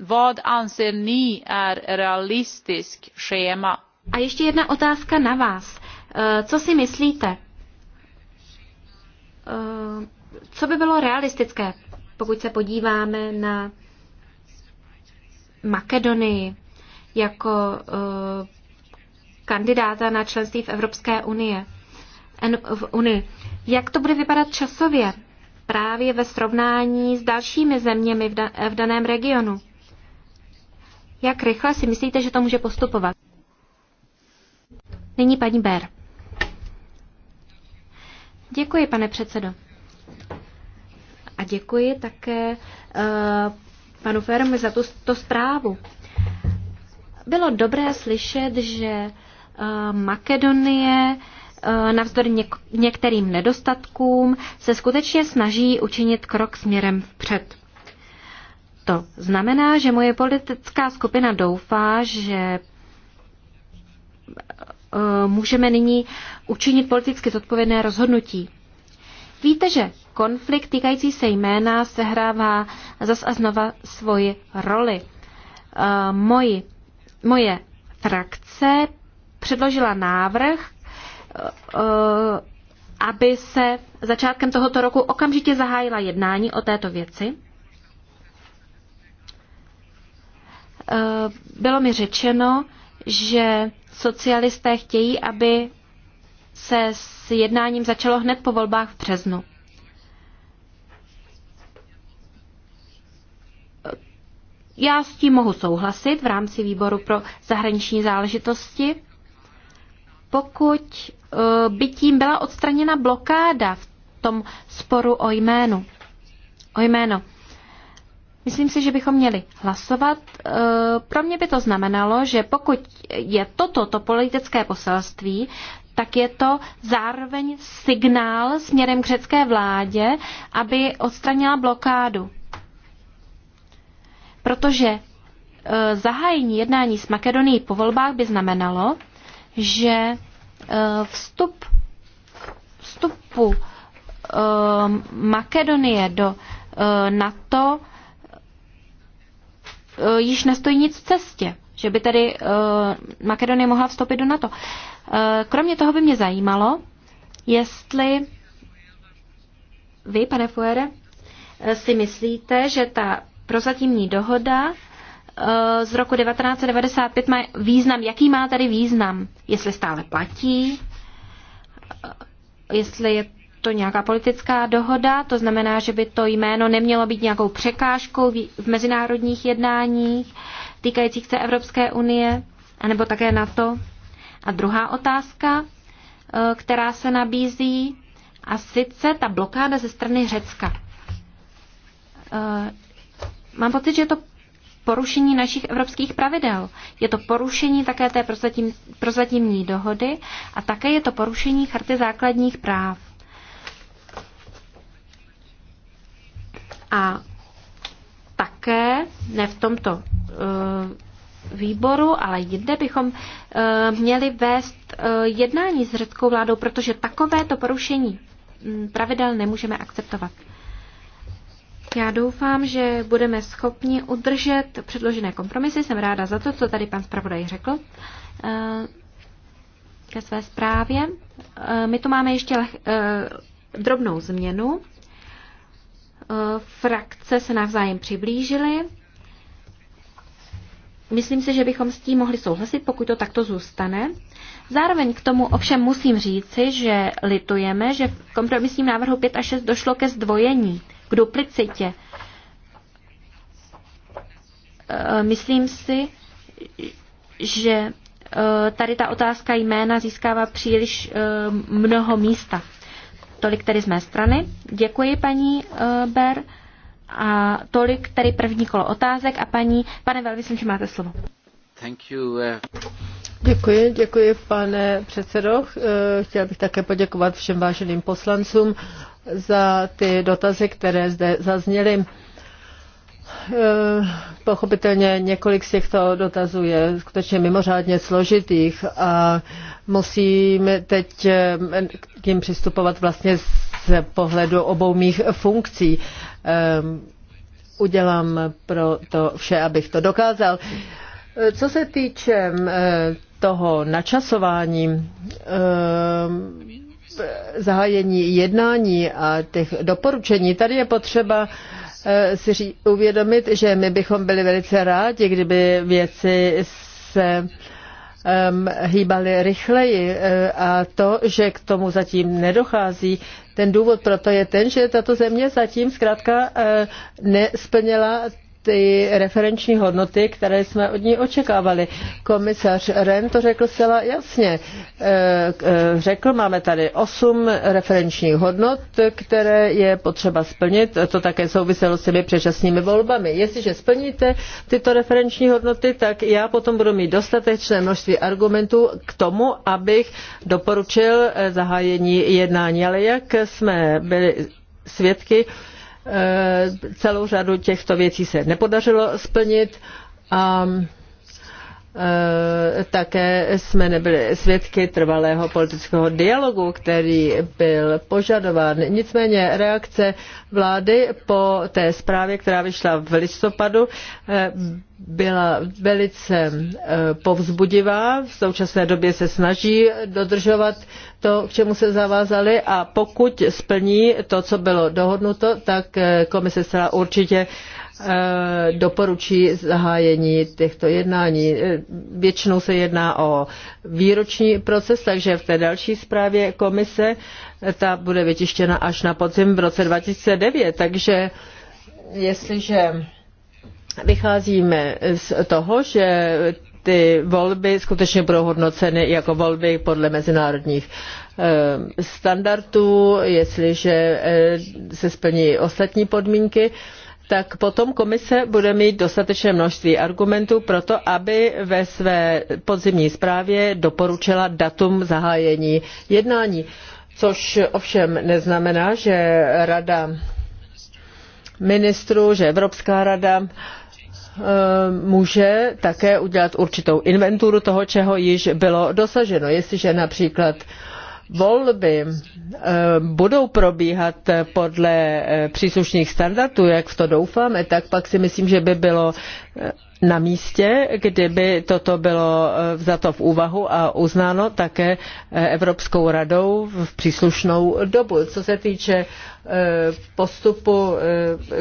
Vad anser ni er realistisk schema? A ještě jedna otázka na vás. Eh, co si myslíte? Eh, co by bylo realistické, pokud se podíváme na Makedonii jako eh, kandidáta na členství v Evropské unie? v Unii. Jak to bude vypadat časově právě ve srovnání s dalšími zeměmi v, da, v daném regionu? Jak rychle si myslíte, že to může postupovat? Nyní paní Bér. Děkuji, pane předsedo. A děkuji také uh, panu Fermi za tu, to zprávu. Bylo dobré slyšet, že uh, Makedonie uh, Eh, navzdory něk- některým nedostatkům se skutečně snaží učinit krok směrem vpřed. To znamená, že moje politická skupina doufá, že eh, můžeme nyní učinit politicky zodpovědné rozhodnutí. Víte, že konflikt týkající se jména sehrává zas a znova svoji roli. Eh, moji, moje frakce předložila návrh, Eh, aby se začátkem tohoto roku okamžitě zahájila jednání o této věci. Eh, bylo mi řečeno, že socialisté chtějí, aby se s jednáním začalo hned po volbách v březnu. Já s tím mohu souhlasit v rámci výboru pro zahraniční záležitosti, pokud Eh, by tím byla odstraněna blokáda v tom sporu o jménu. O jméno. Myslím si, že bychom měli hlasovat. Eh, pro mě by to znamenalo, že pokud je toto to politické poselství, tak je to zároveň signál směrem k řecké vládě, aby odstranila blokádu. Protože eh, zahájení jednání s Makedonií po volbách by znamenalo, že Eh, vstup, vstupu eh, Makedonie do eh, NATO již nestojí nic v cestě, že by tedy Makedonie mohla vstoupit do NATO. Kromě toho by mě zajímalo, jestli vy, pane Fuere, si myslíte, že ta prozatímní dohoda z roku 1995 má význam. Jaký má tady význam? Jestli stále platí, jestli je to nějaká politická dohoda, to znamená, že by to jméno nemělo být nějakou překážkou v mezinárodních jednáních týkajících se Evropské unie, nebo také NATO. A druhá otázka, eh, která se nabízí, a sice ta blokáda ze strany Řecka. Eh, mám pocit, že je to porušení našich evropských pravidel. Je to porušení také té prozatím, prozatímní dohody a také je to porušení charty základních práv. A také, ne v tomto uh, výboru, ale jinde bychom uh, měli vést uh, jednání s řeckou vládou, protože takovéto porušení hm, pravidel nemůžeme akceptovat. Já doufám, že budeme schopni udržet předložené kompromisy. Jsem ráda za to, co tady pan zpravodaj řekl eh, ke své zprávě. Eh, my tu máme ještě eh, drobnou změnu. Frakce se navzájem přiblížily. Myslím si, že bychom s tím mohli souhlasit, pokud to takto zůstane. Zároveň k tomu ovšem musím říci, že litujeme, že v kompromisním návrhu 5 a 6 došlo ke zdvojení k duplicitě. Eh, myslím si, že eh, tady ta otázka jména získává příliš eh, mnoho místa. Tolik tedy z mé strany. Děkuji, paní Ber. A tolik tedy první kolo otázek a paní, pane velvyslanče, máte slovo. Thank you. Děkuji, děkuji pane předsedo. Chtěla bych také poděkovat všem váženým poslancům za ty dotazy, které zde zazněly. Eh, pochopitelně několik z těchto dotazů je skutečně mimořádně složitých a musím teď eh, k ním přistupovat vlastně z pohledu obou mých funkcí. Eh, udělám pro to vše, abych to dokázal. Co se týče toho načasování, zahájení jednání a těch doporučení, tady je potřeba eh, si ří, uvědomit, že my bychom byli velice rádi, kdyby věci se um, hýbaly rychleji eh, a to, že k tomu zatím nedochází, ten důvod proto je ten, že tato země zatím zkrátka eh, nesplněla ty referenční hodnoty, které jsme od ní očekávali. Komisař Ren to řekl zcela jasně. E, e, řekl, máme tady osm referenčních hodnot, které je potřeba splnit. To také souviselo s těmi předčasnými volbami. Jestliže splníte tyto referenční hodnoty, tak já potom budu mít dostatečné množství argumentů k tomu, abych doporučil e, zahájení jednání. Ale jak jsme byli svědky, Eh, celou řadu těchto věcí se nepodařilo splnit a Eh, také jsme nebyli svědky trvalého politického dialogu, který byl požadován. Nicméně reakce vlády po té zprávě, která vyšla v listopadu, eh, byla velice eh, povzbudivá. V současné době se snaží dodržovat to, k čemu se zavázali a pokud splní to, co bylo dohodnuto, tak komise zcela určitě Eh, doporučí zahájení těchto jednání. Eh, většinou se jedná o výroční proces, takže v té další zprávě komise eh, ta bude vytištěna až na podzim v roce 2009, takže jestliže vycházíme z toho, že ty volby skutečně budou hodnoceny jako volby podle mezinárodních standardů, jestliže se splní ostatní podmínky, tak potom komise bude mít dostatečné množství argumentů pro to, aby ve své podzimní zprávě doporučila datum zahájení jednání. Což ovšem neznamená, že rada ministrů, že Evropská rada eh, může také udělat určitou inventuru toho, čeho již bylo dosaženo. Jestliže například volby eh, budou probíhat podle eh, příslušných standardů, jak v to doufáme, tak pak si myslím, že by bylo na místě, kdyby toto bylo eh, vzato v úvahu a uznáno také eh, Evropskou radou v příslušnou dobu. Co se týče eh, postupu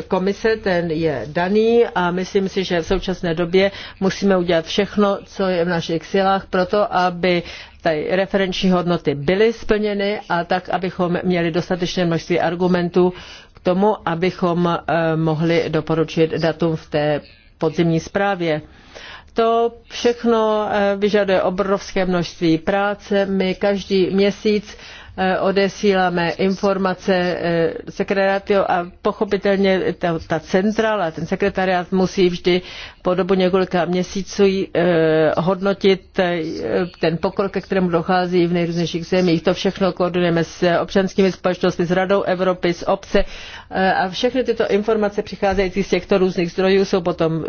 komise, ten je daný a myslím si, že v současné době musíme udělat všechno, co je v našich silách, proto aby tady referenční hodnoty byly splněny a tak, abychom měli dostatečné množství argumentů k tomu, abychom mohli doporučit datum v té podzimní zprávě. To všechno eh, vyžaduje obrovské množství práce. My každý měsíc eh, odesíláme informace eh, sekretariátu a pochopitelně ta centrála, ten sekretariát musí vždy po dobu několika měsíců eh, hodnotit eh, ten pokrok, ke kterému dochází v nejrůznějších zemích. To všechno koordinujeme s občanskými společnostmi, s Radou Evropy, s obce eh, a všechny tyto informace přicházející z těchto různých zdrojů jsou potom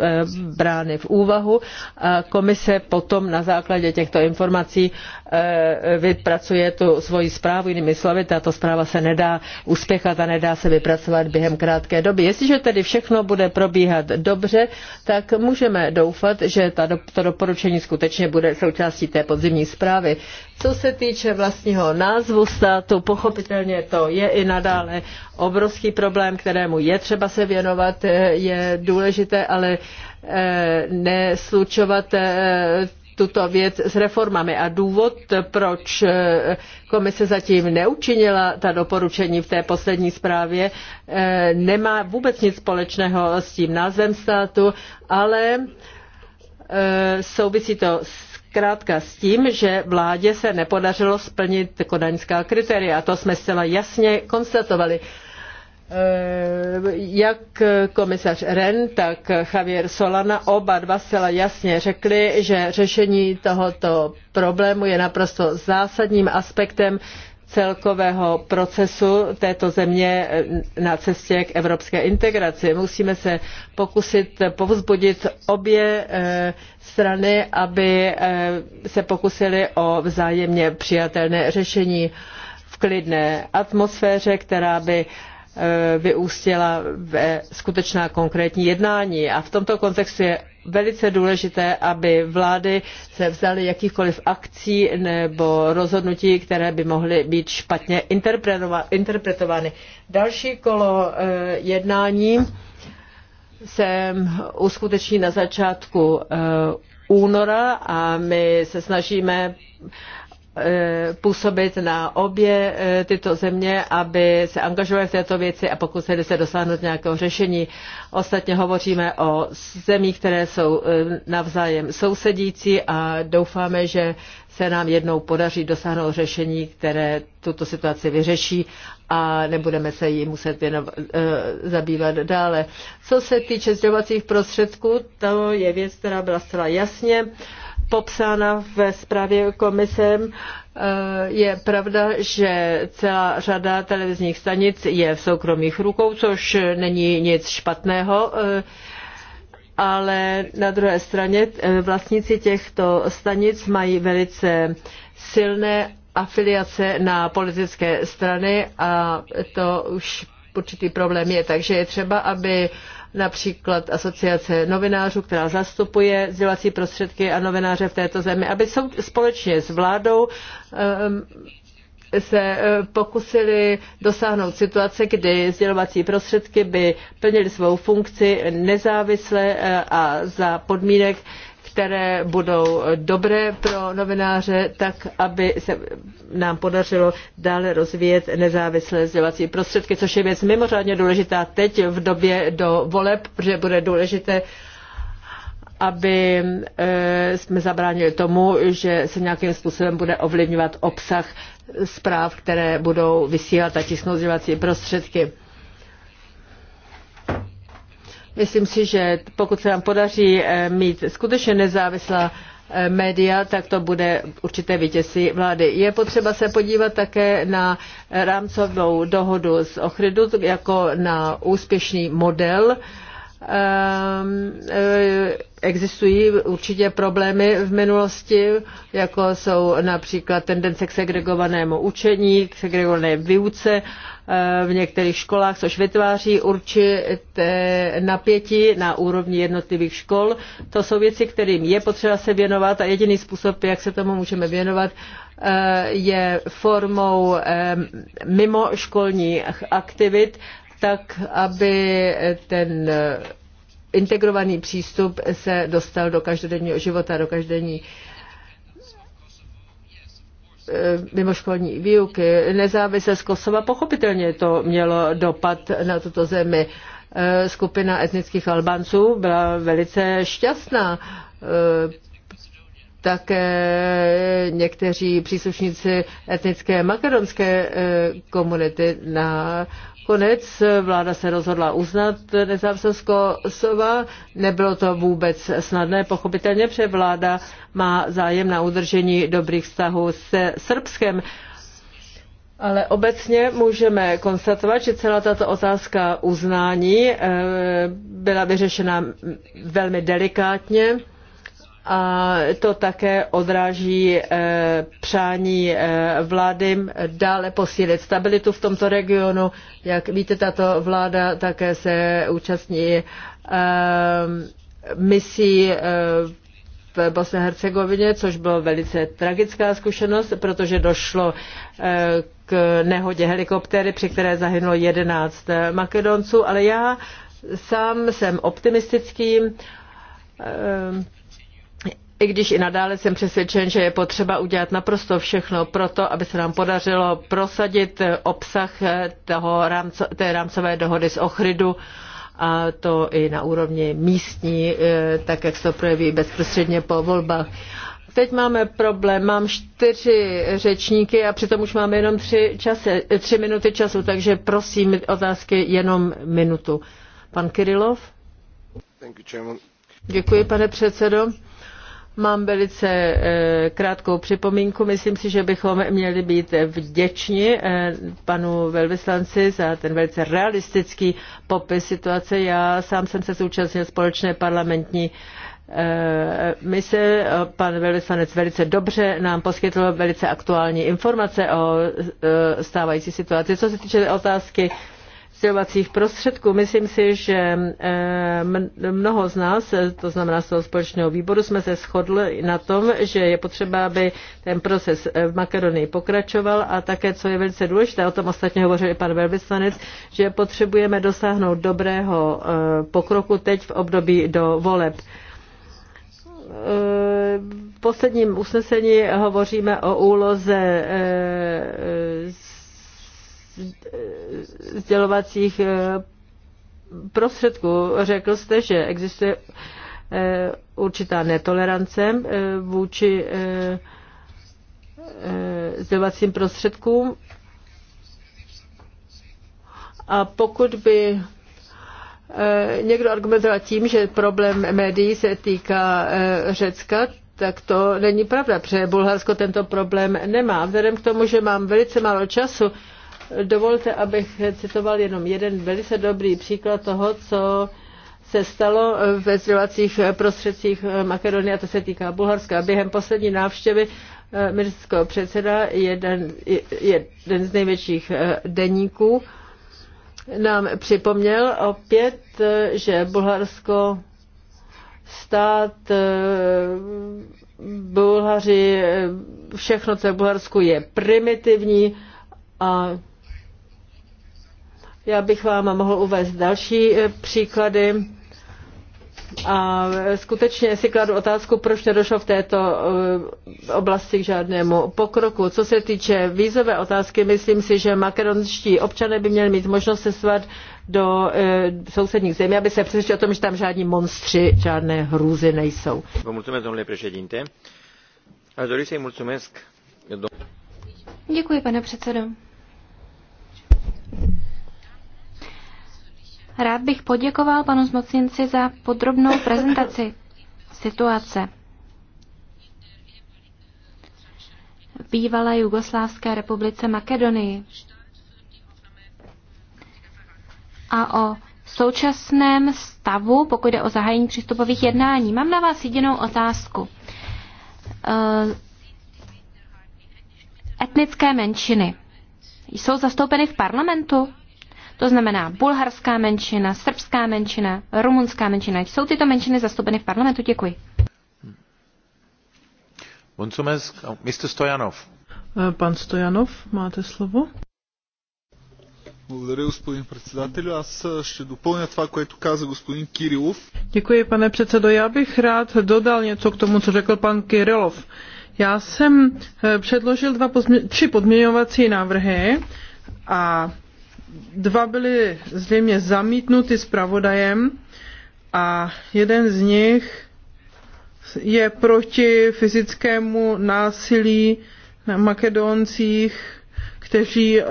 brány v úvahu a komise potom na základě těchto informací vypracuje tu svoji zprávu, jinými slovy, tato zpráva se nedá uspěchat a nedá se vypracovat během krátké doby. Jestliže tedy všechno bude probíhat dobře, tak můžeme doufat, že ta, to doporučení skutečně bude součástí té podzimní zprávy. Co se týče vlastního názvu státu, pochopitelně to je i nadále obrovský problém, kterému je třeba se věnovat, je důležité, ale eh, neslučovat eh, tuto věc s reformami. A důvod, proč eh, komise zatím neučinila ta doporučení v té poslední zprávě, eh, nemá vůbec nic společného s tím názvem státu, ale eh, souvisí to s Krátka s tím, že vládě se nepodařilo splnit kodaňská kritéria. A to jsme zcela jasně konstatovali. Eh, jak komisař Ren, tak Javier Solana oba dva zcela jasně řekli, že řešení tohoto problému je naprosto zásadním aspektem celkového procesu této země eh, na cestě k evropské integraci. Musíme se pokusit povzbudit obě eh, strany, aby se pokusili o vzájemně přijatelné řešení v klidné atmosféře, která by Eh, vyústila ve skutečná konkrétní jednání. A v tomto kontextu je velice důležité, aby vlády se vzaly jakýchkoliv akcí nebo rozhodnutí, které by mohly být špatně interpretovány. Další kolo eh, jednání se uskuteční na začátku eh, února a my se snažíme Eh, působit na obě eh, tyto země, aby se angažovaly v této věci a pokusili se dosáhnout nějakého řešení. Ostatně hovoříme o zemích, které jsou eh, navzájem sousedící a doufáme, že se nám jednou podaří dosáhnout řešení, které tuto situaci vyřeší a nebudeme se jí muset věnovat, zabývat dále. Co se týče sdělovacích prostředků, to je věc, která byla zcela jasně uh, popsána ve zprávě komisem. Eh, je pravda, že celá řada televizních stanic je v soukromých rukou, což není nic špatného eh, ale na druhé straně eh, vlastníci těchto stanic mají velice silné afiliace na politické strany a to už určitý problém je. Takže je třeba, aby například asociace novinářů, která zastupuje vzdělací prostředky a novináře v této zemi, aby společně s vládou ehm, se eh, pokusili dosáhnout situace, kdy sdělovací prostředky by plnily svou funkci nezávisle eh, a za podmínek, které budou dobré pro novináře, tak aby se nám podařilo dále rozvíjet nezávislé sdělovací prostředky, což je věc mimořádně důležitá teď v době do voleb, protože bude důležité aby eh, jsme zabránili tomu, že se nějakým způsobem bude ovlivňovat obsah zpráv, které budou vysílat a tisknout sdělovací prostředky. Myslím si, že pokud se nám podaří eh, mít skutečně nezávislá eh, média, tak to bude určité vítězství vlády. Je potřeba se podívat také na rámcovou dohodu z Ochrydu jako na úspěšný model. Ehm, eh, existují určitě problémy v minulosti, jako jsou například tendence k segregovanému učení, k segregované výuce v některých školách, což vytváří určité napětí na úrovni jednotlivých škol. To jsou věci, kterým je potřeba se věnovat a jediný způsob, jak se tomu můžeme věnovat, eh, je formou eh, mimoškolních aktivit, tak aby ten eh, integrovaný přístup se dostal do každodenního života, do každodenní Eh, mimoškolní výuky, nezávislost Kosova, pochopitelně to mělo dopad na tuto zemi. Eh, skupina etnických Albánců byla velice šťastná. Eh, také někteří příslušníci etnické makedonské komunity na Konec vláda se rozhodla uznat nezávislost Kosova. Nebylo to vůbec snadné, pochopitelně, protože vláda má zájem na udržení dobrých vztahů se Srbskem. Ale obecně můžeme konstatovat, že celá tato otázka uznání eh, byla vyřešena velmi delikátně a to také odráží eh, přání eh, vlády dále posílit stabilitu v tomto regionu. Jak víte, tato vláda také se účastní eh, misí v Bosně a Hercegovině, což byla velice tragická zkušenost, protože došlo k nehodě helikoptéry, při které zahynulo 11 Makedonců, ale já sám jsem optimistický i když i nadále jsem přesvědčen, že je potřeba udělat naprosto všechno pro to, aby se nám podařilo prosadit obsah toho rámco, té rámcové dohody z Ochridu a to i na úrovni místní, eh, tak jak se to projeví bezprostředně po volbách. Teď máme problém, mám čtyři řečníky a přitom už máme jenom tři, čase, tři minuty času, takže prosím otázky jenom minutu. Pan Kirilov? Děkuji, pane předsedo. Mám velice eh, krátkou připomínku. Myslím si, že bychom měli být vděční eh, panu velvyslanci za ten velice realistický popis situace. Já sám jsem se zúčastnil společné parlamentní eh, mise. Pan velvyslanec velice dobře nám poskytl velice aktuální informace o stávající situaci. Co se týče otázky sdělovacích prostředků. Myslím si, že eh, mnoho z nás, eh, to znamená z toho společného výboru, jsme se shodli na tom, že je potřeba, aby ten proces eh, v Makedonii pokračoval a také, co je velice důležité, o tom ostatně hovořil i pan velvyslanec, že potřebujeme dosáhnout dobrého pokroku teď v období do voleb v posledním usnesení hovoříme o úloze sdělovacích eh, prostředků. Řekl jste, že existuje eh, určitá netolerance eh, vůči sdělovacím prostředkům. A pokud by někdo argumentoval tím, že problém médií se týká Řecka, tak to není pravda, protože Bulharsko tento problém nemá. Vzhledem k tomu, že mám velice málo času, Dovolte, abych citoval jenom jeden velice dobrý příklad toho, co se stalo ve sdělovacích prostředcích Makedonie, a to se týká Bulharska. Během poslední návštěvy eh, ministerského předseda, jeden, jeden z největších eh, denníků, nám připomněl opět, eh, že Bulharsko stát, Bulhaři, všechno, co je v Bulharsku, je primitivní a já bych vám mohl uvést další eh, příklady. A eh, skutečně si kladu otázku, proč nedošlo v této eh, oblasti k žádnému pokroku. Co se týče vízové otázky, myslím si, že makedonští občané by měli mít možnost sesvat do sousedních zemí, aby se přesvědčili o tom, že tam žádní monstři, žádné hrůzy nejsou. Děkuji, pane předsedo. Rád bych poděkoval panu zmocněnci za podrobnou prezentaci situace v bývalé Jugoslávské republice Makedonii a o současném stavu, pokud jde o zahájení přístupových jednání. Mám na vás jedinou otázku. Eh, etnické menšiny jsou zastoupeny v parlamentu? To znamená bulharská menšina, srbská menšina, rumunská menšina. Jsou tyto menšiny zastoupeny v parlamentu? Děkuji. Monsumesk, Mr. Stojanov. Eh, pan Stojanov, máte slovo. Благодаря, господин председателю. Аз ще допълня това, което каза господин Кирилов. Děkuji, pane předsedo. Já bych rád dodal něco k tomu, co řekl pan Kirilov. Já jsem eh, předložil dva pozmě- tři podměňovací návrhy a dva byly zřejmě zamítnuty zpravodajem a jeden z nich je proti fyzickému násilí na Makedoncích, kteří eh,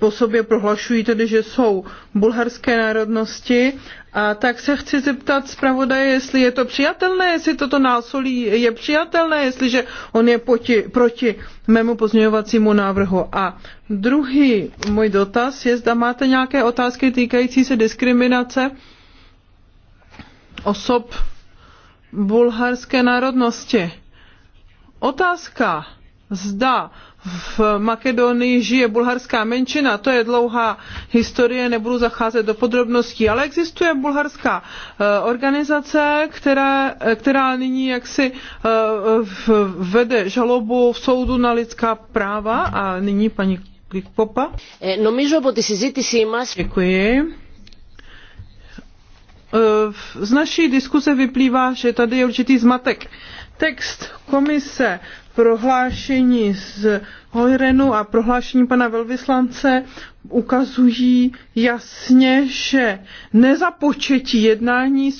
po sobě prohlašují tedy, že jsou bulharské národnosti. A tak se chci zeptat zpravodaje, jestli je to přijatelné, jestli toto násolí, je přijatelné, jestliže on je poti, proti mému pozměňovacímu návrhu. A druhý můj dotaz je, zda máte nějaké otázky týkající se diskriminace osob bulharské národnosti. Otázka, zda v Makedonii žije bulharská menšina, to je dlouhá historie, nebudu zacházet do podrobností, ale existuje bulharská eh, organizace, která, eh, která nyní jaksi eh, vede žalobu v soudu na lidská práva a nyní paní Klikpopa. No, Děkuji. Z naší diskuse vyplývá, že tady je určitý zmatek. Text komise prohlášení z Hojrenu a prohlášení pana velvyslance ukazují jasně, že nezapočetí jednání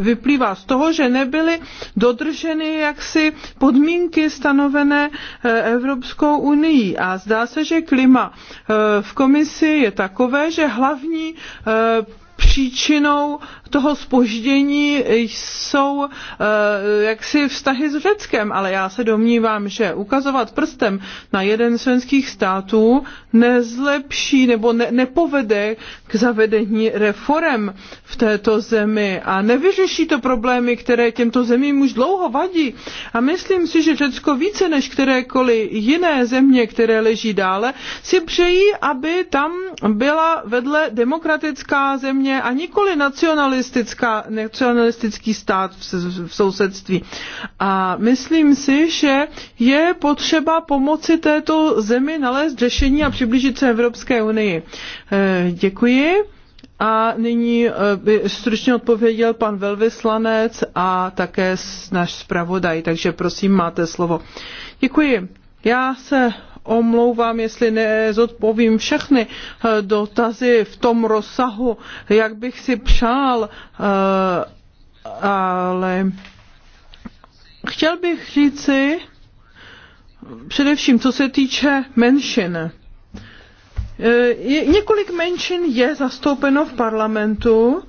vyplývá z toho, že nebyly dodrženy jaksi podmínky stanovené eh, Evropskou unii. A zdá se, že klima eh, v komisi je takové, že hlavní eh, příčinou toho spoždění jsou eh, jaksi vztahy s Řeckem, ale já se domnívám, že ukazovat prstem na jeden z členských států nezlepší nebo ne, nepovede k zavedení reform v této zemi a nevyřeší to problémy, které těmto zemím už dlouho vadí. A myslím si, že Řecko více než kterékoliv jiné země, které leží dále, si přejí, aby tam byla vedle demokratická země a nikoli nacionalistická, nacionalistický stát v, v sousedství. A myslím si, že je potřeba pomoci této zemi nalézt řešení a přiblížit se Evropské unii. Eh, děkuji. A nyní eh, by stručně odpověděl pan velvyslanec a také náš zpravodaj, takže prosím, máte slovo. Děkuji. Já se omlouvám, jestli nezodpovím všechny eh, dotazy v tom rozsahu, jak bych si přál, eh, ale chtěl bych říci především, co se týče menšin. Eh, několik menšin je zastoupeno v parlamentu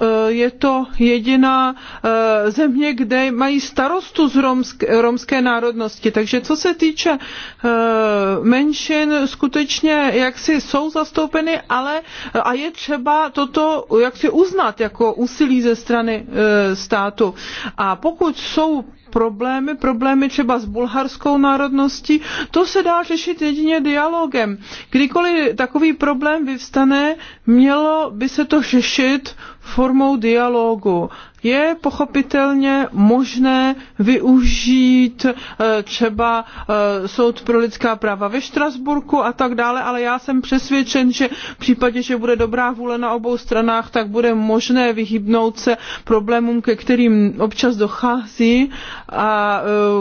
Eh, je to jediná eh, země, kde mají starostu z romské, romské národnosti. Takže co se týče eh, menšin, skutečně jaksi jsou zastoupeny, ale a je třeba toto jaksi uznat jako úsilí ze strany státu. A pokud jsou problémy, problémy třeba s bulharskou národností, to se dá řešit jedině dialogem. Kdykoliv takový problém vyvstane, mělo by se to řešit formou dialogu je pochopitelně možné využít eh, třeba eh, soud pro lidská práva ve Štrasburku a tak dále, ale já jsem přesvědčen, že v případě, že bude dobrá vůle na obou stranách, tak bude možné vyhybnout se problémům, ke kterým občas dochází a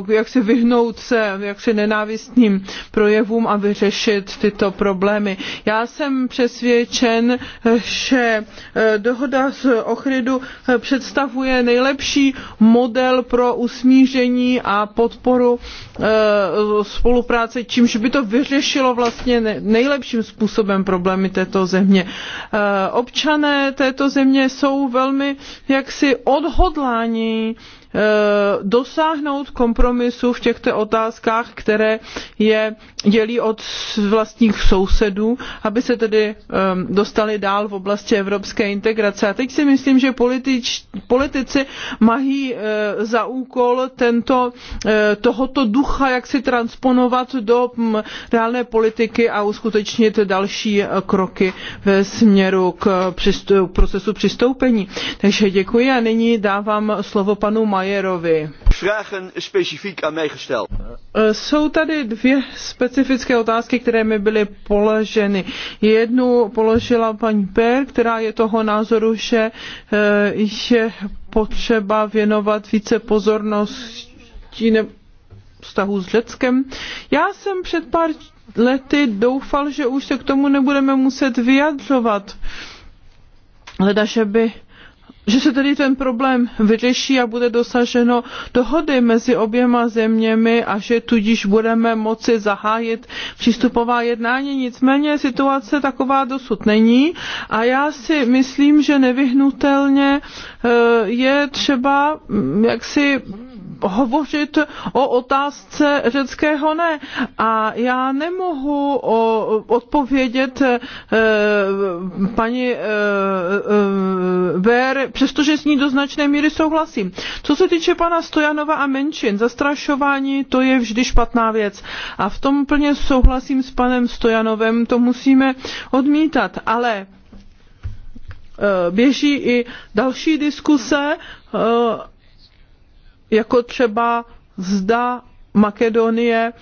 eh, jak se vyhnout se jak se nenávistným projevům a vyřešit tyto problémy. Já jsem přesvědčen, že dohoda z Ochrydu představuje představuje nejlepší model pro usmíření a podporu eh, spolupráce, čímž by to vyřešilo vlastně nejlepším způsobem problémy této země. Eh, občané této země jsou velmi jaksi odhodláni eh, dosáhnout kompromisu v těchto otázkách, které je dělí od vlastních sousedů, aby se tedy ehm, dostali dál v oblasti evropské integrace. A teď si myslím, že politič, politici mají eh, za úkol tento, eh, tohoto ducha, jak si transponovat do hm, reálné politiky a uskutečnit další eh, kroky ve směru k procesu přistoupení. Takže děkuji a nyní dávám slovo panu Majerovi. Jsou tady dvě speciální specifické otázky, které mi byly položeny. Jednu položila paní Per, která je toho názoru, že eh, je potřeba věnovat více pozornosti ne, vztahu s Řeckem. Já jsem před pár lety doufal, že už se k tomu nebudeme muset vyjadřovat. Hleda, že by že se tedy ten problém vyřeší a bude dosaženo dohody mezi oběma zeměmi a že tudíž budeme moci zahájit přístupová jednání. Nicméně situace taková dosud není a já si myslím, že nevyhnutelně eh, je třeba mm, jaksi hovořit o otázce řeckého ne. A já nemohu odpovědět eh, paní eh, eh, Ver, přestože s ní do značné míry souhlasím. Co se týče pana Stojanova a menšin, zastrašování to je vždy špatná věc. A v tom plně souhlasím s panem Stojanovem, to musíme odmítat. Ale běží i další diskuse jako třeba zda Makedonie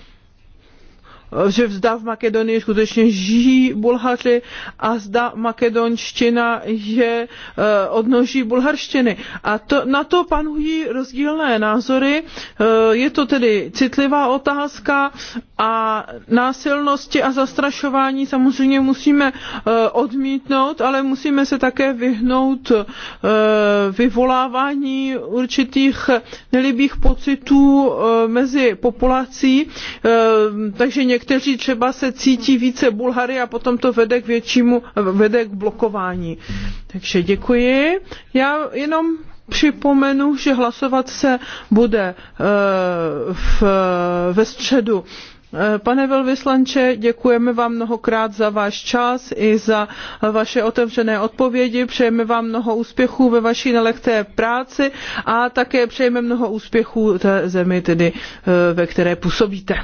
že zda v Makedonii skutečně žijí Bulhaři a zda makedonština je eh, odnoží bulharštiny. A to, na to panují rozdílné názory. Eh, je to tedy citlivá otázka a násilnosti a zastrašování samozřejmě musíme eh, odmítnout, ale musíme se také vyhnout vyvolávání určitých nelibých pocitů mezi populací. Takže někteří třeba se cítí více Bulhary a potom to vede k většímu, vede k blokování. Takže děkuji. Já jenom připomenu, že hlasovat se bude eh, v, ve středu. Eh, pane velvyslanče, děkujeme vám mnohokrát za váš čas i za vaše otevřené odpovědi. Přejeme vám mnoho úspěchů ve vaší nelehké práci a také přejeme mnoho úspěchů té zemi, tedy, eh, ve které působíte.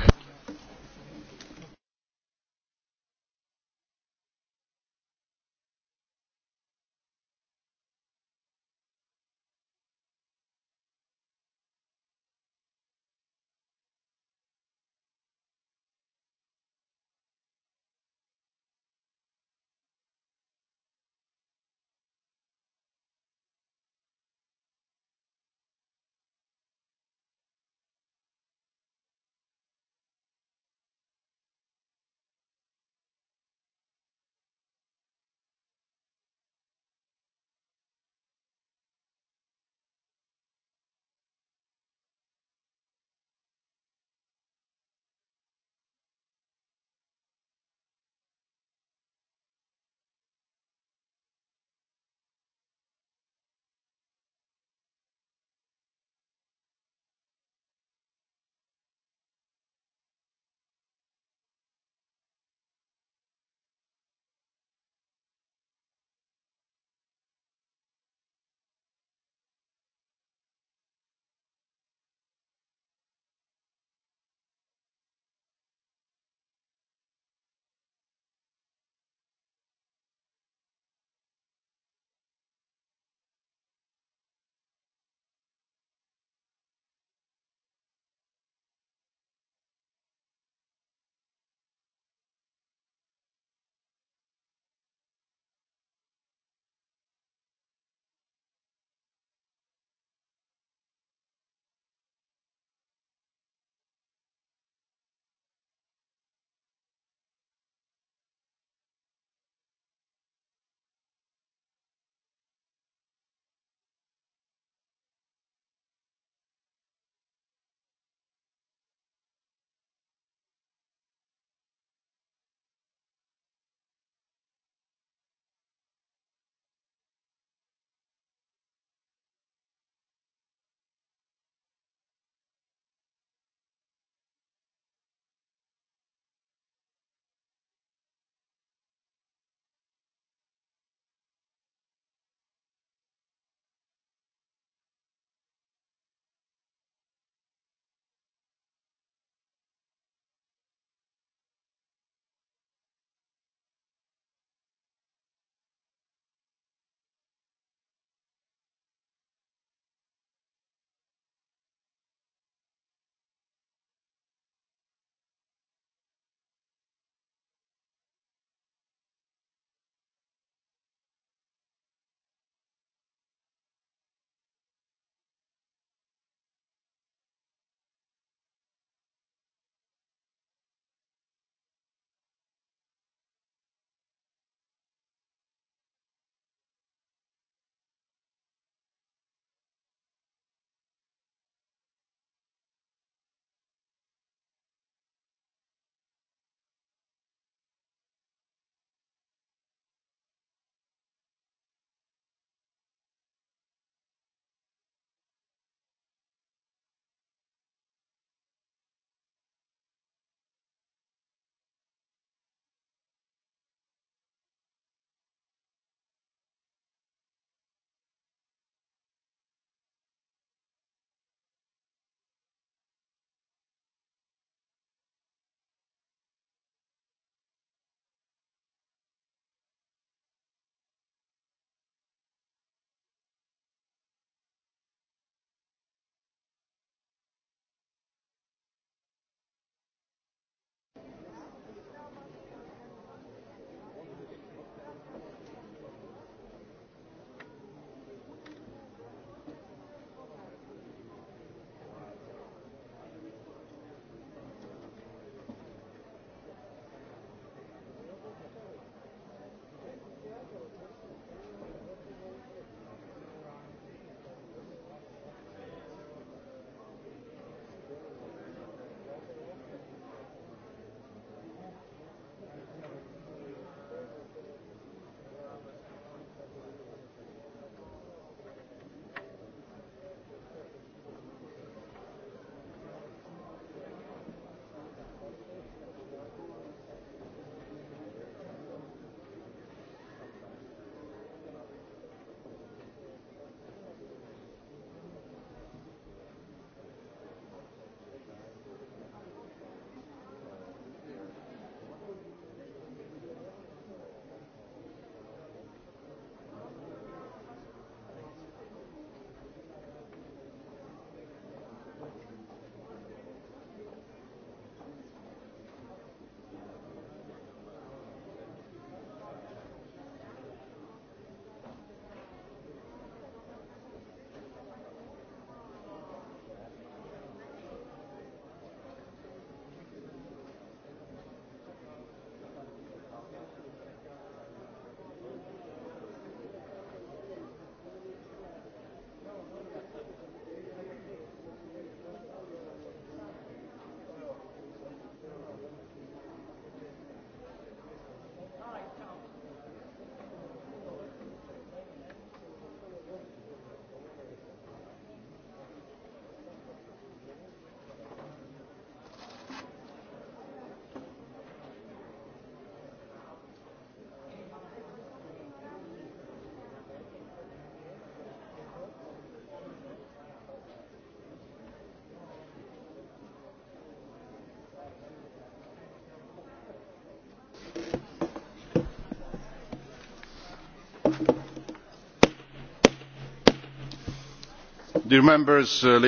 Uh,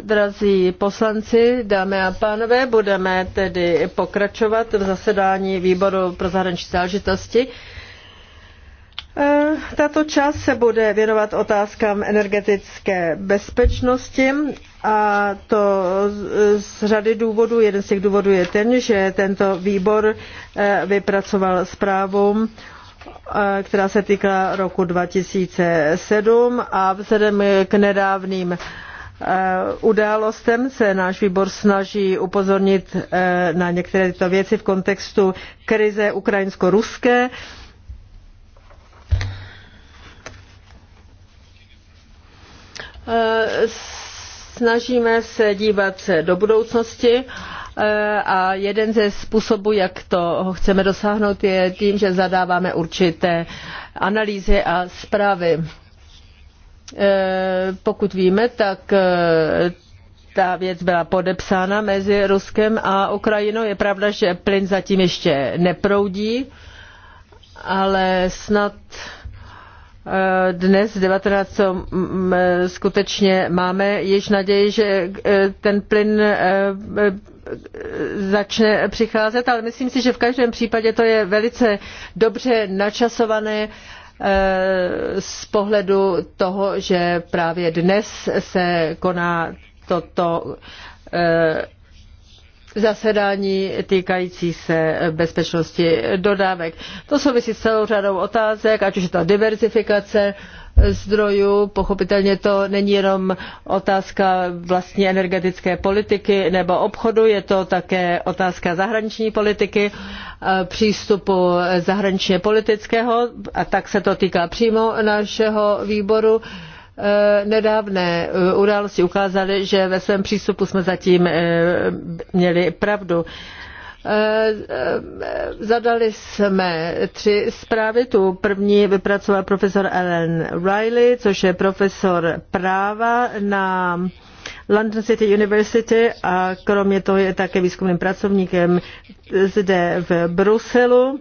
Drazí poslanci, dámy a pánové, budeme tedy pokračovat v zasedání výboru pro zahraniční záležitosti. Eh, tato část se bude věnovat otázkám energetické bezpečnosti a to z řady důvodů. Jeden z těch důvodů je ten, že tento výbor eh, vypracoval zprávu Eh, která se týká roku 2007 a vzhledem k nedávným eh, událostem se náš výbor snaží upozornit eh, na některé tyto věci v kontextu krize ukrajinsko-ruské. Snažíme se dívat do budoucnosti Eh, a jeden ze způsobů, jak to chceme dosáhnout, je tím, že zadáváme určité analýzy a zprávy. Eh, pokud víme, tak eh, ta věc byla podepsána mezi Ruskem a Ukrajinou. Je pravda, že plyn zatím ještě neproudí, ale snad Eh, dnes 19, mm, eh, skutečně máme již naději, že eh, ten plyn začne přicházet, ale myslím si, že v každém případě to je velice dobře načasované z pohledu toho, že právě dnes se koná toto zasedání týkající se bezpečnosti dodávek. To souvisí s celou řadou otázek, ať už je to diverzifikace zdrojů, pochopitelně to není jenom otázka vlastní energetické politiky nebo obchodu, je to také otázka zahraniční politiky, eh, přístupu zahraničně politického a tak se to týká přímo našeho výboru Eh, nedávné eh, události ukázaly, že ve svém přístupu jsme zatím eh, měli pravdu. Zadali jsme tři zprávy. Tu první vypracoval profesor Ellen Riley, což je profesor práva na London City University a kromě toho je také výzkumným pracovníkem zde v Bruselu.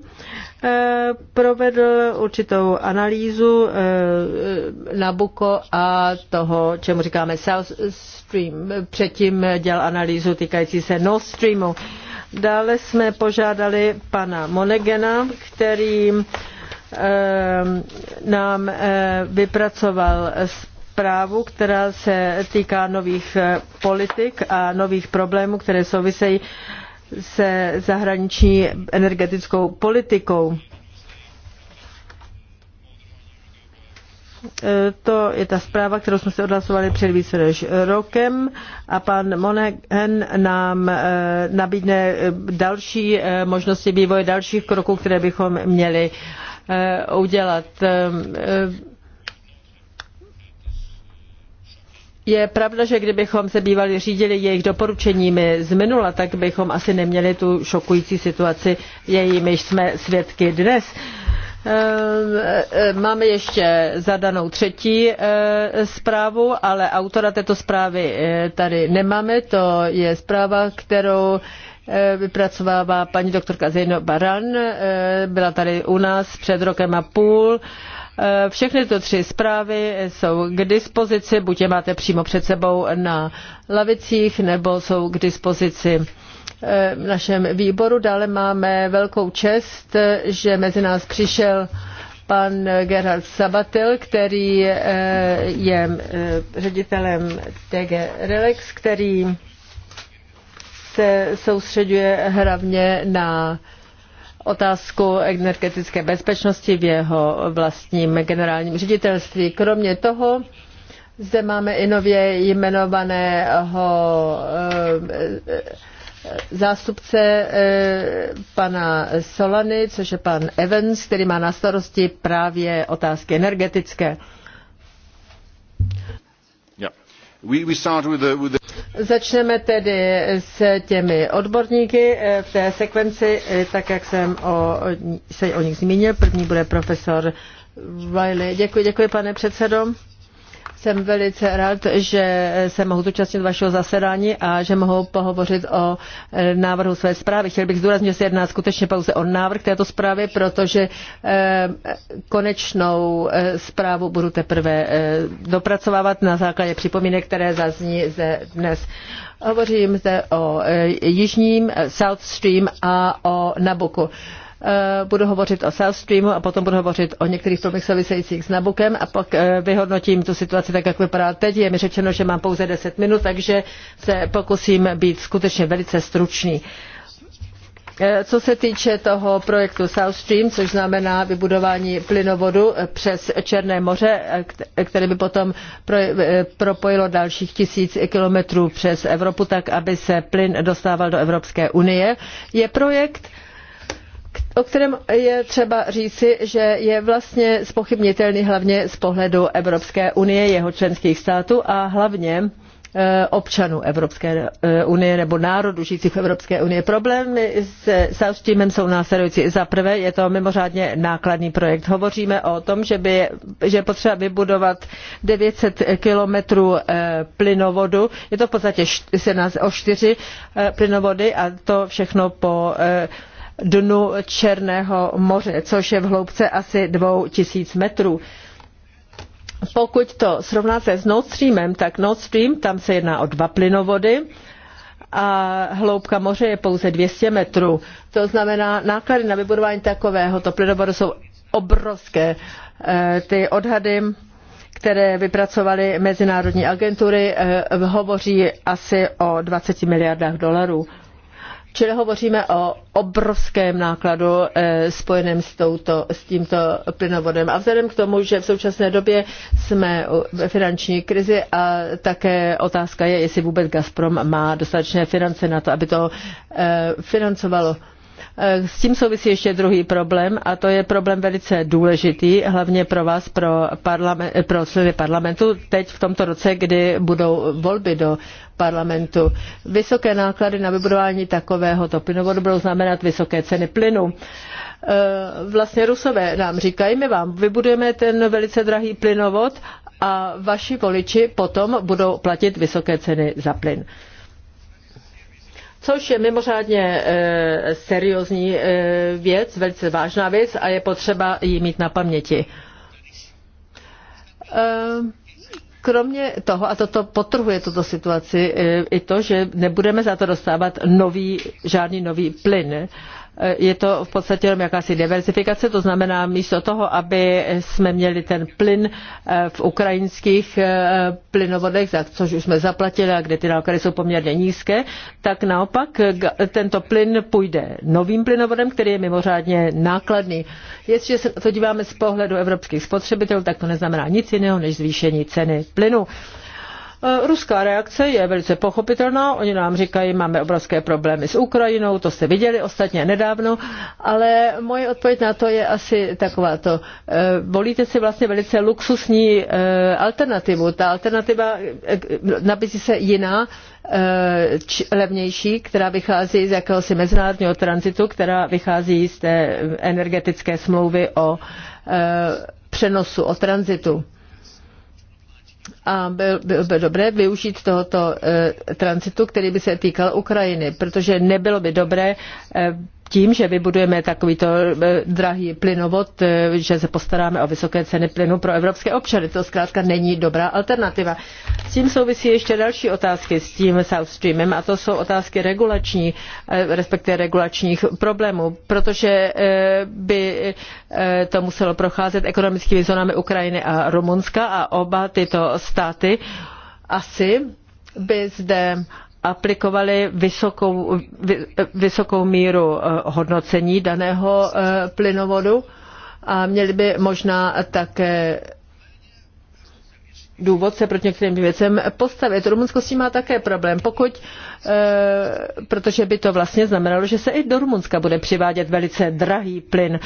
Eh, provedl určitou analýzu eh, Nabuko a toho, čemu říkáme South Stream. Předtím dělal analýzu týkající se North Streamu. Dále jsme požádali pana Monegena, který eh, nám vypracoval zprávu, která se týká nových eh, politik a nových problémů, které souvisejí se zahraniční energetickou politikou. Eh, to je ta zpráva, kterou jsme se odhlasovali před více než rokem a pan Monaghan nám eh, nabídne další možnosti vývoje dalších kroků, které bychom měli udělat. Je pravda, že kdybychom se bývali řídili jejich doporučeními z minula, tak bychom asi neměli tu šokující situaci, jejímiž jsme svědky dnes. Ehm, e, e, máme ještě zadanou třetí e, zprávu, ale autora této zprávy tady nemáme. To je zpráva, kterou vypracovává paní doktorka Zeno Baran. Byla tady u nás před rokem a půl. Eh, všechny ty tři zprávy jsou k dispozici, buď je máte přímo před sebou na lavicích, nebo jsou k dispozici eh, v našem výboru. Dále máme velkou čest, že mezi nás přišel pan Gerhard Sabatil, který eh, je ředitelem TG Relax, který se soustředuje hlavně na otázku energetické bezpečnosti v jeho vlastním generálním ředitelství. Kromě toho zde máme i nově jmenovaného eh, zástupce eh, pana Solany, což je pan Evans, který má na starosti právě otázky energetické. Začneme tedy s těmi odborníky eh, v té sekvenci, eh, tak jak jsem o, se o nich zmínil. První bude profesor Wiley. Děkuji, děkuji, pane předsedo. Jsem velice rád, že se mohu zúčastnit vašeho zasedání a že mohu pohovořit o e, návrhu své zprávy. Chtěl bych zdůraznit, že se jedná skutečně pouze o návrh této zprávy, protože e, konečnou e, zprávu budu teprve dopracovávat na základě připomínek, které zazní ze dnes. Hovořím zde o Jižním South Stream a o Nabuku. Eh, budu hovořit o South Streamu a potom budu hovořit o některých filmech souvisejících s Nabukem a pak eh, vyhodnotím tu situaci tak, jak vypadá teď. Je mi řečeno, že mám pouze 10 minut, takže se pokusím být skutečně velice stručný. Eh, co se týče toho projektu South Stream, což znamená vybudování plynovodu přes Černé moře, které by potom propojilo dalších tisíc kilometrů přes Evropu, tak aby se plyn dostával do Evropské unie, je projekt, o kterém je třeba říci, že je vlastně spochybnitelný hlavně z pohledu Evropské unie, jeho členských států a hlavně eh, občanů Evropské eh, unie nebo národů žijících v Evropské unie. Problémy s Southstreamem jsou následující. Za prvé je to mimořádně nákladný projekt. Hovoříme o tom, že, by, že potřeba vybudovat 900 kilometrů eh, plynovodu. Je to v podstatě 14, o 4 plynovody a to všechno po dnu Černého moře, což je v hloubce asi tisíc metrů. Pokud to srovnáte s Nord Streamem, tak Nord Stream, tam se jedná o dva plynovody, a hloubka moře je pouze 200 metrů. To znamená, náklady na vybudování takovéhoto plynovodu jsou obrovské. E, ty odhady, které vypracovaly mezinárodní agentury, e, hovoří asi o 20 miliardách dolarů. Čili hovoříme o obrovském nákladu eh, spojeném s, touto, s tímto plynovodem. A vzhledem k tomu, že v současné době jsme ve finanční krizi a také otázka je, jestli vůbec Gazprom má dostatečné finance na to, aby to eh, financovalo. Eh, s tím souvisí ještě druhý problém a to je problém velice důležitý, hlavně pro vás, pro, parlament, pro členy parlamentu, teď v tomto roce, kdy budou volby do parlamentu. Vysoké náklady na vybudování takovéhoto plynovodu budou znamenat vysoké ceny plynu eh, vlastně Rusové nám říkají, my vám vybudujeme ten velice drahý plynovod a vaši voliči potom budou platit vysoké ceny za plyn což je mimořádně eh, seriózní eh, věc, velice vážná věc a je potřeba ji mít na paměti. Eh, kromě toho, a toto potrhuje tuto situaci, i to, že nebudeme za to dostávat nový, žádný nový plyn. Eh, je to v podstatě jenom jakási diversifikace, to znamená místo toho, aby jsme měli ten plyn eh, v ukrajinských eh, plynovodech, za což už jsme zaplatili a kde ty náklady jsou poměrně nízké, tak naopak tento plyn půjde novým plynovodem, který je mimořádně nákladný. Jestliže se to díváme z pohledu evropských spotřebitelů, tak to neznamená nic jiného než zvýšení ceny plynu. Eh, ruská reakce je velice pochopitelná. Oni nám říkají, máme obrovské problémy s Ukrajinou, to jste viděli ostatně nedávno, ale moje odpověď na to je asi taková, to eh, Volíte si vlastně velice luxusní eh, alternativu. Ta alternativa nabízí se jiná, levnější, která vychází z jakéhosi mezinárodního tranzitu, která vychází z té energetické smlouvy o přenosu, o tranzitu a byl, bylo by dobré využít tohoto e, eh, transitu, který by se týkal Ukrajiny, protože nebylo by dobré e, tím, že vybudujeme takovýto e, drahý plynovod, e, že se postaráme o vysoké ceny plynu pro evropské občany. To zkrátka není dobrá alternativa. S tím souvisí ještě další otázky s tím South Streamem a to jsou otázky regulační, e, respektive regulačních problémů, protože by to muselo procházet ekonomickými zónami Ukrajiny a Rumunska a oba tyto státy asi by zde aplikovali vysokou, vysokou míru eh, hodnocení daného eh, plynovodu a měli by možná také důvod se proti některým věcem postavit. Rumunsko s tím má také problém, pokud, e, protože by to vlastně znamenalo, že se i do Rumunska bude přivádět velice drahý plyn.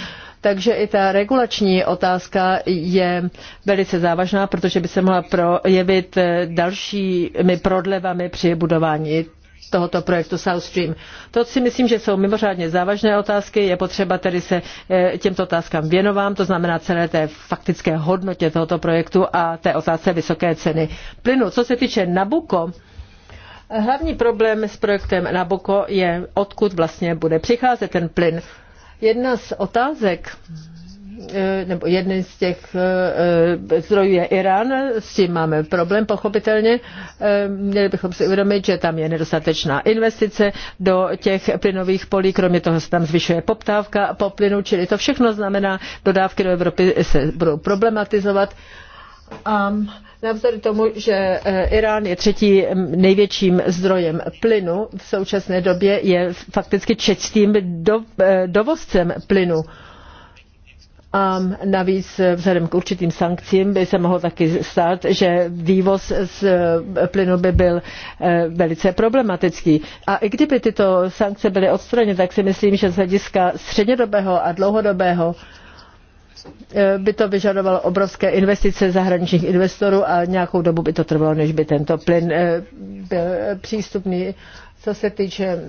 Takže i ta regulační otázka je velice závažná, protože by se mohla projevit eh, dalšími prodlevami při budování tohoto projektu South Stream. To si myslím, že jsou mimořádně závažné otázky, je potřeba tedy se eh, těmto otázkám věnovám, to znamená celé té faktické hodnotě tohoto projektu a té otázce vysoké ceny plynu. Co se týče Nabuko, hlavní problém s projektem Nabuko je, odkud vlastně bude přicházet ten plyn. Jedna z otázek, eh, nebo jeden z těch eh, zdrojů je Irán, s tím máme problém, pochopitelně. Eh, měli bychom si uvědomit, že tam je nedostatečná investice do těch plynových polí, kromě toho se tam zvyšuje poptávka po plynu, čili to všechno znamená, dodávky do Evropy se budou problematizovat. Um, Navzdory tomu, že eh, Irán je třetí mm, největším zdrojem plynu, v současné době je fakticky čečtým do, eh, dovozcem plynu. A navíc eh, vzhledem k určitým sankcím by se mohlo taky stát, že vývoz z plynu by byl velice problematický. A i kdyby tyto sankce byly odstraněny, tak si myslím, že z hlediska střednědobého a dlouhodobého Eh, by to vyžadovalo obrovské investice zahraničních investorů a nějakou dobu by to trvalo, než by tento plyn eh, byl eh, přístupný. Co se týče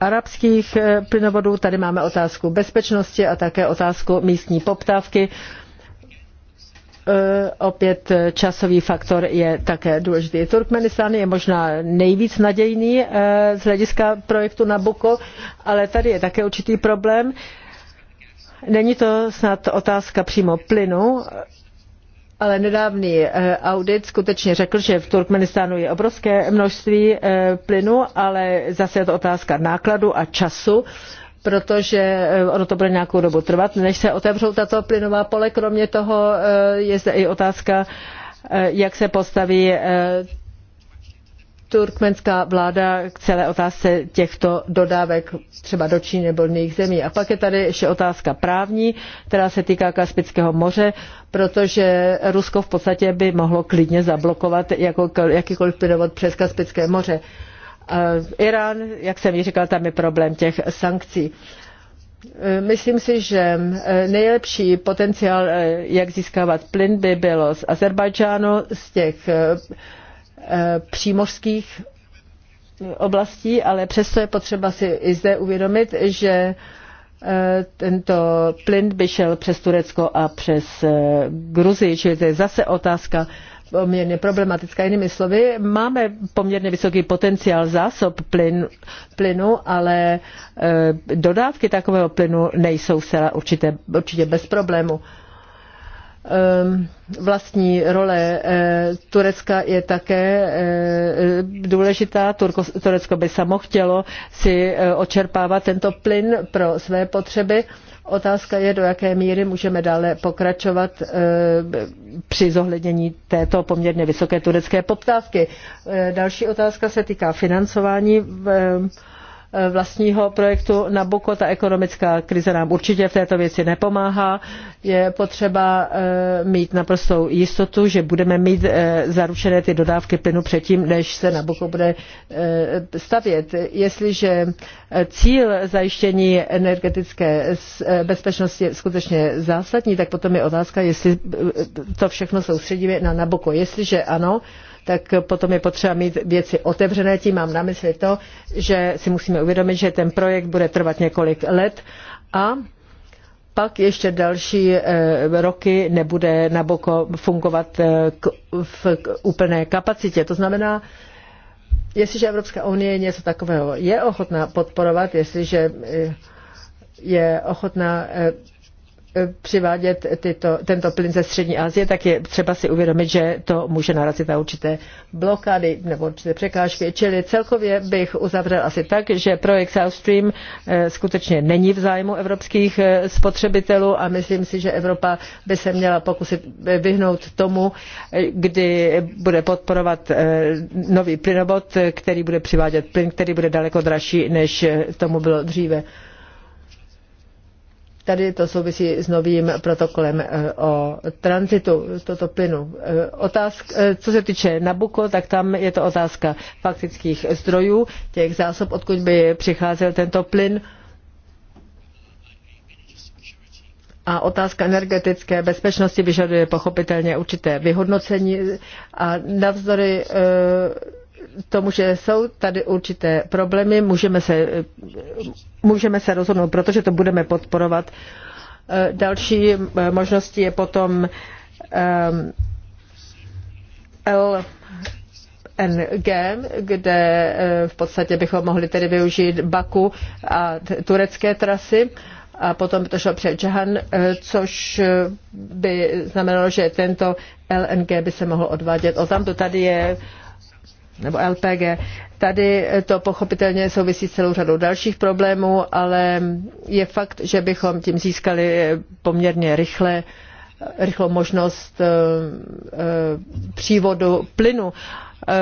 arabských plynovodů, tady máme otázku bezpečnosti a také otázku místní poptávky. Opět časový faktor je také důležitý. Turkmenistán je možná nejvíc nadějný z hlediska projektu Nabuko, ale tady je také určitý problém. Není to snad otázka přímo plynu, ale nedávný eh, audit skutečně řekl, že v Turkmenistánu je obrovské množství eh, plynu, ale zase je to otázka nákladu a času protože eh, ono to bude nějakou dobu trvat, než se otevřou tato plynová pole. Kromě toho je zde i otázka, jak se postaví turkmenská vláda k celé otázce těchto dodávek třeba do Číny nebo jiných zemí. A pak je tady ještě otázka právní, která se týká Kaspického moře, protože Rusko v podstatě by mohlo klidně zablokovat jako, jakýkoliv plynovod přes Kaspické moře. Irán, jak jsem ji říkal, tam je problém těch sankcí. Myslím si, že nejlepší potenciál, jak získávat plyn, by bylo z Azerbajdžánu, z těch Eh, přímořských oblastí, ale přesto je potřeba si i zde uvědomit, že eh, tento plyn by šel přes Turecko a přes eh, Gruzi, čili to je zase otázka poměrně problematická. Jinými slovy, máme poměrně vysoký potenciál zásob plyn, plynu, ale dodávky takového plynu nejsou zcela určitě bez problému. Ehm, vlastní role eh, Turecka je také eh, důležitá. Turko, Turecko by samo chtělo si eh, očerpávat tento plyn pro své potřeby. Otázka je, do jaké míry můžeme dále pokračovat při zohlednění této poměrně vysoké turecké poptávky. Další otázka se týká financování. V, Eh, vlastního projektu Nabucco. Ta ekonomická krize nám určitě v této věci nepomáhá. Je potřeba eh, mít naprostou jistotu, že budeme mít eh, zaručené ty dodávky plynu předtím, než se Nabucco bude stavět. Jestliže cíl zajištění energetické bezpečnosti je skutečně zásadní, tak potom je otázka, jestli to všechno soustředíme na Nabucco. Jestliže ano, tak potom je potřeba mít věci otevřené. Tím mám na mysli to, že si musíme uvědomit, že ten projekt bude trvat několik let a pak ještě další eh, roky nebude Naboko fungovat eh, v úplné kapacitě. To znamená, jestliže Evropská unie něco takového je ochotná podporovat, jestliže eh, je ochotná přivádět tyto, tento plyn ze Střední Asie, tak je třeba si uvědomit, že to může narazit na určité blokády nebo určité překážky. Čili celkově bych uzavřel asi tak, že projekt South Stream eh, skutečně není v zájmu evropských eh, spotřebitelů a myslím si, že Evropa by se měla pokusit vyhnout tomu, eh, kdy bude podporovat nový plynovod, který bude přivádět plyn, který bude daleko dražší, než tomu bylo dříve. Tady to souvisí s novým protokolem eh, o tranzitu toto plynu. Eh, otázka eh, co se týče Nabuko, tak tam je to otázka faktických zdrojů, těch zásob, odkud by přicházel tento plyn. A otázka energetické bezpečnosti vyžaduje pochopitelně určité vyhodnocení a navzdory tomu, že jsou tady určité problémy, můžeme se, můžeme se rozhodnout, protože to budeme podporovat. Eh, další eh, možností je potom eh, LNG, kde v podstatě bychom mohli tedy využít Baku a turecké trasy a potom to šlo před Jahan, což by znamenalo, že tento LNG by se mohl odvádět. O tamto tady je nebo LPG. Tady to pochopitelně souvisí s celou řadou dalších problémů, ale je fakt, že bychom tím získali poměrně rychle rychlou možnost eh, eh, přívodu plynu. Eh,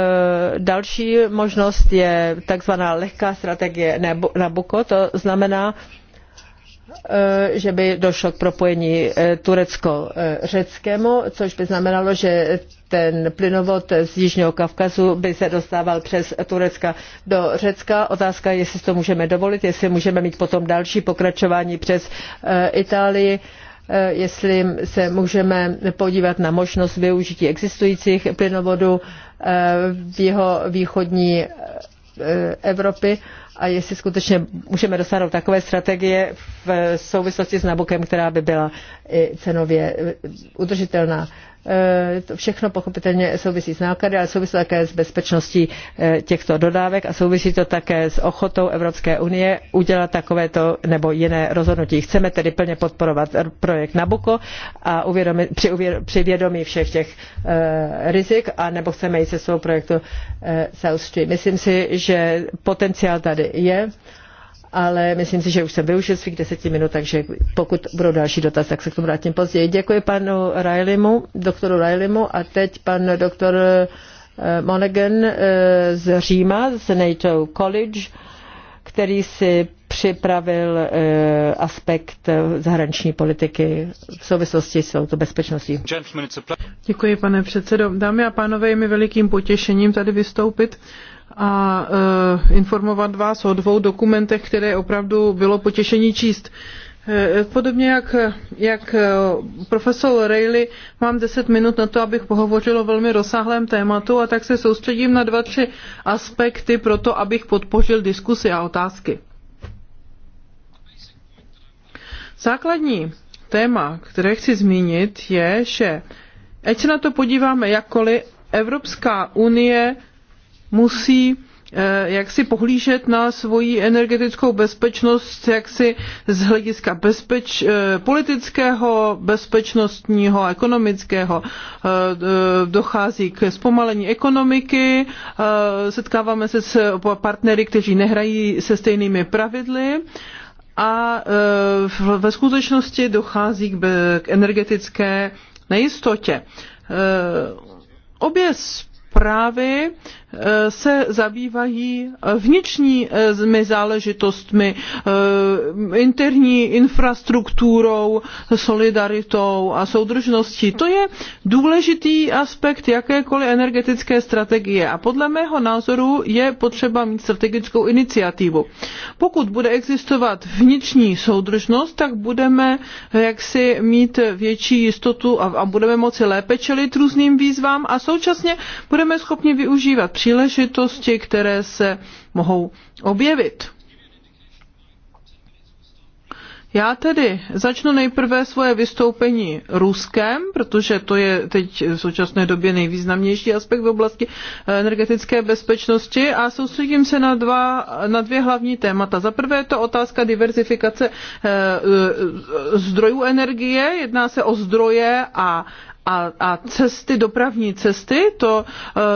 další možnost je takzvaná lehká strategie Nabucco, to znamená, Eh, že by došlo k propojení eh, Turecko-Řeckému, eh, což by znamenalo, že ten plynovod z Jižního Kavkazu by se dostával přes Turecka do Řecka. Otázka je, jestli to můžeme dovolit, jestli můžeme mít potom další pokračování přes Itálii jestli se můžeme podívat na možnost využití existujících plynovodů v jeho východní Evropy a jestli skutečně můžeme dosáhnout takové strategie v souvislosti s nabokem, která by byla i cenově udržitelná. Eh, to všechno pochopitelně souvisí s náklady, ale souvisí také s bezpečností eh, těchto dodávek a souvisí to také s ochotou Evropské unie udělat takovéto nebo jiné rozhodnutí. Chceme tedy plně podporovat projekt Nabuko a uvědomit, při, uvěr, při vědomí všech těch eh, rizik a nebo chceme jít se svou projektu eh, South Stream. Myslím si, že potenciál tady je. Eh, ale myslím si, že už jsem využil svých deseti minut, takže pokud budou další dotaz, tak se k tomu vrátím později. Děkuji panu Rileymu, doktoru Rileymu a teď pan doktor eh, Monaghan eh, z Říma, z NATO College, který si připravil eh, aspekt zahraniční politiky v souvislosti s touto bezpečností. Děkuji, pane předsedo. Dámy a pánové, je mi velikým potěšením tady vystoupit a eh, informovat vás o dvou dokumentech, které opravdu bylo potěšení číst. Eh, podobně jak, jak eh, profesor Rayleigh, mám 10 minut na to, abych pohovořil o velmi rozsáhlém tématu a tak se soustředím na dva, tři aspekty pro to, abych podpořil diskusy a otázky. Základní téma, které chci zmínit, je, že ať se na to podíváme jakkoliv, Evropská unie musí eh, jak si pohlížet na svoji energetickou bezpečnost jak si z hlediska bezpeč, eh, politického, bezpečnostního, ekonomického. Eh, dochází k zpomalení ekonomiky, setkáváme se s partnery, kteří nehrají se stejnými pravidly a ve skutečnosti dochází k energetické nejistotě. Obě zprávy se zabývají vnitřními záležitostmi, eh, interní infrastrukturou, solidaritou a soudržností. To je důležitý aspekt jakékoliv energetické strategie a podle mého názoru je potřeba mít strategickou iniciativu. Pokud bude existovat vnitřní soudržnost, tak budeme jaksi mít větší jistotu a budeme moci lépe čelit různým výzvám a současně budeme schopni využívat příležitosti, které se mohou objevit. Já tedy začnu nejprve svoje vystoupení Ruskem, protože to je teď v současné době nejvýznamnější aspekt v oblasti eh, energetické bezpečnosti a soustředím se na, dva, na dvě hlavní témata. Za prvé je to otázka diverzifikace eh, eh, zdrojů energie, jedná se o zdroje a a, a cesty, dopravní cesty, to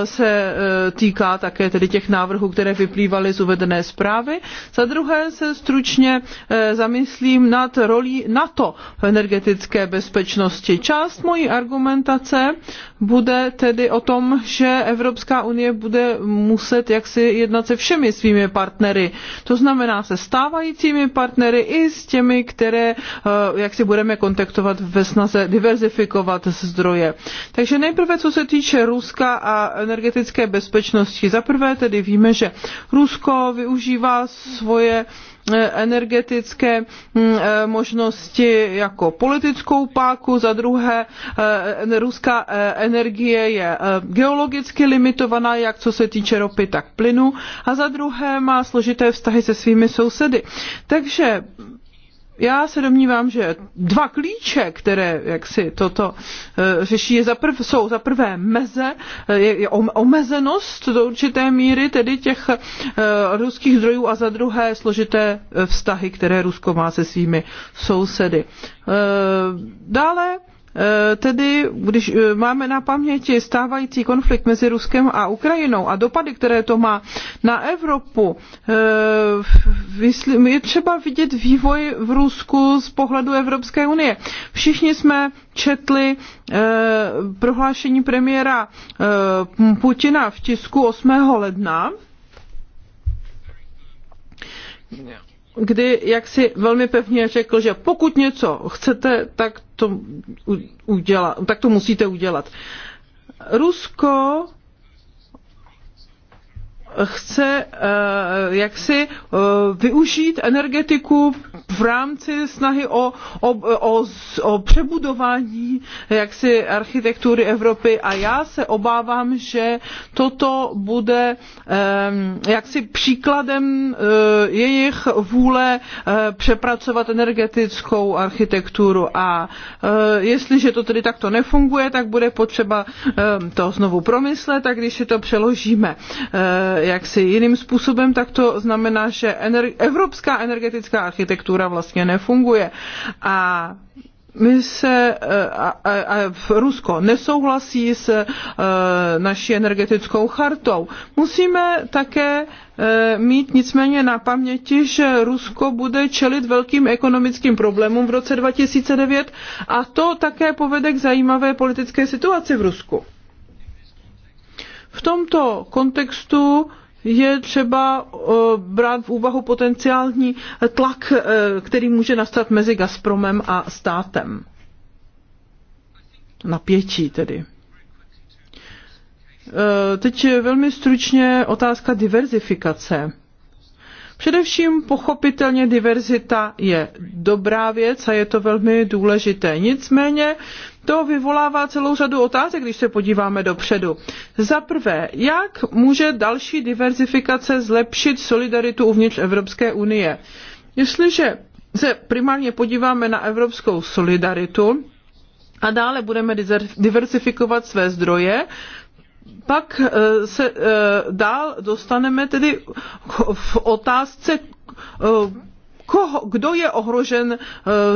e, se e, týká také tedy těch návrhů, které vyplývaly z uvedené zprávy. Za druhé se stručně e, zamyslím nad rolí NATO v energetické bezpečnosti. Část mojí argumentace bude tedy o tom, že Evropská unie bude muset jaksi jednat se všemi svými partnery. To znamená se stávajícími partnery i s těmi, které uh, jaksi budeme kontaktovat ve snaze diverzifikovat zdroje. Takže nejprve, co se týče Ruska a energetické bezpečnosti. Za prvé tedy víme, že Rusko využívá svoje eh, energetické hm, eh, možnosti jako politickou páku, za druhé eh, ruská energie je geologicky limitovaná, jak co se týče ropy, tak plynu a za druhé má složité vztahy se svými sousedy. Takže já se domnívám, že dva klíče, které jak si toto eh, řeší, je zaprv, jsou za prvé meze, eh, je, je omezenost do určité míry tedy těch eh, ruských zdrojů a za druhé složité vztahy, které Rusko má se svými sousedy. Dále Eh, tedy, když eh, máme na paměti stávající konflikt mezi Ruskem a Ukrajinou a dopady, které to má na Evropu, eh, je třeba vidět vývoj v Rusku z pohledu Evropské unie. Všichni jsme četli prohlášení premiéra Putina v tisku 8. ledna kdy jak si velmi pevně řekl, že pokud něco chcete, tak to, udělat, tak to musíte udělat. Rusko chce eh, jaksi eh, využít energetiku v rámci snahy o, o, o, o přebudování jaksi architektury Evropy a já se obávám, že toto bude eh, jaksi příkladem jejich vůle přepracovat energetickou architekturu a jestliže to tedy takto nefunguje, tak bude potřeba to znovu promyslet a když si to přeložíme jaksi jiným způsobem, tak to znamená, že ener- evropská energetická architektura vlastně nefunguje. A my se eh, a, a, a Rusko nesouhlasí s a, eh, naší energetickou chartou. Musíme také eh, mít nicméně na paměti, že Rusko bude čelit velkým ekonomickým problémům v roce 2009 a to také povede k zajímavé politické situaci v Rusku. V tomto kontextu je třeba eh, brát v úvahu potenciální tlak, eh, který může nastat mezi Gazpromem a státem. Napětí tedy. Eh, teď je velmi stručně otázka diverzifikace. Především pochopitelně diverzita je dobrá věc a je to velmi důležité. Nicméně to vyvolává celou řadu otázek, když se podíváme dopředu. Za prvé, jak může další diverzifikace zlepšit solidaritu uvnitř Evropské unie? Jestliže se primárně podíváme na evropskou solidaritu a dále budeme diversifikovat své zdroje, pak e, se e, dál dostaneme tedy v otázce e, koho, kdo je ohrožen eh,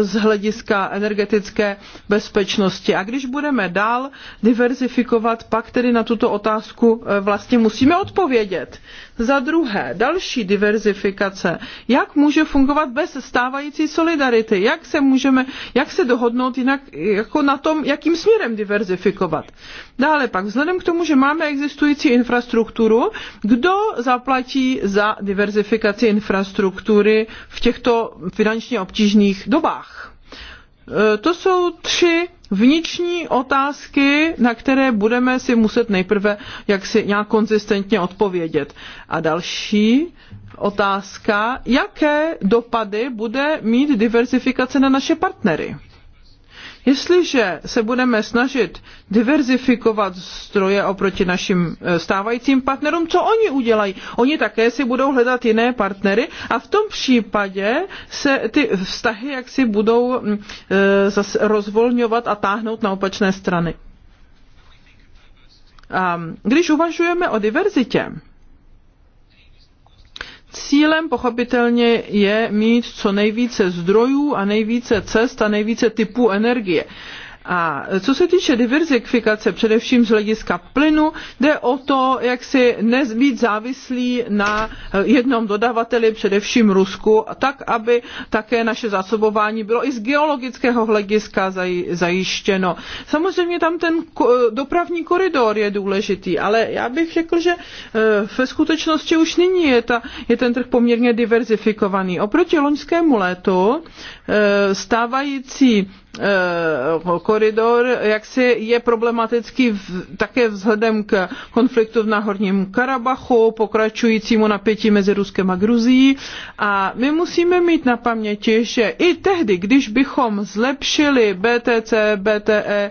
z hlediska energetické bezpečnosti. A když budeme dál diverzifikovat, pak tedy na tuto otázku eh, vlastně musíme odpovědět. Za druhé, další diverzifikace. Jak může fungovat bez stávající solidarity? Jak se můžeme, jak se dohodnout jinak jako na tom, jakým směrem diverzifikovat? Dále pak, vzhledem k tomu, že máme existující infrastrukturu, kdo zaplatí za diverzifikaci infrastruktury v těchto finančně obtížných dobách? E, to jsou tři vnitřní otázky, na které budeme si muset nejprve jak si nějak konzistentně odpovědět. A další otázka, jaké dopady bude mít diversifikace na naše partnery. Jestliže se budeme snažit diverzifikovat stroje oproti našim eh, stávajícím partnerům, co oni udělají? Oni také si budou hledat jiné partnery a v tom případě se ty vztahy jaksi budou mm, eh, zase rozvolňovat a táhnout na opačné strany. A když uvažujeme o diverzitě, Cílem pochopitelně je mít co nejvíce zdrojů a nejvíce cest a nejvíce typů energie. A co se týče diverzifikace, především z hlediska plynu, jde o to, jak si nezbýt závislí na eh, jednom dodavateli, především Rusku, tak, aby také naše zásobování bylo i z geologického hlediska zajištěno. Samozřejmě tam ten dopravní koridor je důležitý, ale já bych řekl, že eh, ve skutečnosti už nyní je, ta, je ten trh poměrně diverzifikovaný. Oproti loňskému létu eh, stávající Eh, koridor jak si je problematický v, také vzhledem k konfliktu v Náhorním Karabachu, pokračujícímu napětí mezi Ruskem a Gruzií. A my musíme mít na paměti, že i tehdy, když bychom zlepšili BTC, BTE,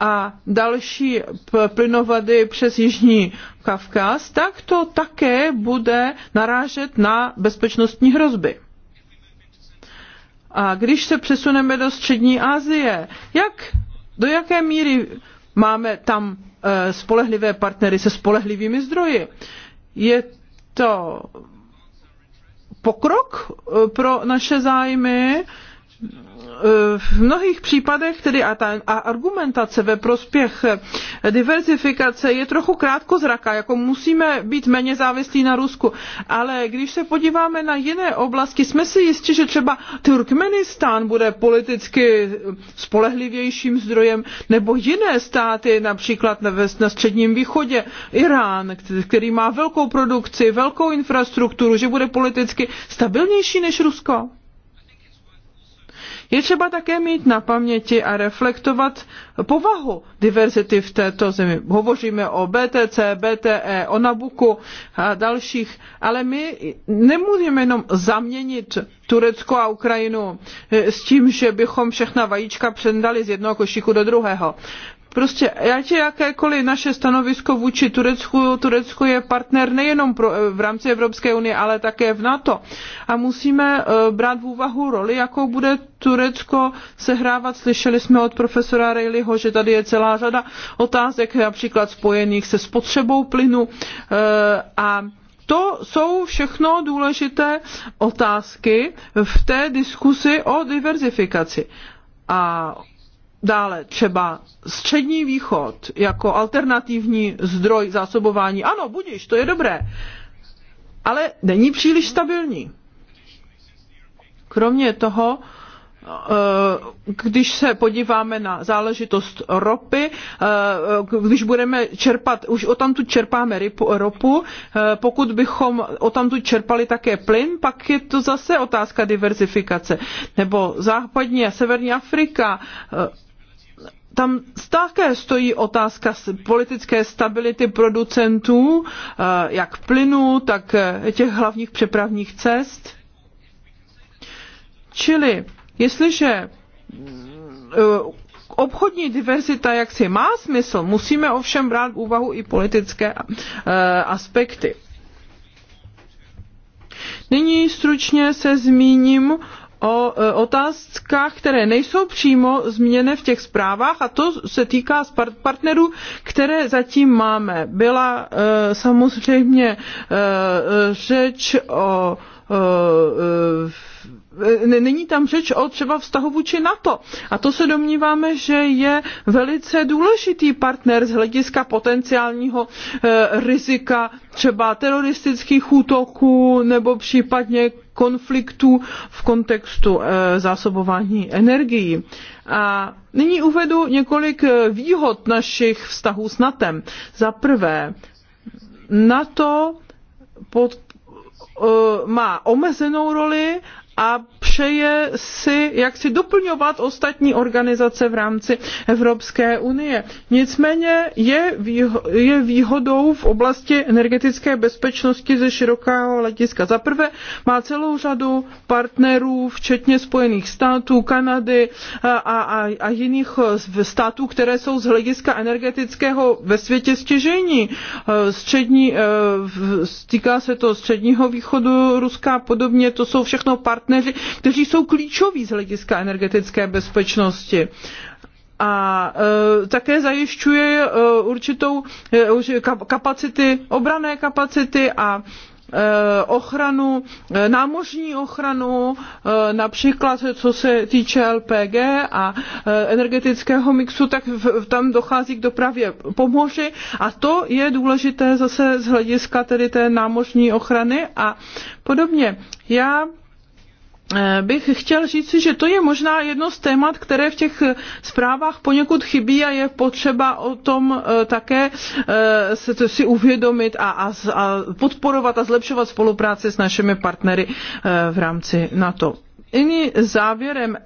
a další plynovady přes Jižní Kavkaz, tak to také bude narážet na bezpečnostní hrozby. A když se přesuneme do Střední Asie, jak, do jaké míry máme tam eh, spolehlivé partnery se spolehlivými zdroji? Je to pokrok eh, pro naše zájmy, Eh, v mnohých případech tedy a, ta, a argumentace ve prospěch eh, diverzifikace je trochu krátkozraká, jako musíme být méně závislí na Rusku. Ale když se podíváme na jiné oblasti, jsme si jistí, že třeba Turkmenistán bude politicky spolehlivějším zdrojem, nebo jiné státy, například na, na Středním východě, Irán, který má velkou produkci, velkou infrastrukturu, že bude politicky stabilnější než Rusko. Je třeba také mít na paměti a reflektovat povahu diverzity v této zemi. Hovoříme o BTC, BTE, o Nabuku a dalších, ale my nemůžeme jenom zaměnit Turecko a Ukrajinu eh, s tím, že bychom všechna vajíčka přendali z jednoho košíku do druhého. Prostě ať je jakékoliv naše stanovisko vůči Turecku, Turecko je partner nejenom pro, eh, v rámci Evropské unie, ale také v NATO. A musíme eh, brát v úvahu roli, jakou bude Turecko sehrávat. Slyšeli jsme od profesora Rejliho, že tady je celá řada otázek, například spojených se spotřebou plynu eh, a to jsou všechno důležité otázky v té diskusi o diverzifikaci. A Dále třeba střední východ jako alternativní zdroj zásobování. Ano, budíš, to je dobré, ale není příliš stabilní. Kromě toho, eh, když se podíváme na záležitost ropy, eh, když budeme čerpat, už o tamtu čerpáme ropu, eh, pokud bychom o tamtu čerpali také plyn, pak je to zase otázka diverzifikace. Nebo západní a severní Afrika, tam také stojí otázka politické stability producentů, eh, jak plynu, tak eh, těch hlavních přepravních cest. Čili, jestliže eh, obchodní diverzita jaksi má smysl, musíme ovšem brát v úvahu i politické aspekty. Nyní stručně se zmíním o e, otázkách, které nejsou přímo zmíněné v těch zprávách a to se týká partnerů, které zatím máme. Byla e, samozřejmě e, řeč o E, není tam řeč o třeba vztahu vůči NATO. A to se domníváme, že je velice důležitý partner z hlediska potenciálního e, rizika třeba teroristických útoků nebo případně konfliktů v kontextu e, zásobování energií. A nyní uvedu několik výhod našich vztahů s NATEM. Za prvé, NATO pod, má omezenou roli a přeje si jak si doplňovat ostatní organizace v rámci Evropské unie. Nicméně je, výho- je výhodou v oblasti energetické bezpečnosti ze širokého hlediska. Za prvé má celou řadu partnerů, včetně Spojených států, Kanady a, a, a jiných eh, států, které jsou z hlediska energetického ve světě stěžení. Eh, střední, eh, se to středního východu, Ruska a podobně, to jsou všechno partnerů partneři, kteří jsou klíčoví z hlediska energetické bezpečnosti a e, také zajišťuje e, určitou e, kapacity, obrané kapacity a e, ochranu, e, námořní ochranu, e, například co se týče LPG a energetického mixu, tak tam dochází k dopravě po moři a to je důležité zase z hlediska tedy té námořní ochrany a podobně. Já Eh, bych chtěl říci, že to je možná jedno z témat, které v těch eh, zprávách poněkud chybí a je potřeba o tom eh, také se to si uvědomit a, a, a podporovat a zlepšovat spolupráci s našimi partnery v rámci NATO. Jiný závěrem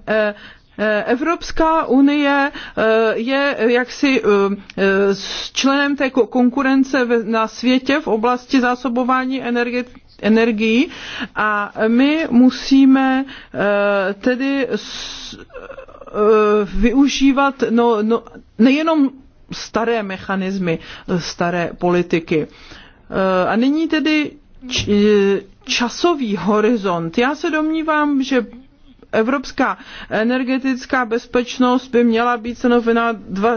Evropská unie je jaksi členem té konkurence na světě v oblasti zásobování energetiky energií a my musíme eh, tedy eh, využívat no, no, nejenom staré mechanismy, staré politiky. Eh, a nyní tedy časový horizont. Já se domnívám, že Evropská energetická bezpečnost by měla být stanovena dva,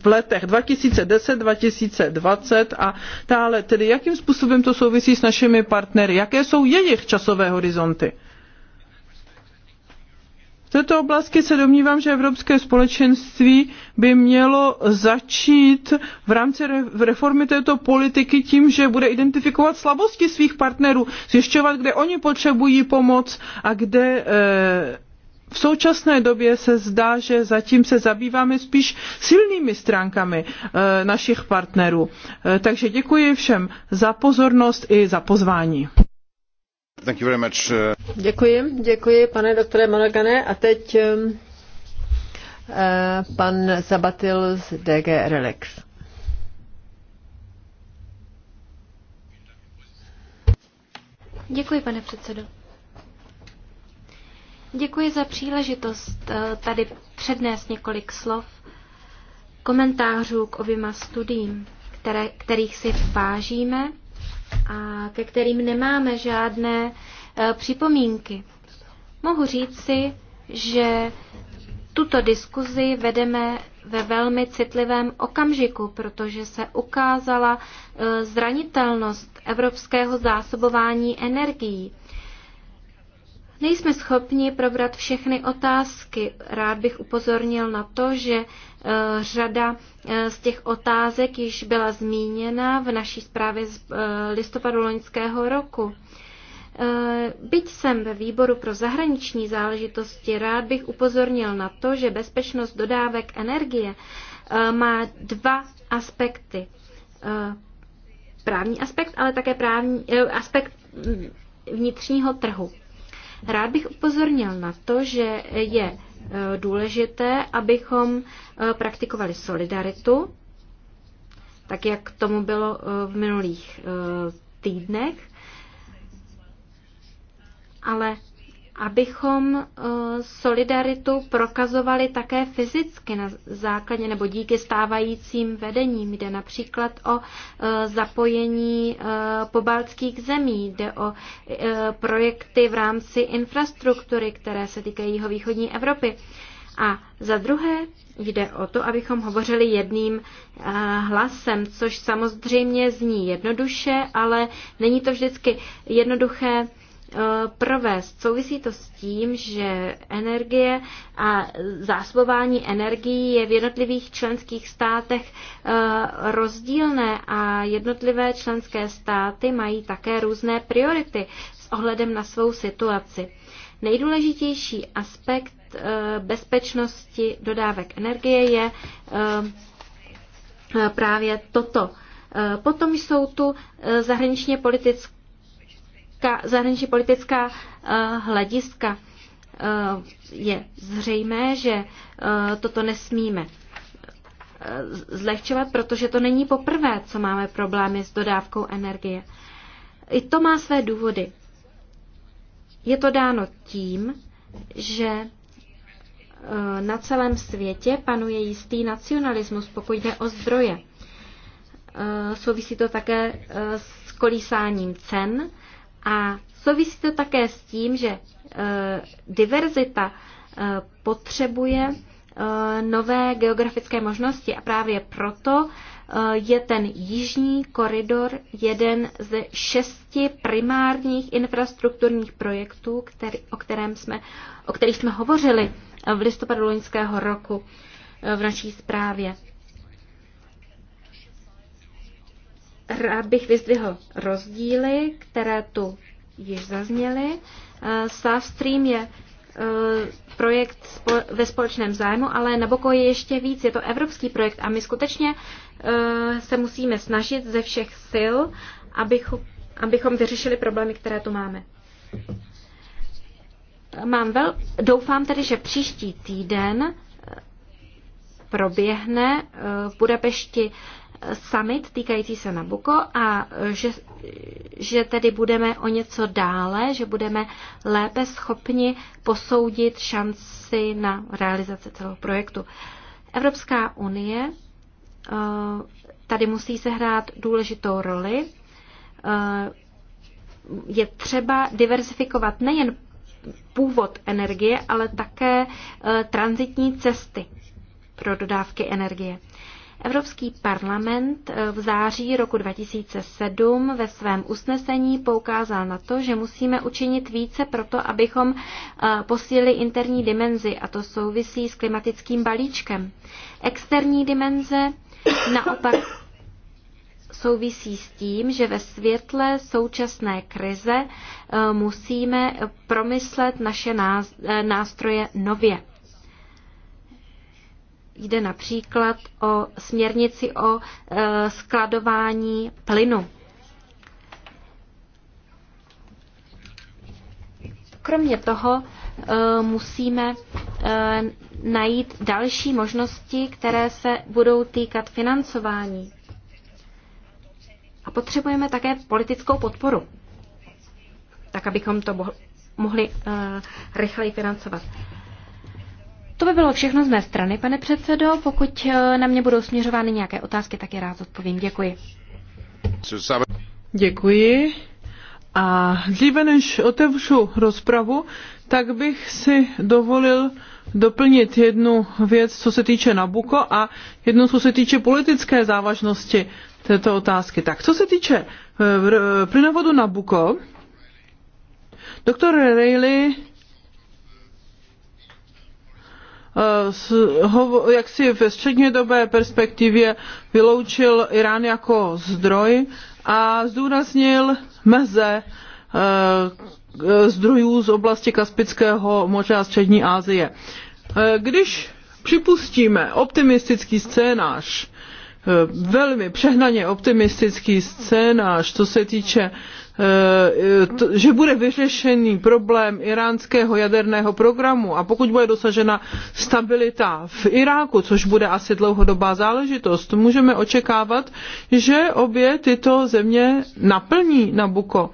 v letech 2010, 2020 a dále. Tedy jakým způsobem to souvisí s našimi partnery? Jaké jsou jejich časové horizonty? V této oblasti se domnívám, že Evropské společenství by mělo začít v rámci reformy této politiky tím, že bude identifikovat slabosti svých partnerů, zjišťovat, kde oni potřebují pomoc a kde eh, v současné době se zdá, že zatím se zabýváme spíš silnými stránkami eh, našich partnerů. Eh, takže děkuji všem za pozornost i za pozvání. Uh, děkuji, děkuji, pane doktore Monagane. A teď um, uh, pan Zabatil z DG Relax. Děkuji, pane předsedo. Děkuji za příležitost uh, tady přednést několik slov, komentářů k oběma studiím, které, kterých si vážíme a ke kterým nemáme žádné e, připomínky. Mohu říci, že tuto diskuzi vedeme ve velmi citlivém okamžiku, protože se ukázala e, zranitelnost evropského zásobování energií. Nejsme schopni probrat všechny otázky. Rád bych upozornil na to, že Eh, řada eh, z těch otázek již byla zmíněna v naší zprávě z eh, listopadu loňského roku. Byť jsem ve výboru pro zahraniční záležitosti, rád bych upozornil na to, že bezpečnost dodávek energie má dva aspekty. Právní aspekt, ale také právní, aspekt mm, vnitřního trhu. Rád bych upozornil na to, že je důležité, abychom eh, praktikovali solidaritu, tak jak tomu bylo eh, v minulých eh, týdnech, ale abychom eh, solidaritu prokazovali také fyzicky na základě nebo díky stávajícím vedením. Jde například o eh, zapojení eh, pobaltských zemí, jde o projekty v rámci infrastruktury, které se týkají jeho východní Evropy. A za druhé jde o to, abychom hovořili jedným hlasem, což samozřejmě zní jednoduše, ale není to vždycky jednoduché Eh, provést. Souvisí to s tím, že energie a zásobování energií je v jednotlivých členských státech eh, rozdílné a jednotlivé členské státy mají také různé priority s ohledem na svou situaci. Nejdůležitější aspekt eh, bezpečnosti dodávek energie je právě toto. Potom jsou tu zahraničně politické politická, zahraniční politická eh, hlediska eh, je zřejmé, že eh, toto nesmíme zlehčovat, protože to není poprvé, co máme problémy s dodávkou energie. I to má své důvody. Je to dáno tím, že na celém světě panuje jistý nacionalismus, pokud jde o zdroje. Souvisí to také s kolísáním cen a souvisí to také s tím, že eh, diverzita eh, potřebuje eh, nové geografické možnosti a právě proto je ten jižní koridor jeden ze šesti primárních infrastrukturních projektů, který, o, kterém jsme, o kterých jsme hovořili v listopadu loňského roku v naší zprávě. Rád bych vyzdvihl rozdíly, které tu již zazněly. South eh, Stream je eh, projekt ve společném zájmu, ale Nabucco je ještě víc. Je to evropský projekt a my skutečně eh, se musíme snažit ze všech sil, abychom, abychom vyřešili problémy, které tu máme. Mám vel, doufám tedy, že příští týden proběhne v Budapešti summit týkající se Nabuko a že, že tedy budeme o něco dále, že budeme lépe schopni posoudit šanci na realizaci celého projektu. Evropská unie eh, tady musí sehrát důležitou roli. Eh, je třeba diversifikovat nejen původ energie, ale také eh, transitní cesty pro dodávky energie. Evropský parlament eh, v září roku 2007 ve svém usnesení poukázal na to, že musíme učinit více proto, abychom eh, posílili interní dimenzi a to souvisí s klimatickým balíčkem. Externí dimenze naopak souvisí s tím, že ve světle současné krize eh, musíme promyslet naše nástroje nově. Jde například o směrnici o e, skladování plynu. Kromě toho e, musíme e, najít další možnosti, které se budou týkat financování. A potřebujeme také politickou podporu, tak abychom to mohli rychleji financovat. To by bylo všechno z mé strany, pane předsedo. Pokud eh, na mě budou směřovány nějaké otázky, tak je rád odpovím. Děkuji. Děkuji. A dříve než otevřu rozpravu, tak bych si dovolil doplnit jednu věc, co se týče Nabuko a jednu, co se týče politické závažnosti této otázky. Tak, co se týče eh, plynovodu Nabuko, doktor Rayleigh Eh, jak si ve střednědobé perspektivě vyloučil Irán jako zdroj a zdůraznil meze eh, zdrojů z oblasti Kaspického moře a Střední Asie. Eh, když připustíme optimistický scénář, velmi přehnaně optimistický scénář, co se týče Eh, že bude vyřešený problém iránského jaderného programu a pokud bude dosažena stabilita v Iráku, což bude asi dlouhodobá záležitost, můžeme očekávat, že obě tyto země naplní Nabuko.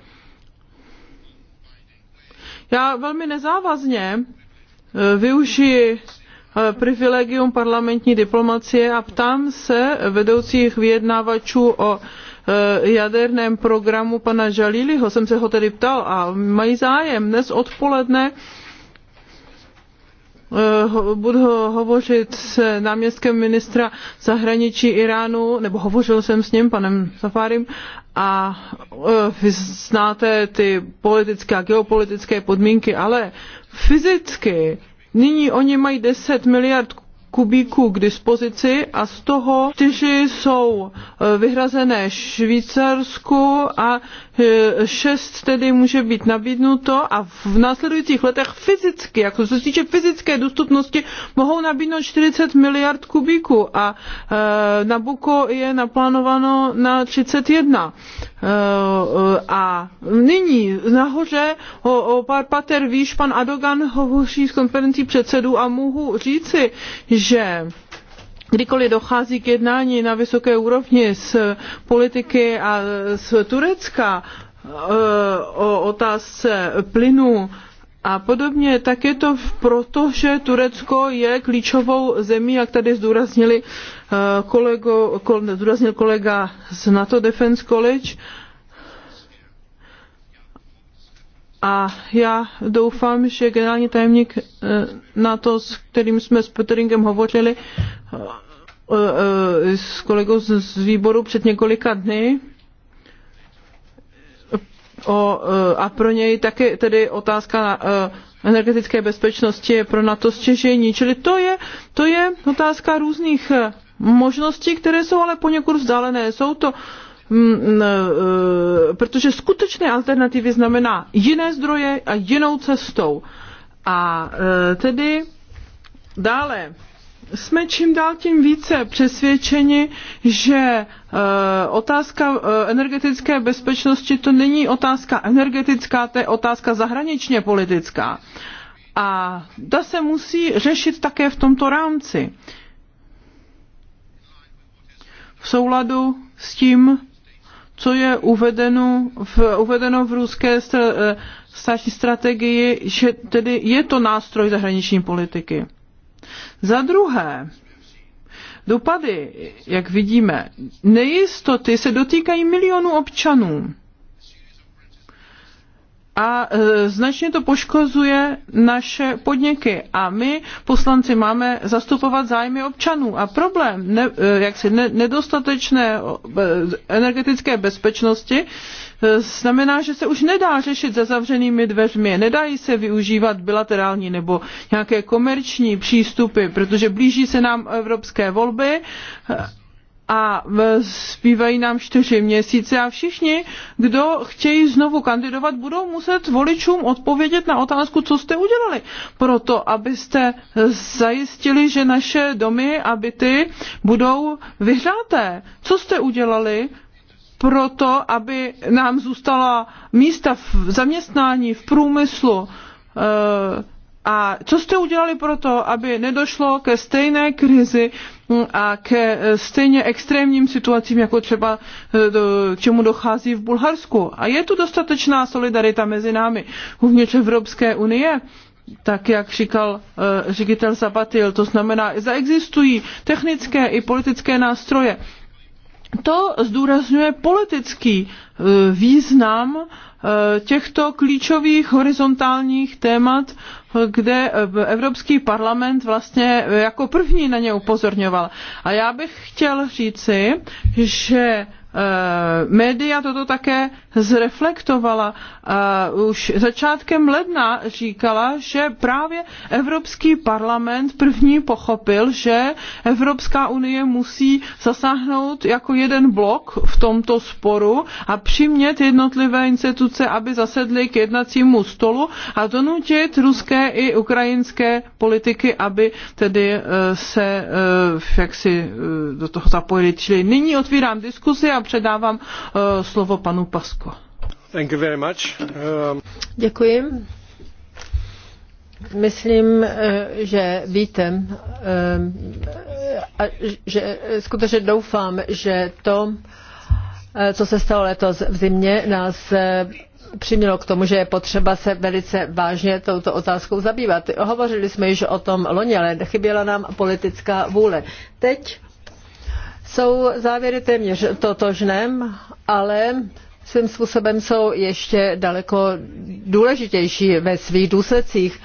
Já velmi nezávazně eh, využiji eh, privilegium parlamentní diplomacie a ptám se vedoucích vyjednávačů o Eh, jaderném programu pana Žalíliho. Jsem se ho tedy ptal a mají zájem. Dnes odpoledne eh, budu hovořit s náměstkem ministra zahraničí Iránu, nebo hovořil jsem s ním, panem Safarim, a eh, vy znáte ty politické a geopolitické podmínky, ale fyzicky nyní oni mají 10 miliard kubíků k dispozici a z toho čtyři jsou eh, vyhrazené Švýcarsku a Eh, šest tedy může být nabídnuto a v následujících letech fyzicky, jako se týče fyzické dostupnosti, mohou nabídnout 40 miliard kubíků a eh, Nabuko je naplánováno na 31. Eh, a nyní nahoře o, o pár pater výš pan Adogan hovoří z konferencí předsedů a mohu říci, že kdykoliv dochází k jednání na vysoké úrovni s politiky a z Turecka e, o otázce plynu, a podobně, tak je to proto, že Turecko je klíčovou zemí, jak tady zdůraznili e, kolego, kol, zdůraznil kolega z NATO Defense College. A já doufám, že generální tajemník e, NATO, s kterým jsme s Petteringem hovořili, Eh, eh, s kolegou z výboru před několika dny o, eh, a pro něj také tedy otázka na, energetické bezpečnosti je pro NATO stěžení. Čili to je, to je otázka různých možností, které jsou ale poněkud vzdálené. Jsou to mm, mm, protože skutečné alternativy znamená jiné zdroje a jinou cestou. A tedy dále jsme čím dál tím více přesvědčeni, že eh, otázka eh, energetické bezpečnosti to není otázka energetická, to je otázka zahraničně politická. A ta se musí řešit také v tomto rámci. V souladu s tím, co je uvedeno v, uvedeno v ruské eh, státní strategii, že tedy je to nástroj zahraniční politiky. Za druhé, dopady, jak vidíme, nejistoty se dotýkají milionů občanů. A e, značně to poškozuje naše podniky. A my, poslanci, máme zastupovat zájmy občanů. A problém ne, e, jaksi ne, nedostatečné e, energetické bezpečnosti Eh, znamená, že se už nedá řešit za zavřenými dveřmi, nedají se využívat bilaterální nebo nějaké komerční přístupy, protože blíží se nám evropské volby eh, a zbývají nám čtyři měsíce a všichni, kdo chtějí znovu kandidovat, budou muset voličům odpovědět na otázku, co jste udělali. Proto, abyste zajistili, že naše domy a byty budou vyhráté. Co jste udělali proto, aby nám zůstala místa v zaměstnání, v průmyslu. Eh, a co jste udělali pro to, aby nedošlo ke stejné krizi hm, a ke eh, stejně extrémním situacím, jako třeba eh, čemu dochází v Bulharsku? A je tu dostatečná solidarita mezi námi uvnitř Evropské unie? tak jak říkal uh, ředitel Zapatil, to znamená, zaexistují technické i politické nástroje to zdůrazňuje politický e, význam e, těchto klíčových horizontálních témat, kde Evropský parlament vlastně jako první na ně upozorňoval. A já bych chtěl říci, že Eh, média toto také zreflektovala. Eh, už začátkem ledna říkala, že právě Evropský parlament první pochopil, že Evropská unie musí zasáhnout jako jeden blok v tomto sporu a přimět jednotlivé instituce, aby zasedly k jednacímu stolu a donutit ruské i ukrajinské politiky, aby tedy eh, se jaksi do toho zapojili. Čili nyní otvírám diskusi a předávám eh, slovo panu Pasko. Thank you very much. Um... Děkuji. Myslím, eh, že víte, eh, že skutečně doufám, že to, co se stalo letos v zimě, nás přimělo k tomu, že je potřeba se velice vážně touto otázkou zabývat. Hovořili jsme již o tom loni, ale chyběla nám politická vůle. Teď jsou závěry téměř totožné, ale svým způsobem jsou ještě daleko důležitější ve svých důsledcích.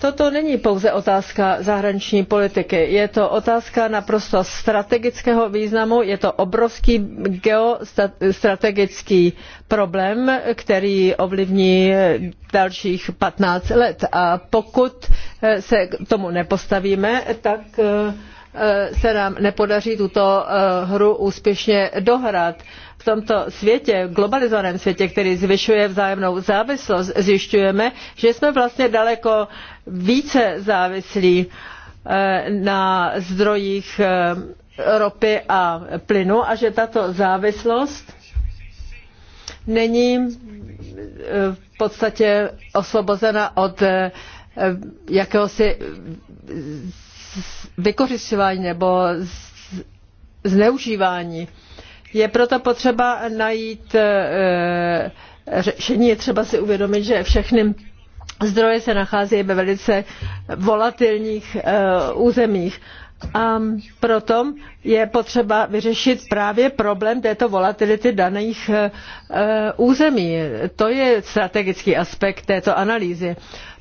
Toto není pouze otázka zahraniční politiky, je to otázka naprosto strategického významu, je to obrovský geostrategický problém, který ovlivní dalších 15 let. A pokud se k tomu nepostavíme, tak eh, Eh, se nám nepodaří tuto eh, hru úspěšně dohrát. V tomto světě, globalizovaném světě, který zvyšuje vzájemnou závislost, zjišťujeme, že jsme vlastně daleko více závislí eh, na zdrojích ropy a plynu a že tato závislost není v podstatě osvobozena od jakéhosi vykořišťování nebo zneužívání. Je proto potřeba najít e, řešení, je třeba si uvědomit, že všechny zdroje se nacházejí ve velice volatilních e, územích. A proto je potřeba vyřešit právě problém této volatility daných e, území. To je strategický aspekt této analýzy.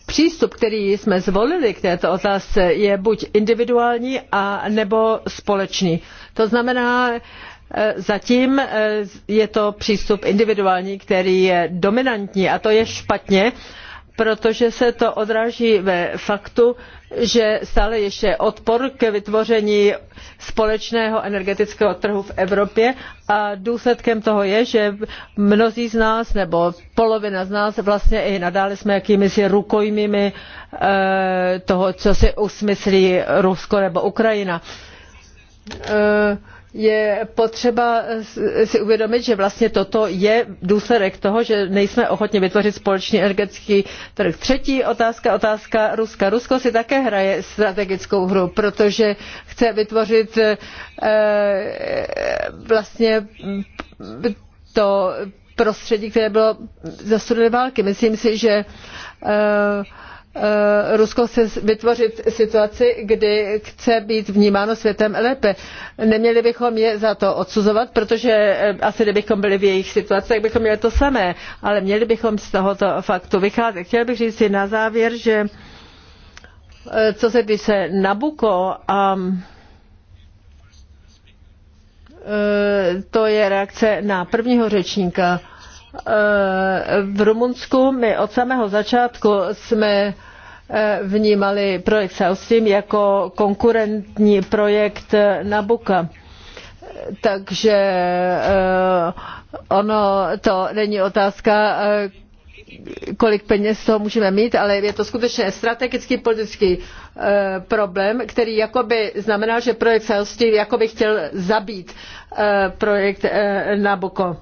Přístup, který jsme zvolili k této otázce, je buď individuální a nebo společný. To znamená, eh, zatím eh, je to přístup individuální, který je dominantní a to je špatně protože se to odráží ve faktu, že stále ještě je odpor k vytvoření společného energetického trhu v Evropě a důsledkem toho je, že mnozí z nás nebo polovina z nás vlastně i nadále jsme jakýmisi rukojmími eh, toho, co si usmyslí Rusko nebo Ukrajina. E, je potřeba si uvědomit, že vlastně toto je důsledek toho, že nejsme ochotni vytvořit společný energetický trh. Třetí otázka, otázka Ruska. Rusko si také hraje strategickou hru, protože chce vytvořit eh, vlastně to prostředí, které bylo za studené války. Myslím si, že eh, Eh, Rusko se vytvořit situaci, kdy chce být vnímáno světem lépe. Neměli bychom je za to odsuzovat, protože eh, asi kdybychom byli v jejich situaci, tak bychom měli to samé, ale měli bychom z tohoto faktu vycházet. Chtěl bych říct si na závěr, že eh, co se týče Nabuko a to je reakce na prvního řečníka v Rumunsku my od samého začátku jsme eh, vnímali projekt South Stream jako konkurentní projekt Nabuka. Takže eh, ono to není otázka, eh, kolik peněz toho můžeme mít, ale je to skutečně strategický politický problém, který jakoby znamená, že projekt South Stream jakoby chtěl zabít projekt Nabuko.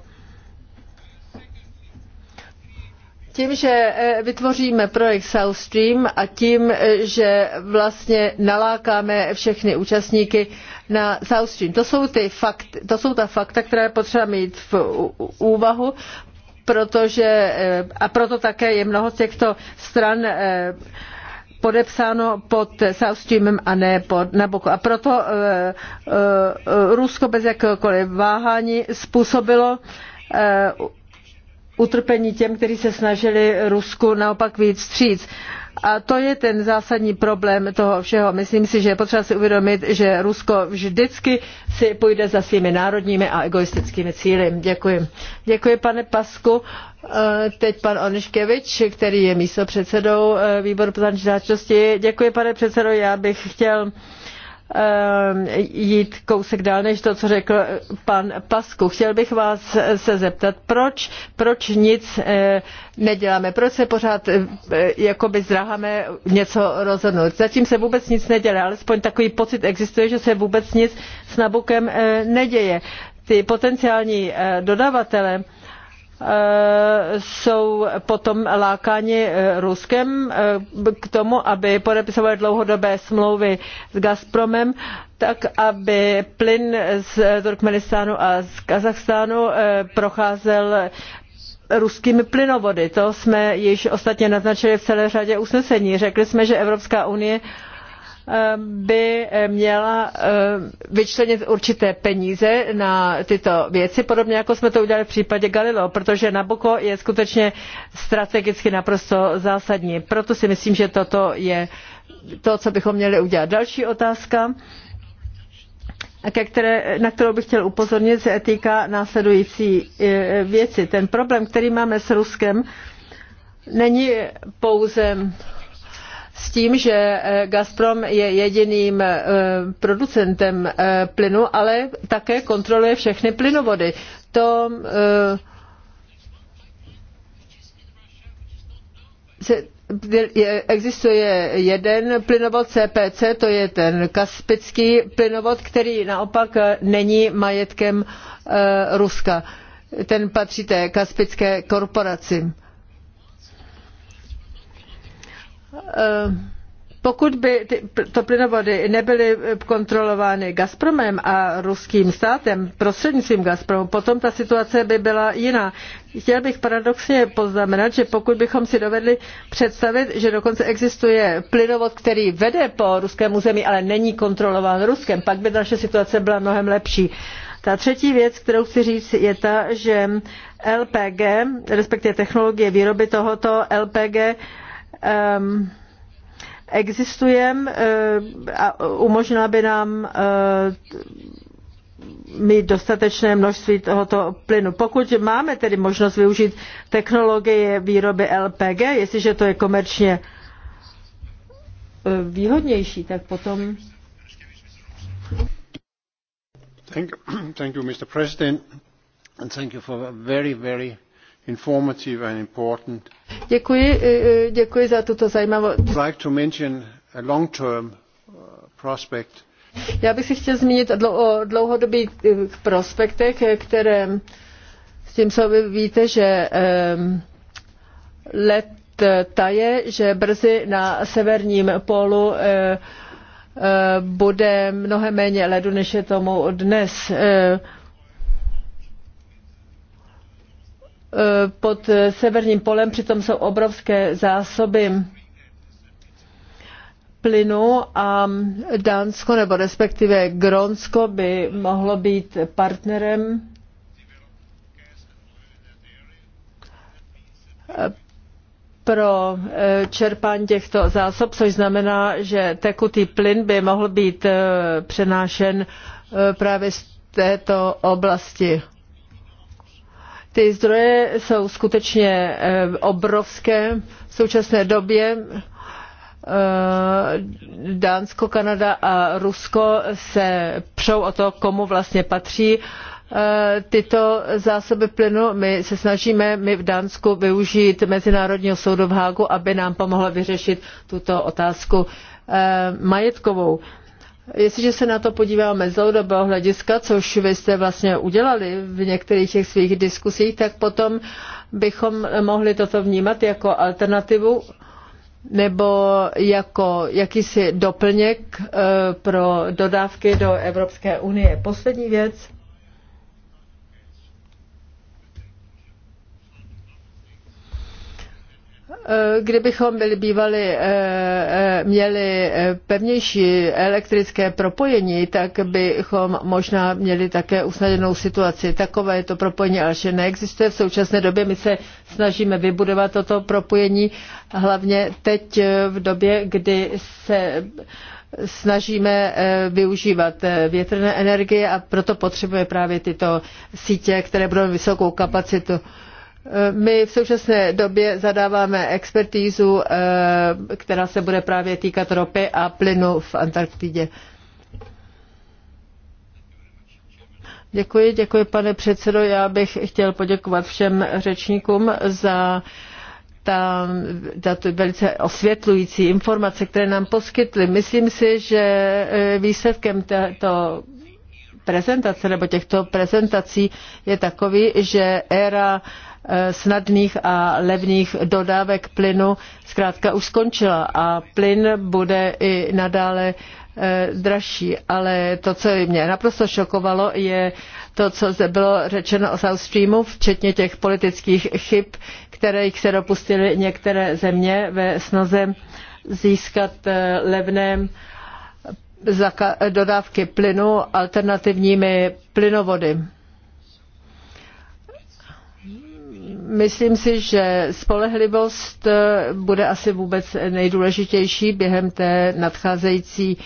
Tím, že e, vytvoříme projekt South Stream a tím, e, že vlastně nalákáme všechny účastníky na South Stream. To jsou, ty fakt, to jsou ta fakta, která je potřeba mít v úvahu, protože, e, a proto také je mnoho těchto stran podepsáno pod South Streamem a ne pod Nabucco. A proto Rusko bez jakéhokoliv váhání způsobilo utrpení těm, kteří se snažili Rusku naopak víc vstříc. A to je ten zásadní problém toho všeho. Myslím si, že je potřeba si uvědomit, že Rusko vždycky si půjde za svými národními a egoistickými cíly. Děkuji. Děkuji, pane Pasku. Eh, teď pan Oniškevič, který je místo předsedou eh, výboru pro záležitosti. Děkuji, pane předsedo. Já bych chtěl Ehm, jít kousek dál než to, co řekl pan Pasku. Chtěl bych vás se zeptat, proč, proč nic eh, neděláme, proč se pořád eh, jakoby zdráháme něco rozhodnout. Zatím se vůbec nic nedělá, alespoň takový pocit existuje, že se vůbec nic s Nabukem eh, neděje. Ty potenciální dodavatele Eh, jsou potom lákáni eh, Ruskem eh, k tomu, aby podepisovali dlouhodobé smlouvy s Gazpromem, tak aby plyn z Turkmenistánu a z Kazachstánu procházel ruskými plynovody. To jsme již ostatně naznačili v celé řadě usnesení. Řekli jsme, že Evropská unie by měla eh, vyčlenit určité peníze na tyto věci, podobně jako jsme to udělali v případě Galileo, protože Nabucco je skutečně strategicky naprosto zásadní. Proto si myslím, že toto je to, co bychom měli udělat. Další otázka, které, na kterou bych chtěl upozornit, se týká následující eh, věci. Ten problém, který máme s Ruskem, není pouze s tím, že eh, Gazprom je jediným eh, producentem eh, plynu, ale také kontroluje všechny plynovody. To existuje jeden plynovod CPC, to je ten kaspický plynovod, který naopak není majetkem Ruska. Ten patří té kaspické korporaci. Eh, pokud by to plynovody nebyly eh, kontrolovány Gazpromem a ruským státem prostřednictvím Gazpromu, potom ta situace by byla jiná. Chtěl bych paradoxně poznamenat, že pokud bychom si dovedli představit, že dokonce existuje plynovod, který vede po ruském území, ale není kontrolován Ruskem, pak by naše situace byla mnohem lepší. Ta třetí věc, kterou chci říct, je ta, že LPG, respektive technologie výroby tohoto LPG, Ehm, existuje eh, a umožnila by nám eh, mít dostatečné množství tohoto plynu. Pokud máme tedy možnost využít technologie výroby LPG, jestliže to je komerčně eh, výhodnější, tak potom. Thank (clears throat) thank you, Mr. President, and thank you for a very, very informative and important. Děkuji, eh, eh, děkuji za tuto zajímavou. Like to mention a long-term uh, prospect. Já bych si chtěl zmínit o dlouhodobých eh, prospektech, které s tím víte, že ehm, let taje, že brzy na severním polu bude mnohem méně ledu, než je tomu dnes. Eh, pod severním polem, přitom jsou obrovské zásoby plynu a Dánsko nebo respektive Grónsko by mohlo být partnerem pro eh, čerpání těchto zásob, což znamená, že tekutý plyn by mohl být eh, přenášen právě z této oblasti. Ty zdroje jsou skutečně eh, obrovské v současné době. Eh, Dánsko, Kanada a Rusko se přou o to, komu vlastně patří eh, tyto zásoby plynu. My se snažíme, my v Dánsku, využít Mezinárodního soudu v Hágu, aby nám pomohlo vyřešit tuto otázku majetkovou. Jestliže se na to podíváme z dlouhodobého hlediska, což vy jste vlastně udělali v některých těch svých diskusích, tak potom bychom mohli toto vnímat jako alternativu nebo jako jakýsi doplněk eh, pro dodávky do Evropské unie. Poslední věc. Eh, kdybychom byli bývali, eh, eh, měli pevnější elektrické propojení, tak bychom možná měli také usnadněnou situaci. Takové je to propojení, ale že neexistuje v současné době. My se snažíme vybudovat toto propojení, hlavně teď v době, kdy se snažíme využívat větrné energie a proto potřebuje právě tyto sítě, které budou vysokou kapacitu. My v současné době zadáváme expertízu, eh, která se bude právě týkat ropy a plynu v Antarktidě. Děkuji, děkuji pane předsedo. Já bych chtěl poděkovat všem řečníkům za ta, ta velice osvětlující informace, které nám poskytly. Myslím si, že eh, výsledkem této prezentace nebo těchto prezentací je takový, že éra Eh, snadných a levných dodávek plynu zkrátka už skončila a plyn bude i nadále eh, dražší. Ale to, co mě naprosto šokovalo, je to, co zde bylo řečeno o South Streamu, včetně těch politických chyb, které se dopustily některé země ve snaze získat eh, levné dodávky plynu alternativními plynovody. Myslím si, že spolehlivost eh, bude asi vůbec nejdůležitější během té nadcházející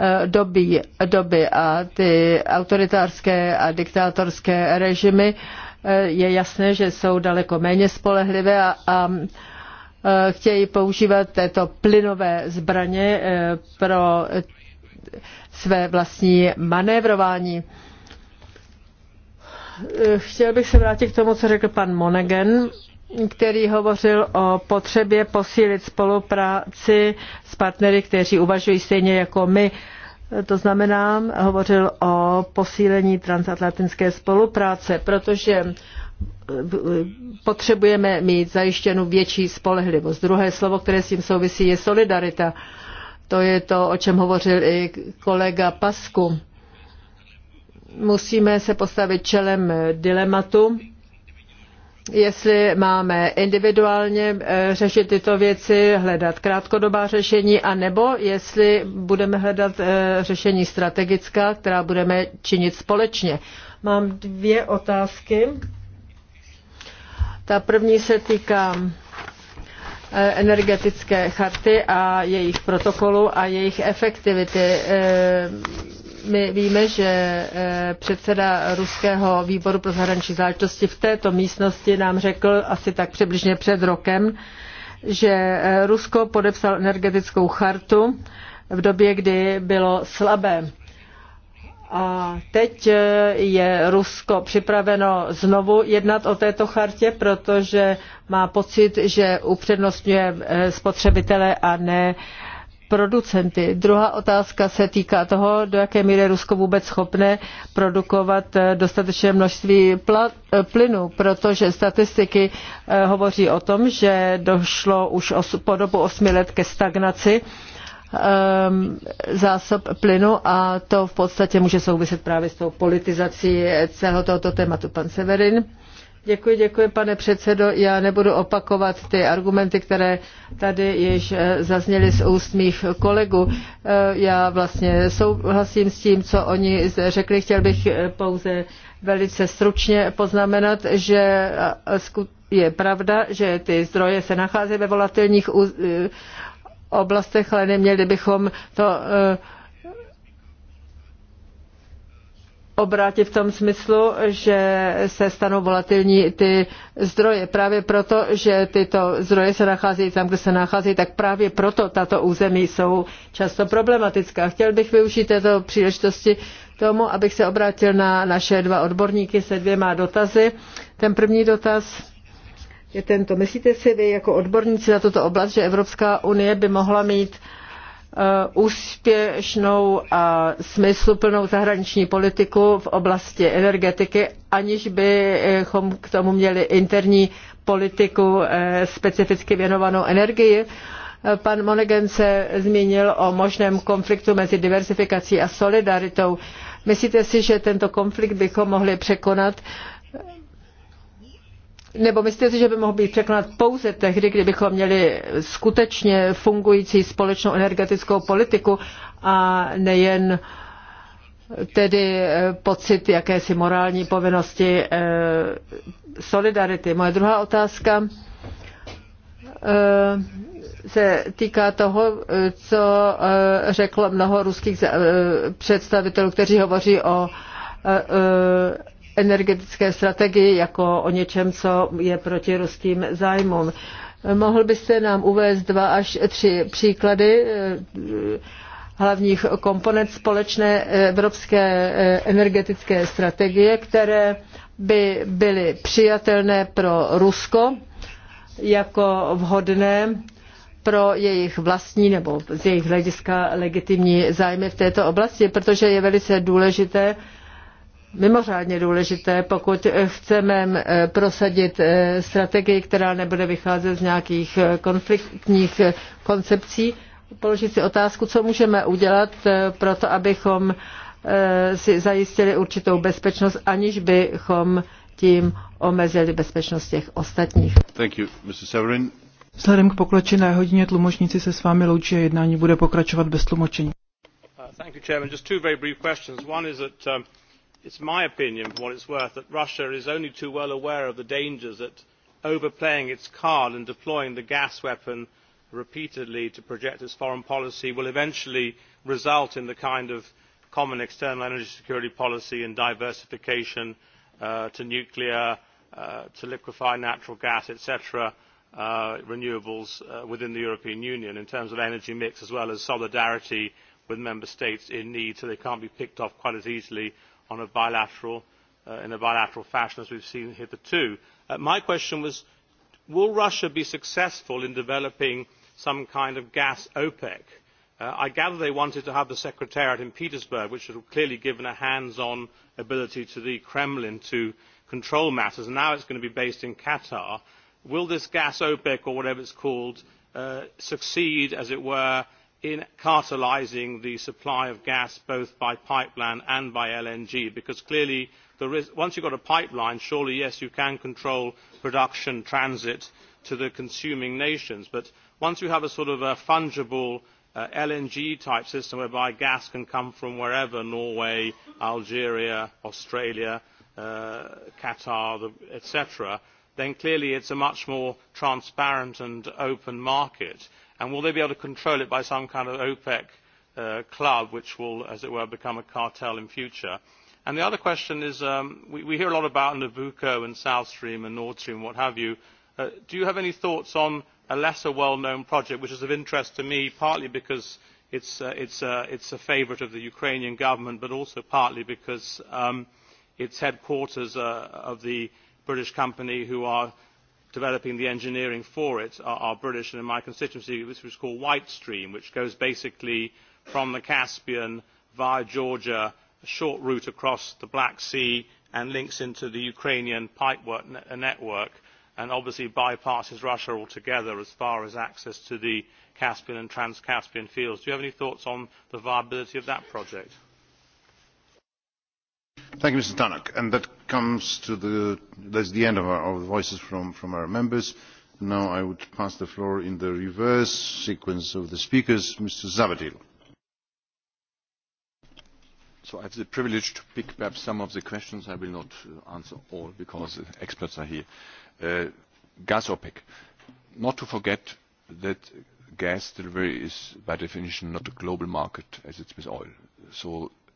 eh, doby, doby a ty autoritářské a diktátorské režimy eh, je jasné, že jsou daleko méně spolehlivé a, a chtějí používat této plynové zbraně pro své vlastní manévrování. Eh, chtěl bych se vrátit k tomu, co řekl pan Monegen, který hovořil o potřebě posílit spolupráci s partnery, kteří uvažují stejně jako my. Eh, to znamená, hovořil o posílení transatlantické spolupráce, protože eh, potřebujeme mít zajištěnu větší spolehlivost. Druhé slovo, které s tím souvisí, je solidarita. To je to, o čem hovořil i kolega Pasku musíme se postavit čelem dilematu, jestli máme individuálně eh, řešit tyto věci, hledat krátkodobá řešení, anebo jestli budeme hledat eh, řešení strategická, která budeme činit společně. Mám dvě otázky. Ta první se týká eh, energetické charty a jejich protokolu a jejich efektivity my víme, že eh, předseda Ruského výboru pro zahraniční záležitosti v této místnosti nám řekl asi tak přibližně před rokem, že eh, Rusko podepsal energetickou chartu v době, kdy bylo slabé. A teď eh, je Rusko připraveno znovu jednat o této chartě, protože má pocit, že upřednostňuje spotřebitele a ne producenty. Druhá otázka se týká toho, do jaké míry je Rusko vůbec schopné produkovat eh, dostatečné množství eh, plynu, protože statistiky eh, hovoří o tom, že došlo už po dobu osmi let ke stagnaci ehm, zásob plynu a to v podstatě může souviset právě s tou politizací celého tohoto tématu. Pan Severin. Děkuji, děkuji, pane předsedo. Já nebudu opakovat ty argumenty, které tady již eh, zazněly z úst mých kolegů. Eh, já vlastně souhlasím s tím, co oni zde řekli. Chtěl bych eh, pouze velice stručně poznamenat, že je pravda, že ty zdroje se nacházejí ve volatilních oblastech, ale neměli bychom to obrátit v tom smyslu, že se stanou volatilní ty zdroje. Právě proto, že tyto zdroje se nacházejí tam, kde se nacházejí, tak právě proto tato území jsou často problematická. Chtěl bych využít této příležitosti tomu, abych se obrátil na naše dva odborníky se dvěma dotazy. Ten první dotaz je tento. Myslíte si vy jako odborníci na tuto oblast, že Evropská unie by mohla mít uh, Uh, úspěšnou a smysluplnou zahraniční politiku v oblasti energetiky, aniž bychom k tomu měli interní politiku eh, specificky věnovanou energii. Eh, pan Monegen se zmínil o možném konfliktu mezi diversifikací a solidaritou. Myslíte si, že tento konflikt bychom mohli překonat nebo myslíte si, že by mohl být překonat pouze tehdy, kdybychom měli skutečně fungující společnou energetickou politiku a nejen tedy eh, pocit jakési morální povinnosti eh, solidarity. Moje druhá otázka eh, se týká toho, co řeklo mnoho ruských představitelů, kteří hovoří o energetické strategii jako o něčem, co je proti ruským zájmům. Mohl byste nám uvést dva až tři příklady eh, hlavních komponent společné evropské eh, energetické strategie, které by byly přijatelné pro Rusko jako vhodné pro jejich vlastní nebo z jejich hlediska legitimní zájmy v této oblasti, protože je velice důležité, mimořádně důležité, pokud chceme eh, prosadit eh, strategii, která nebude vycházet z nějakých eh, konfliktních koncepcí, položit si otázku, co můžeme udělat pro to, abychom si zajistili určitou bezpečnost, aniž bychom tím omezili bezpečnost těch ostatních. Thank you, Mr. Severin. Vzhledem k pokročilé hodině tlumočníci se s vámi loučí a jednání bude pokračovat bez tlumočení. Uh, it is my opinion for what it is worth that russia is only too well aware of the dangers that overplaying its card and deploying the gas weapon repeatedly to project its foreign policy will eventually result in the kind of common external energy security policy and diversification uh, to nuclear uh, to liquefy natural gas etc uh, renewables within the european union in terms of energy mix as well as solidarity with member states in need so they cannot be picked off quite as easily on a bilateral, uh, in a bilateral fashion as we've seen hitherto. Uh, my question was will russia be successful in developing some kind of gas opec? Uh, i gather they wanted to have the secretariat in petersburg which would have clearly given a hands on ability to the kremlin to control matters and now it's going to be based in qatar. will this gas opec or whatever it's called, uh, succeed as it were in cartelising the supply of gas both by pipeline and by lng because clearly once you have got a pipeline surely yes you can control production transit to the consuming nations but once you have a sort of a fungible uh, lng type system whereby gas can come from wherever norway algeria australia uh, qatar etc then clearly it is a much more transparent and open market and will they be able to control it by some kind of opec uh, club which will as it were become a cartel in future? the other question is um, we, hear a lot about nabucco and south stream and nord stream and what have you. Uh, do you have any thoughts on a lesser well known project which is of interest to me partly because it uh, is a favourite of the ukrainian government but also partly because um, its headquarters of the british company which is developing the engineering for it are, british and in my constituency it is called white stream which goes basically from the caspian via georgia a short route across the black sea and links into the ukrainian pipework ne uh, network and obviously bypasses russia altogether as far as access to the caspian and trans caspian fields. do you have any thoughts on the viability of that project? Thank you, Mr. Tannock. And that comes to the, that's the end of, our, of voices from, from our members. Now I would pass the floor in the reverse sequence of the speakers, Mr. Zavadil. So I have the privilege to pick up some of the questions. I will not uh, answer all because the experts are here. Uh, gas OPEC. Not to forget that gas delivery is by definition not a global market as it's with oil. So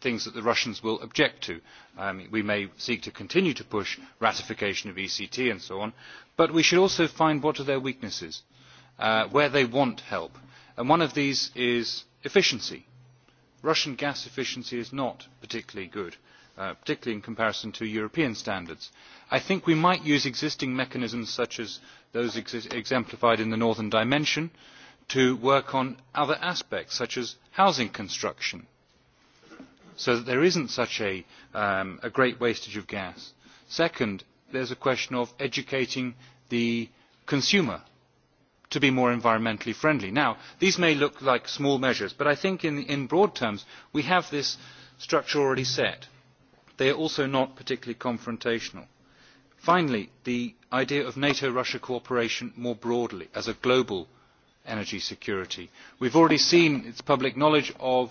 things that the Russians will object to. Um, we may seek to continue to push ratification of ECT and so on, but we should also find out what their weaknesses, are uh, where they want help. And one of these is efficiency. Russian gas efficiency is not particularly good, uh, particularly in comparison to European standards. I think we might use existing mechanisms such as those exemplified in the Northern Dimension to work on other aspects such as housing construction, so that there is not such um, a, great wastage of gas. second there is a question of educating the consumer to be more environmentally friendly. Now, these may look like small measures but i think in, broad terms we have this structure already set. they are also not particularly confrontational. finally the idea of nato russia cooperation more broadly as a global energy security. we have already seen it is public knowledge of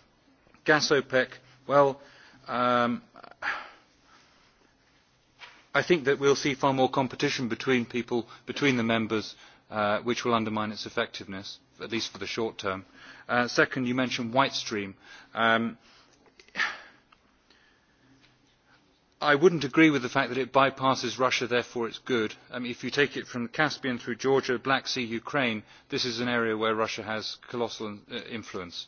gas OPEC, well, um, I think that we'll see far more competition between people, between the members, uh, which will undermine its effectiveness, at least for the short term. Uh, second, you mentioned White Stream. Um, I wouldn't agree with the fact that it bypasses Russia, therefore it's good. I um, mean, if you take it from the Caspian through Georgia, Black Sea, Ukraine, this is an area where Russia has colossal uh, influence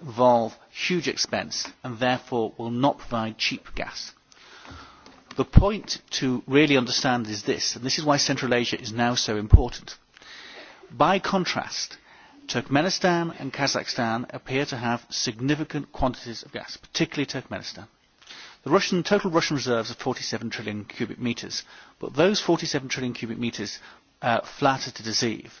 involve huge expense and therefore will not provide cheap gas. The point to really understand is this, and this is why Central Asia is now so important. By contrast, Turkmenistan and Kazakhstan appear to have significant quantities of gas, particularly Turkmenistan. The Russian, total Russian reserves are 47 trillion cubic metres, but those 47 trillion cubic metres uh, flatter to deceive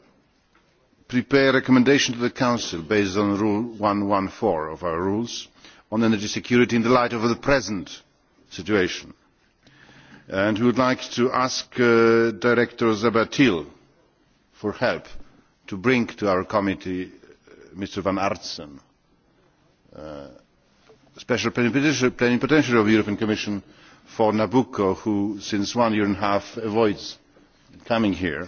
prepare a recommendation to the council based on rule one hundred and fourteen of our rules on energy security in the light of the present situation and we would like to ask uh, director zahbatil for help to bring to our committee uh, mr van artsen uh, special plenipotentiary of the european commission for nabucco who for one year and a half avoids coming here